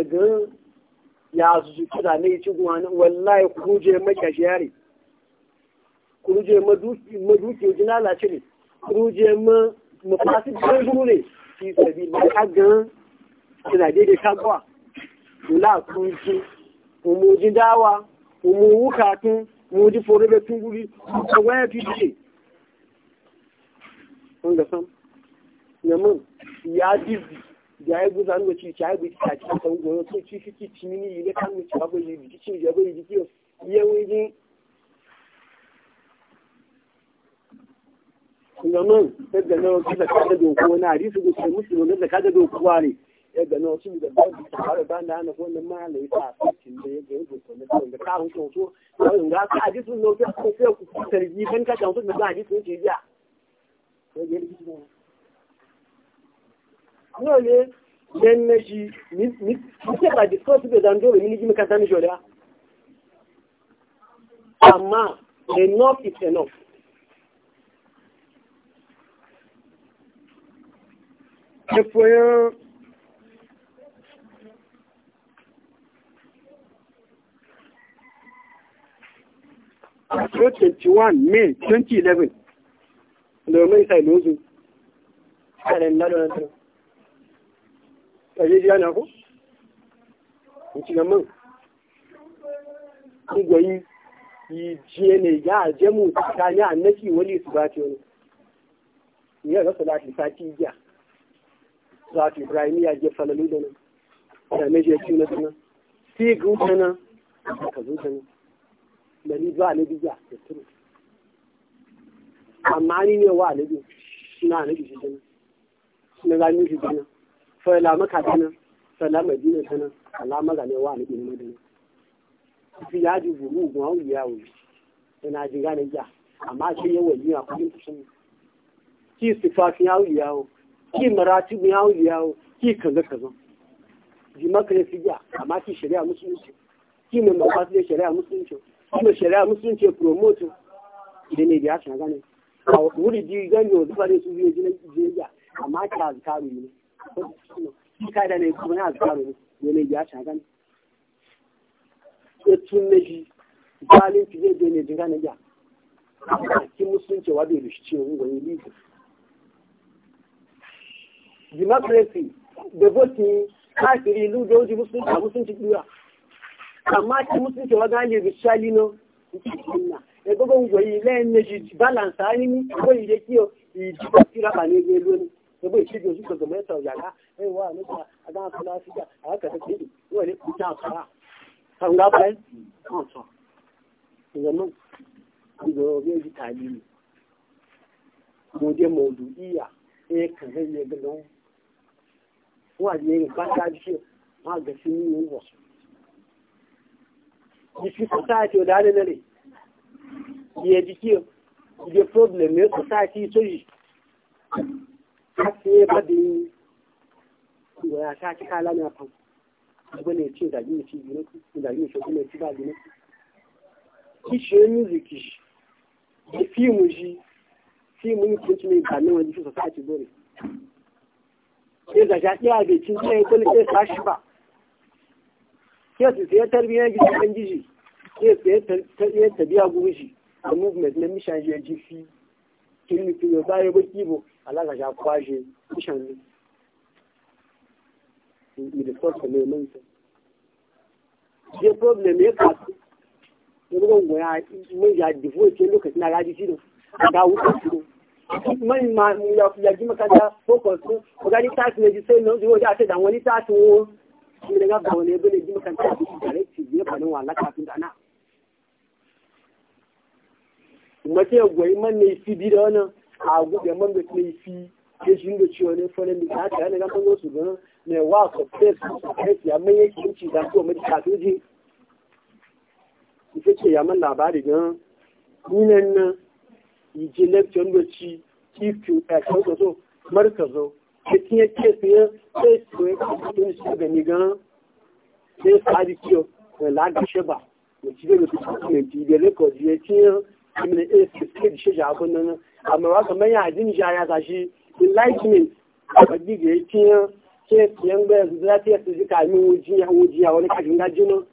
ya zuci kada ne ci gwana wallahi kuje ne ula kunshi umuji dawa umuwu katun muji forobe tunguri a waya fiye kun ga san yamin ya dizi da ya guza nuna ci ci haibu ta ci ta goyo so ci fiki ci mini yi ne kan mu ci abu yi biki ci ya bai biki ya wuri yamin yadda na wakil da kada dokuwa na hadisi gusa musulun da kada dokuwa ne yadda na wasu da ba da tsare ba da hana ma malai ta cikin da yake yin gusto na kawai da karun kan so kawai ga ka ji sun lauki ko sai ku tarbi ban ka kan sun da ji sun ce ya ne na ji ni ni sai ba ji ko su da dan dole ni ji maka tani joda amma enough is enough after 21 May 2011 domin sai lozu a nan na don tun ƙarfi yana ku? ci gaman ƙungoyi yi jiye ne ya aje mu tsakani annaki wani su ba ce wani ya ga su lati sati ya za su ibrahim ya je falalu da nan da mai je cikin na sunan sai ga wuta nan ka zuta nan da ni zuwa na biya da turu amma ni ne wa na biyu suna na biyu dana suna zami shi dana fa maka dana fa lamadina dana alama ga ne wa na biyu madana fi ya ji buru gun hau ya wuri yana ji gane ja amma shi ya wali a kudin kusan ki sifafin ya wuri yawo ki marati gun ya wuri yawo ki kaza kaza ji maka ne fi ja amma ki shari'a musulunci ki mai mafasu ne shari'a musulunci kuma shari'a musulunci promoting idan ne biya shan gane a wuri ji gani wanzu fare su biyu jinin jiriya amma ta azkaru ne ka da ne kuma na azkaru ne ne biya shan gane ya tun na ji zalin fi zai ne jin gane ya cikin musulunci wa bai rushe ce wani gwani lizu democracy da voting kafiri lu da wajen musulunci a musulunci duniya amma ti musulunci wa gani bi shali no e gogo ngoyi le ne ji balance ani ni ko ile ki o ji ko tira ba ni ni e bo ti jo ko me ta ya ga e wa no ta aga ko la si ga aga ta ti wo le ku ta du iya e ma ni jiki society da dane ne ya jiki ya problem ye society so yi ka ce ba da yi ko ya sa ki kala na fa ba ne ci da yi ci ne ku da yi so ne ci ba ne ki she music ki ki film ji film ni ko ti ne ba ne wani society dole ke da ja ya ga cin ne ko ne sai shi ba ke su sai tarbiyyar gidi kan gishi ke sai ya tabiya gushi a movement na mishan je jifi kirmi tuyo baya baki bo alaka sha kwashe mishan ne mi da sosa mai manta je problem ya kasu ya bugan goya mai ya difo ke lokaci na gaji shi da wuta shi mai ma ya ji makanta focus ko gani tashi ne ji sai na zuwa ya ce da wani tashi wo shi daga ga wani bane ji mukan ta shi tare ci ne ba wala ka tun dana mace goyi man ne fi bi da wannan a gube man da ne fi ke shi da ciwo ne fone mi ta tare daga bango su gan ne wa ko face su face ya mai yake ci da ko mai ta tuji ita ce ya man labari gan ni nan nan yi je lecture da ci ki eh, ku ta ko so markazo que tinha que ter pessoas que tinham se organizado, que que lá de cheba, eu tive no documento de recorde, eu tinha a minha esqueci de chegar quando não, a minha também a gente já ia agir, enlightenment, a diga eu tinha que tinha um beijo da tia se caiu o dia o dia olha que a gente não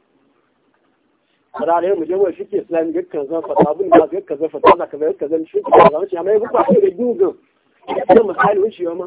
Karare mu je wai shike Islam ga kaza fata bun ba ga kaza fata da kaza kaza shi ke zama shi amma ya buƙaci da gugun. Ina misali wuce ma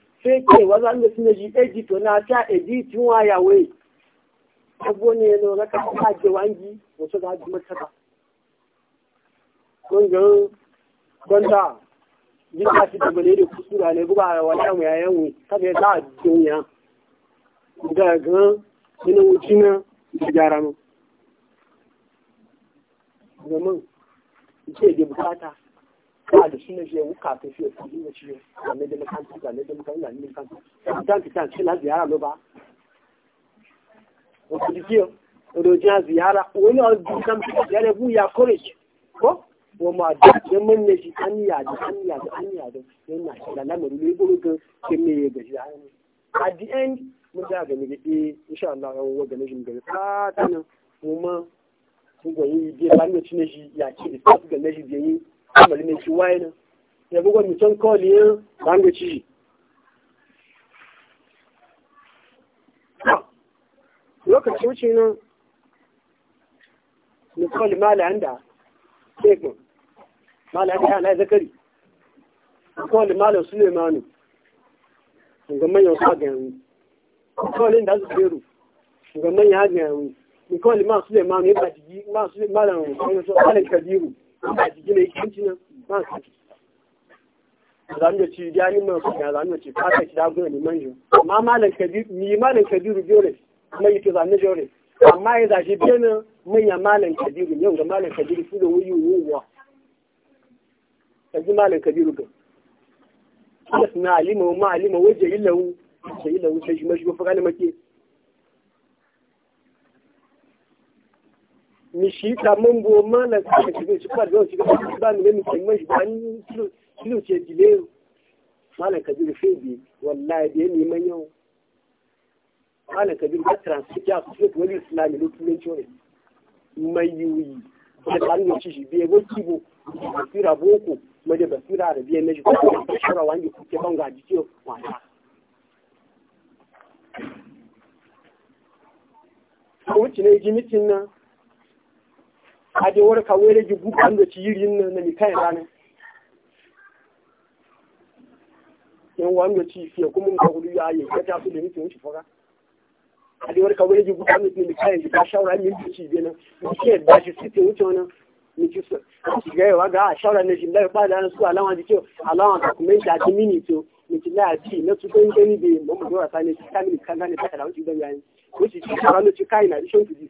sai ke waza da suna ji eji to na ta eji tun waya wai abu ne no kasa ta je wangi wato ga ji mutaka kun ga kun ta ji ka shi da bale da kusura ne buga wala mu yayan mu kada ya ta duniya ga ga ina na da gyara mu zaman ce da bukata ba da shi ne shi yau kafin shi ya fi yi shi ga mai da makanci ga mai da makanci ga mai da makanci ta ce na ziyara lo ba o kuli ke o jiya ziyara o ni o di kan fi ziyara bu ya college ko o ma da ke mun ne shi an ya da an ya da an ya da yan na shi da lamarin ne bu ga ke me ya a shi a the end mun ta ga ne ga insha Allah an wa ga ne shi ga ta tanan kuma kun goyi bi ban ne shi ya ci da ga ne shi biyi amali mai ci waye nan ya bugon mutum kawai yin rango ci lokacin wuce nan mutum mala anda tekun mala anda yana zakari kawai mala sulemanu ga manyan sa ga yanzu kawai da su beru ga manyan ga yanzu kawai ya ba jigi ya ba jigi an ba jiki ne yanci nan ba ci zan da ci ya nima ku ya zan da ci ka ta ci da gona liman amma malam kabir ni malam kabir jore mai to zan da jore amma ya zashi bene mun ya malam kabir yau ga malam kabir su da wuyu wuwa kaji malam kabir ga na alima wa ma alima waje ilahu sai ilahu sai shi mashi gofa kana mishita mambo mana katika chukua leo kuma kilo mana kabiru fedi wallahi da ni manyo mana kabiru ka transfer ku ko wani islami lo tulen chore mayuyi da kan ne shi biye basira boko basira da biye shi ko shara ko ne aje wani kawo ya rage jibu an da ciyiri yin na mi kai rana yan wani da ci fiye kuma muka hudu ya yi ya taso da nufin wuce fara aje wani kawo da jibu an da ci mi kai jika shawara min da ci bena mi ce da shi sitin wuce wani mi ci su a shiga yawa ga a shawara na shi lai ba da su alama da kyau alama da kuma yin shafi mini to mi ci na ci na su kan gani da mamadu wasa sani ta kamini kan gani ta da wuce don yayin wuce ci shawara na ci kai na addition to this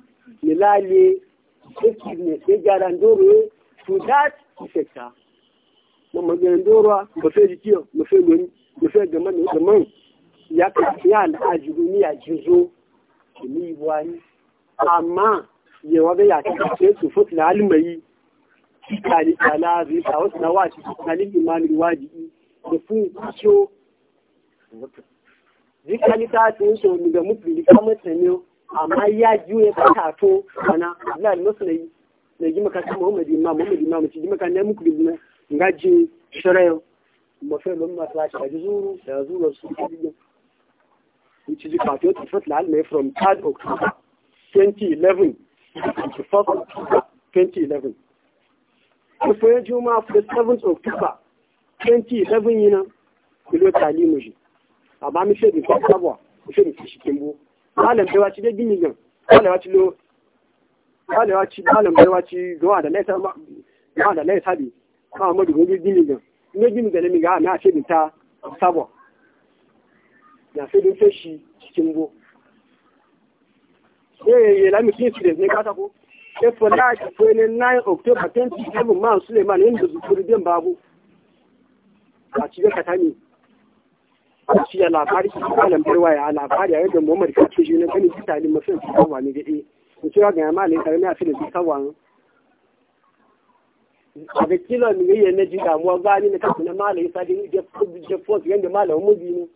milali effectiveness ya gyara ndoro to that effect mo mo gyara ndoro mo fe ji kiyo mo fe loni mo fe gama ne gama ya ka ya na ajiru ni ajizo ni amma ye wa be ya ka se su fut na almai kali kala ri ta na wa ci na ni imani wajibi da fun kiyo zikali ta tun so mi ga mutu amma ya juye ba ta to bana Allah ne su nayi ne ji maka ta Muhammad Imam Muhammad Imam ci ji maka ne muku bizna ngaji shirayo mo fe lo ma tla ka juzuru da zuru su ji ci ji ka to ta fatla al mai from 3 October 2011 to 4 2011 ko fe juma for 7th October 2011 yana kilo talimu ji amma mi sai di ko kabwa mi shi kimbo malam bai wace dai gini gan malam wace lo malam wace malam ma bi ne mi ga na ce din ta sabo na sai din sai cikin go eh ya la mi kin ne kata ko e for 9 october 2017 man suleiman inda zukuri den babu a katani shi ya labari su ba lambar waya a labari a yadda muhammadu ka ce shi ne kani shi tali mafi shi kawo wani gadi mu cewa ga yamma ne tare na filin su kawo wani a ga kilo mi na ji damuwa ga ni na kasu na malai sa din je je force yanda malamin mu ne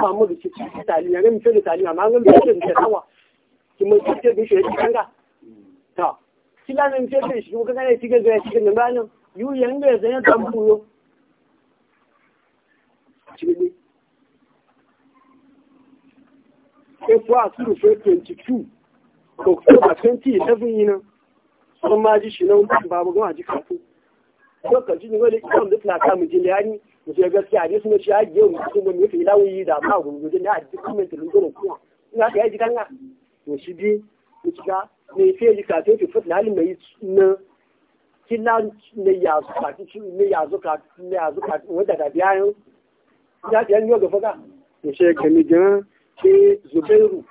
ba mu da cikin tali ya ga mutum da tali amma ga mi filin ta kawo ki mu ci ce bi shi kanga ta kila ne mi da shi ko ga ne shi ga ga shi ne malamin yu yanga zan ta buyo cikin efu a suru fe 22 october 2011 yi nan sun ma ji shi nan gama ji wani ikon da kamun gaskiya ne suna shi ajiye ilawun yi da a kuma ta lungunan kuma ina yaji kanga to shi bi mu ne kafin halin mai na kila ka ne ya zo ka ne ya zo da biyan ya ta yanyo gaba ga to shi sai zubairu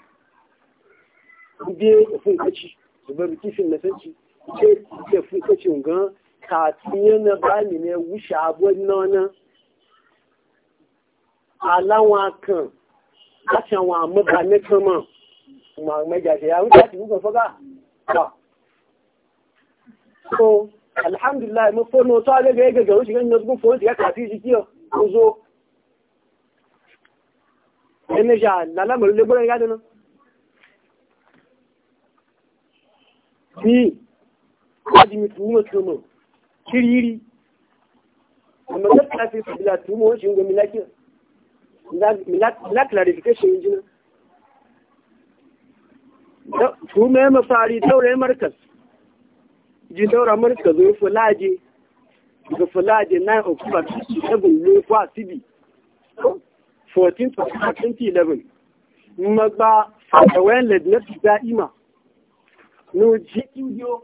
biye da funkaci zubairu kifin na sanci ce da funkacin gan kafin yana bani ne wuce abuwan nana alawa kan kashin wa maba ne kama ma majaje ya wuce ati wuce faga ba so alhamdulillah mun fono to ale ga ga ga wuce ganin na zuwa fono ya kafi shi kiyo ko zo ẹni ṣe àlàlámọ̀lú lé gbọ́nà náà sí wájìmí túnmọ̀ túnmọ̀ kírírí ọmọ mẹ́ta fi fìdílà túnmọ̀ ó ṣe ń gomi túnmọ̀ ẹmọ fari daura markas ji daura 9 october 7 sibi 14 to 2011 magba fatawayen ladinatu da'ima no ji kiyo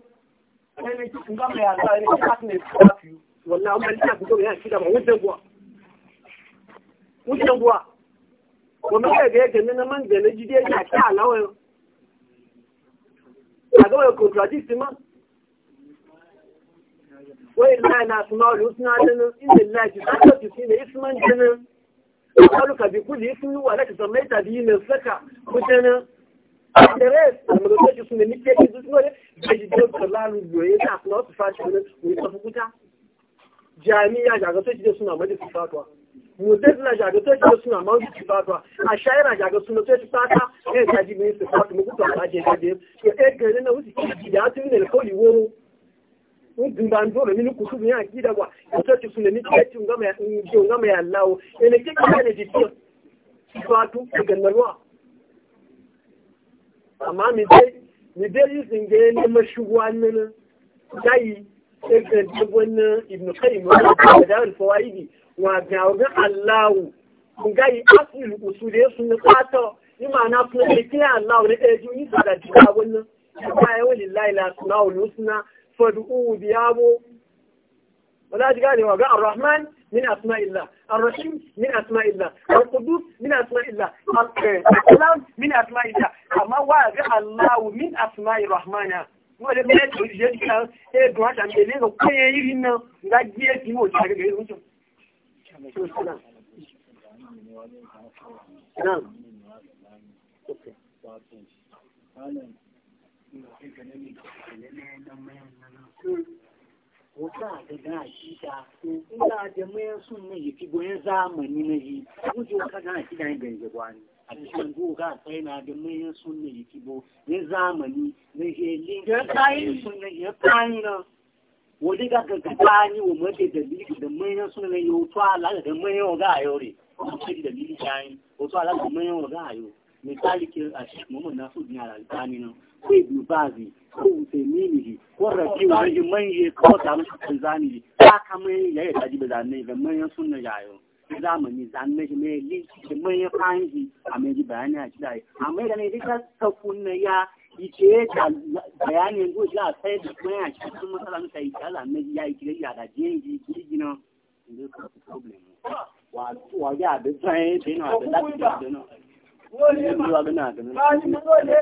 ɗaya ki gama ya zai ne ka ne ka fi wallahi amma ina ku ya shi da ba wajen buwa wajen buwa ko me ga ga nan man da na ji dai ya ta alawa a ga wani contradict ma wai na na sumaru suna nan inda lafi ta ta fi ne isman jinin وقالك بكل اسم ولك da muka kashe su ne nike ke zuwa ne, da shi da kalalu goye fashi Jami'a suna suna A shaira jaga suna su fata, ta ji su da. na mbandoro mini kusubu ya akida kwa kutoa tusune ni kati ngama ya ngama ya lao ene kike kane jitia sifatu kuganalwa amma mi dai mi dai yusin ga ne mashuwan nan dai sai ga wannan ibnu qayyim da da fawaidi wa ga ga Allahu kun asil usule sun fata ni ma'ana sun Allahu ne da ni da da wannan ya walillahi la sunna fad'u biyabo wala ji ganewa ga ar-rahman min asma'illah ar-rahim min asma'illah al-qudus min asma'illah al-salam min asma'illah amma wa ga allah min asma'ir rahmana mo le me to je di kan e do ata me le ko ke yi na ga ji e ti mo ta ga ga unjo Okay. wata da na shida ina da mayan sun na yi fi zamani na yi wuce wata na shida ne ganje gwani a cikin goga tsaye na da mayan sun na yi fi goyon zamani na yi linkin sun na yi kayi na wani ga gaggaba ni wa mace da lili da mayan sun na yi wato ala da mayan waga a yau ne da lili kayi wato ala da mayan waga a yau misali ke a shi mamman nasu biya da alkani nan ko ibn bazi ko usaimini ko rabiu wani manye ko ta musu zani ba kamar yayi daji ba zani da manyan sunna yayo zamani zanne shi mai linki da ya kanji a mai bayani a kidai amma da ne duka kunna ya ice ta bayani go shi a sai da kuma ya shi kuma salan kai ya zanne ya yi kire ya da jenji gina ne ko problem wa wa ya da tsaye da na da da da na wani ma ga na da na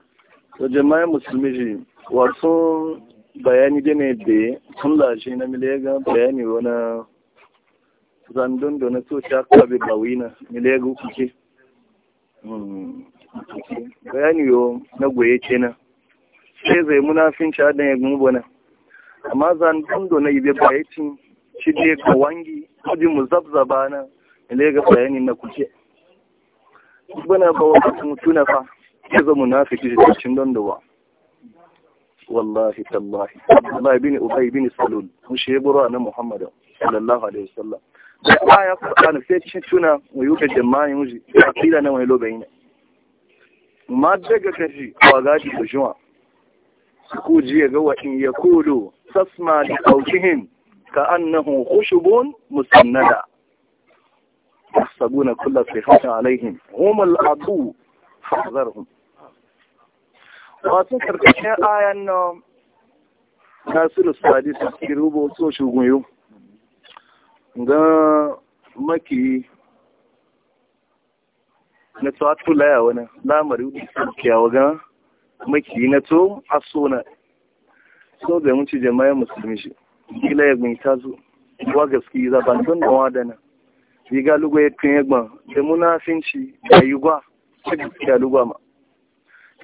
to jama'a musulmi ji wasu bayani ne da sun lashe na milega bayani wani zandun da na so shaka bai bawina milega kuke hmm. bayani yo na goye kenan sai zai munafin shi adan ya gumu na amma zandun da na ibe bayacin shi ne ga wangi kudi mu zabzaba na milega bayani na kuke bana ba wata mutuna fa ya zama munafiki da cikin dandawa wallahi tallahi Allah ibn Ubay ibn Salul mun shi bura na Muhammad sallallahu alaihi wasallam da aya Qur'an sai cikin tuna wa yuka jama'i muji akida na wani ne. ma daga kashi wa gashi da juma ku ji ga wa in yakulu tasma li qawlihim ka annahu khushubun musannada kullu sayhatin alaihim hum al-adu فاحذرهم masu karkashin ayan na nasiru sadi su ke rubuto shugunyo ga maki na tsawatu laya wani lamari kyawa ga maki na to a sona so da muci jama'a musulmi shi gila ya gbin ta wa gaske za ban don da wadana yi galugo ya kan yagban da munafinci da yi gwa da galugo ma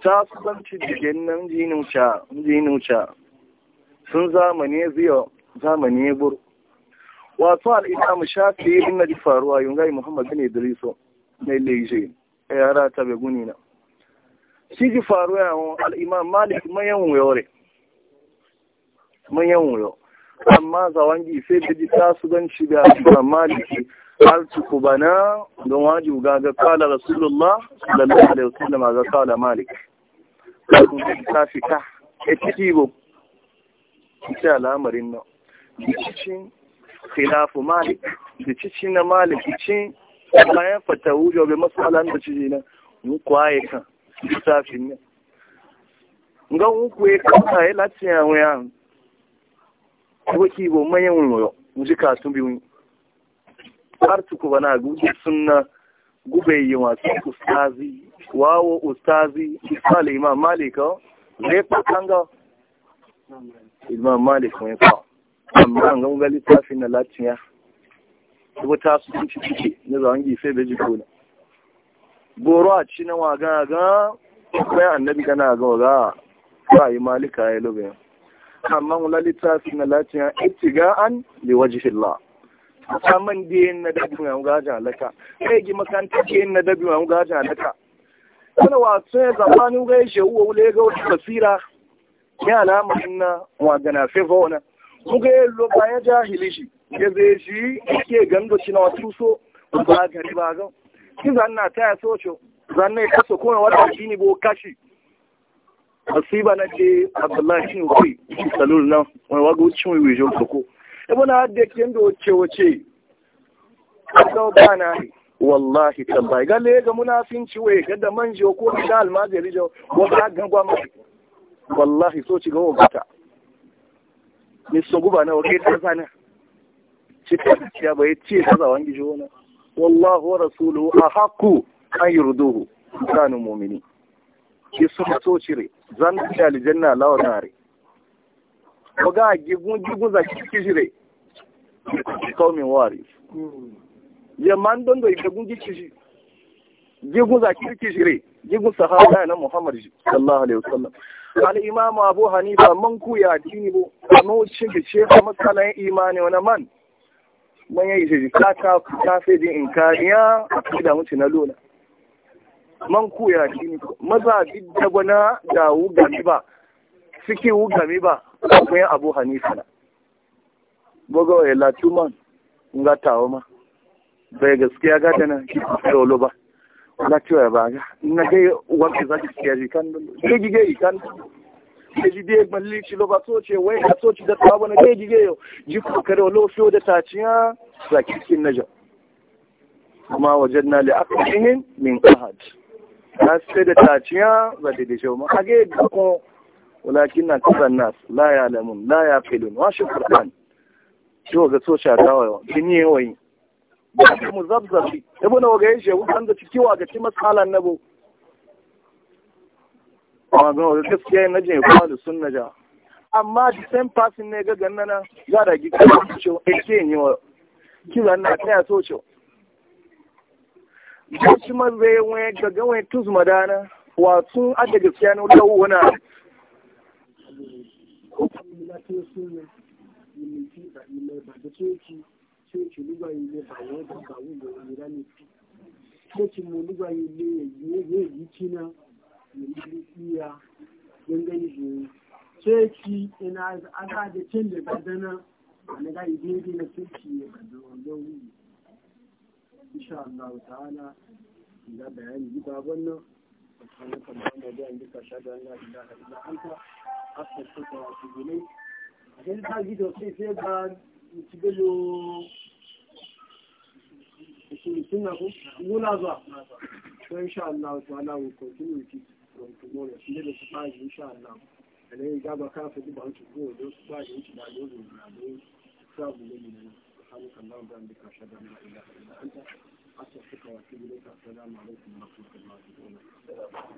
tasubanci jigen nan jinuca jinuca sun zamane ziyo zamane bur wato al'imamu shafi yin na ji faruwa yun gai muhammad ne idriso na ileje a yara ta beguni na shi ji faruwa yawon al'imam malik manyan wuyo re manyan wuyo amma sai gife da ji tasubanci da al'imam maliki har tuku bana don wajibu ga ga kala rasulullah sallallahu alaihi wasallam ga kala malik kun ta fita e kiti go kiti al'amarin nan cikin khilafu malik cikin na malik cikin bayan fatawu jo bi masala da cikin nan mu kwaye kan ta fi ne ngan mu kwaye kan sai lati awon yan ko kibo mayan wuro mu ji ka biyu fartuku bana guje suna gube yi masu ustazi wawo ustazi misali imam malika oh, zai fakanga imam malika mai kawo amma an ga gali tafi na ya kuma ta su sun ci cike na zawangi sai da jiko na goro a ci na waga ga bayan annabi gana ga waga ba yi malika ya lobe amma muga littafin na latiya an li wajhillah saman yin na dabi na ga ja laka kai gi makanta yin na dabi na ga ja laka kana wa sai zamanin ga shi wo le ga wata basira ya alama na wa gana fe vona muga lo ba ya jahili shi ya zai shi ke gando shi na wasu so ba gari ba ga kin zanna ta ya socho zanna ya kaso kuma wata shi ne bo kashi asiba na ce abdullahi shi ne kai salul nan wani wago cin wiwi jo soko ibn hadda yake wacce wace wace kawo bana wallahi tallahi galle ga munafinci waye ga da manje ko sha almajiri jo ko ga gangwa ma wallahi so ci ga wata ni so guba na wake ta sana ci ta ya bai ci ta zawan gijo na wallahu wa rasuluhu ahqqu an yurduhu kanu mu'mini ki so so cire zan ci aljanna lawa nare ko ga gigun gigun za ki kijire ko min wari ya man don da gigun gikishi gigun za ki kijire gigun sahaba na Muhammad sallallahu alaihi wasallam al imamu Abu Hanifa man ku ya dini bo amma shi ke shefa matsalan imani wani man man yayi shi ka ka ka sai din inkariya da mutu na lona man ku ya dini maza bidda gwana dawu gani ba fiki wugami ba akwai abu hanifa na ya latu ma tuman nga tawo ma bai gaskiya ga tana ki dole ba na cewa ba ga na dai wanke za ki kiyaye kan dole gige kan ji dai malli ci loba so ce wai ka so ci da tawo na dai gige yau, ji ku kare wala fiyo da taciya za ki na naja kuma wajen wajenna li aqdihin min ahad na sai da taciya ba da dajo ma age ko walakin na kasar nas la ya lamun la ya filin washe kurkan ciwo ga soca ta wayo jini yawai ba ta mu zabzabi ta bu na waga yin shehu kan ciki wa ga ci matsalan na bu amma ga waga gaskiya na jin kuma da sun na amma the same person ne ga za da gi kan ciwo ake yin yawa kila na ta ya soca Gashi mazai wani gaga wani tuz madana, wasu adda gaskiya na wani ọkùnrin tí ó da ilé tí ilẹ̀ ìbàdàn tí ó ti tí ó ti nígbà ilé bàwọ́ bàbá wùlọ ìlera ní fi ya gbẹngẹ́ ìlú tí ó ti iná ta'ala da bayani gida wannan. Sannan kan da an duka shaɗa Allah ilaha illa anta أستشهد وأتوب عشان كده الفيديو كيف يبقى نتبلو سنكم ملاحظة فإن شاء الله تعالى we continue with it from tomorrow maybe surprise إن شاء الله and then ìjábọ̀ káfẹ́ tó bá ń tukú òjò surprise ń ṣùgbọ́n àjọ òjò ìgbàgbé travel lórí ìlú سبحانك اللهم وبحمدك أشهد أن لا إله إلا أنت أستغفرك وأتوب إليك السلام عليكم ورحمة الله وبركاته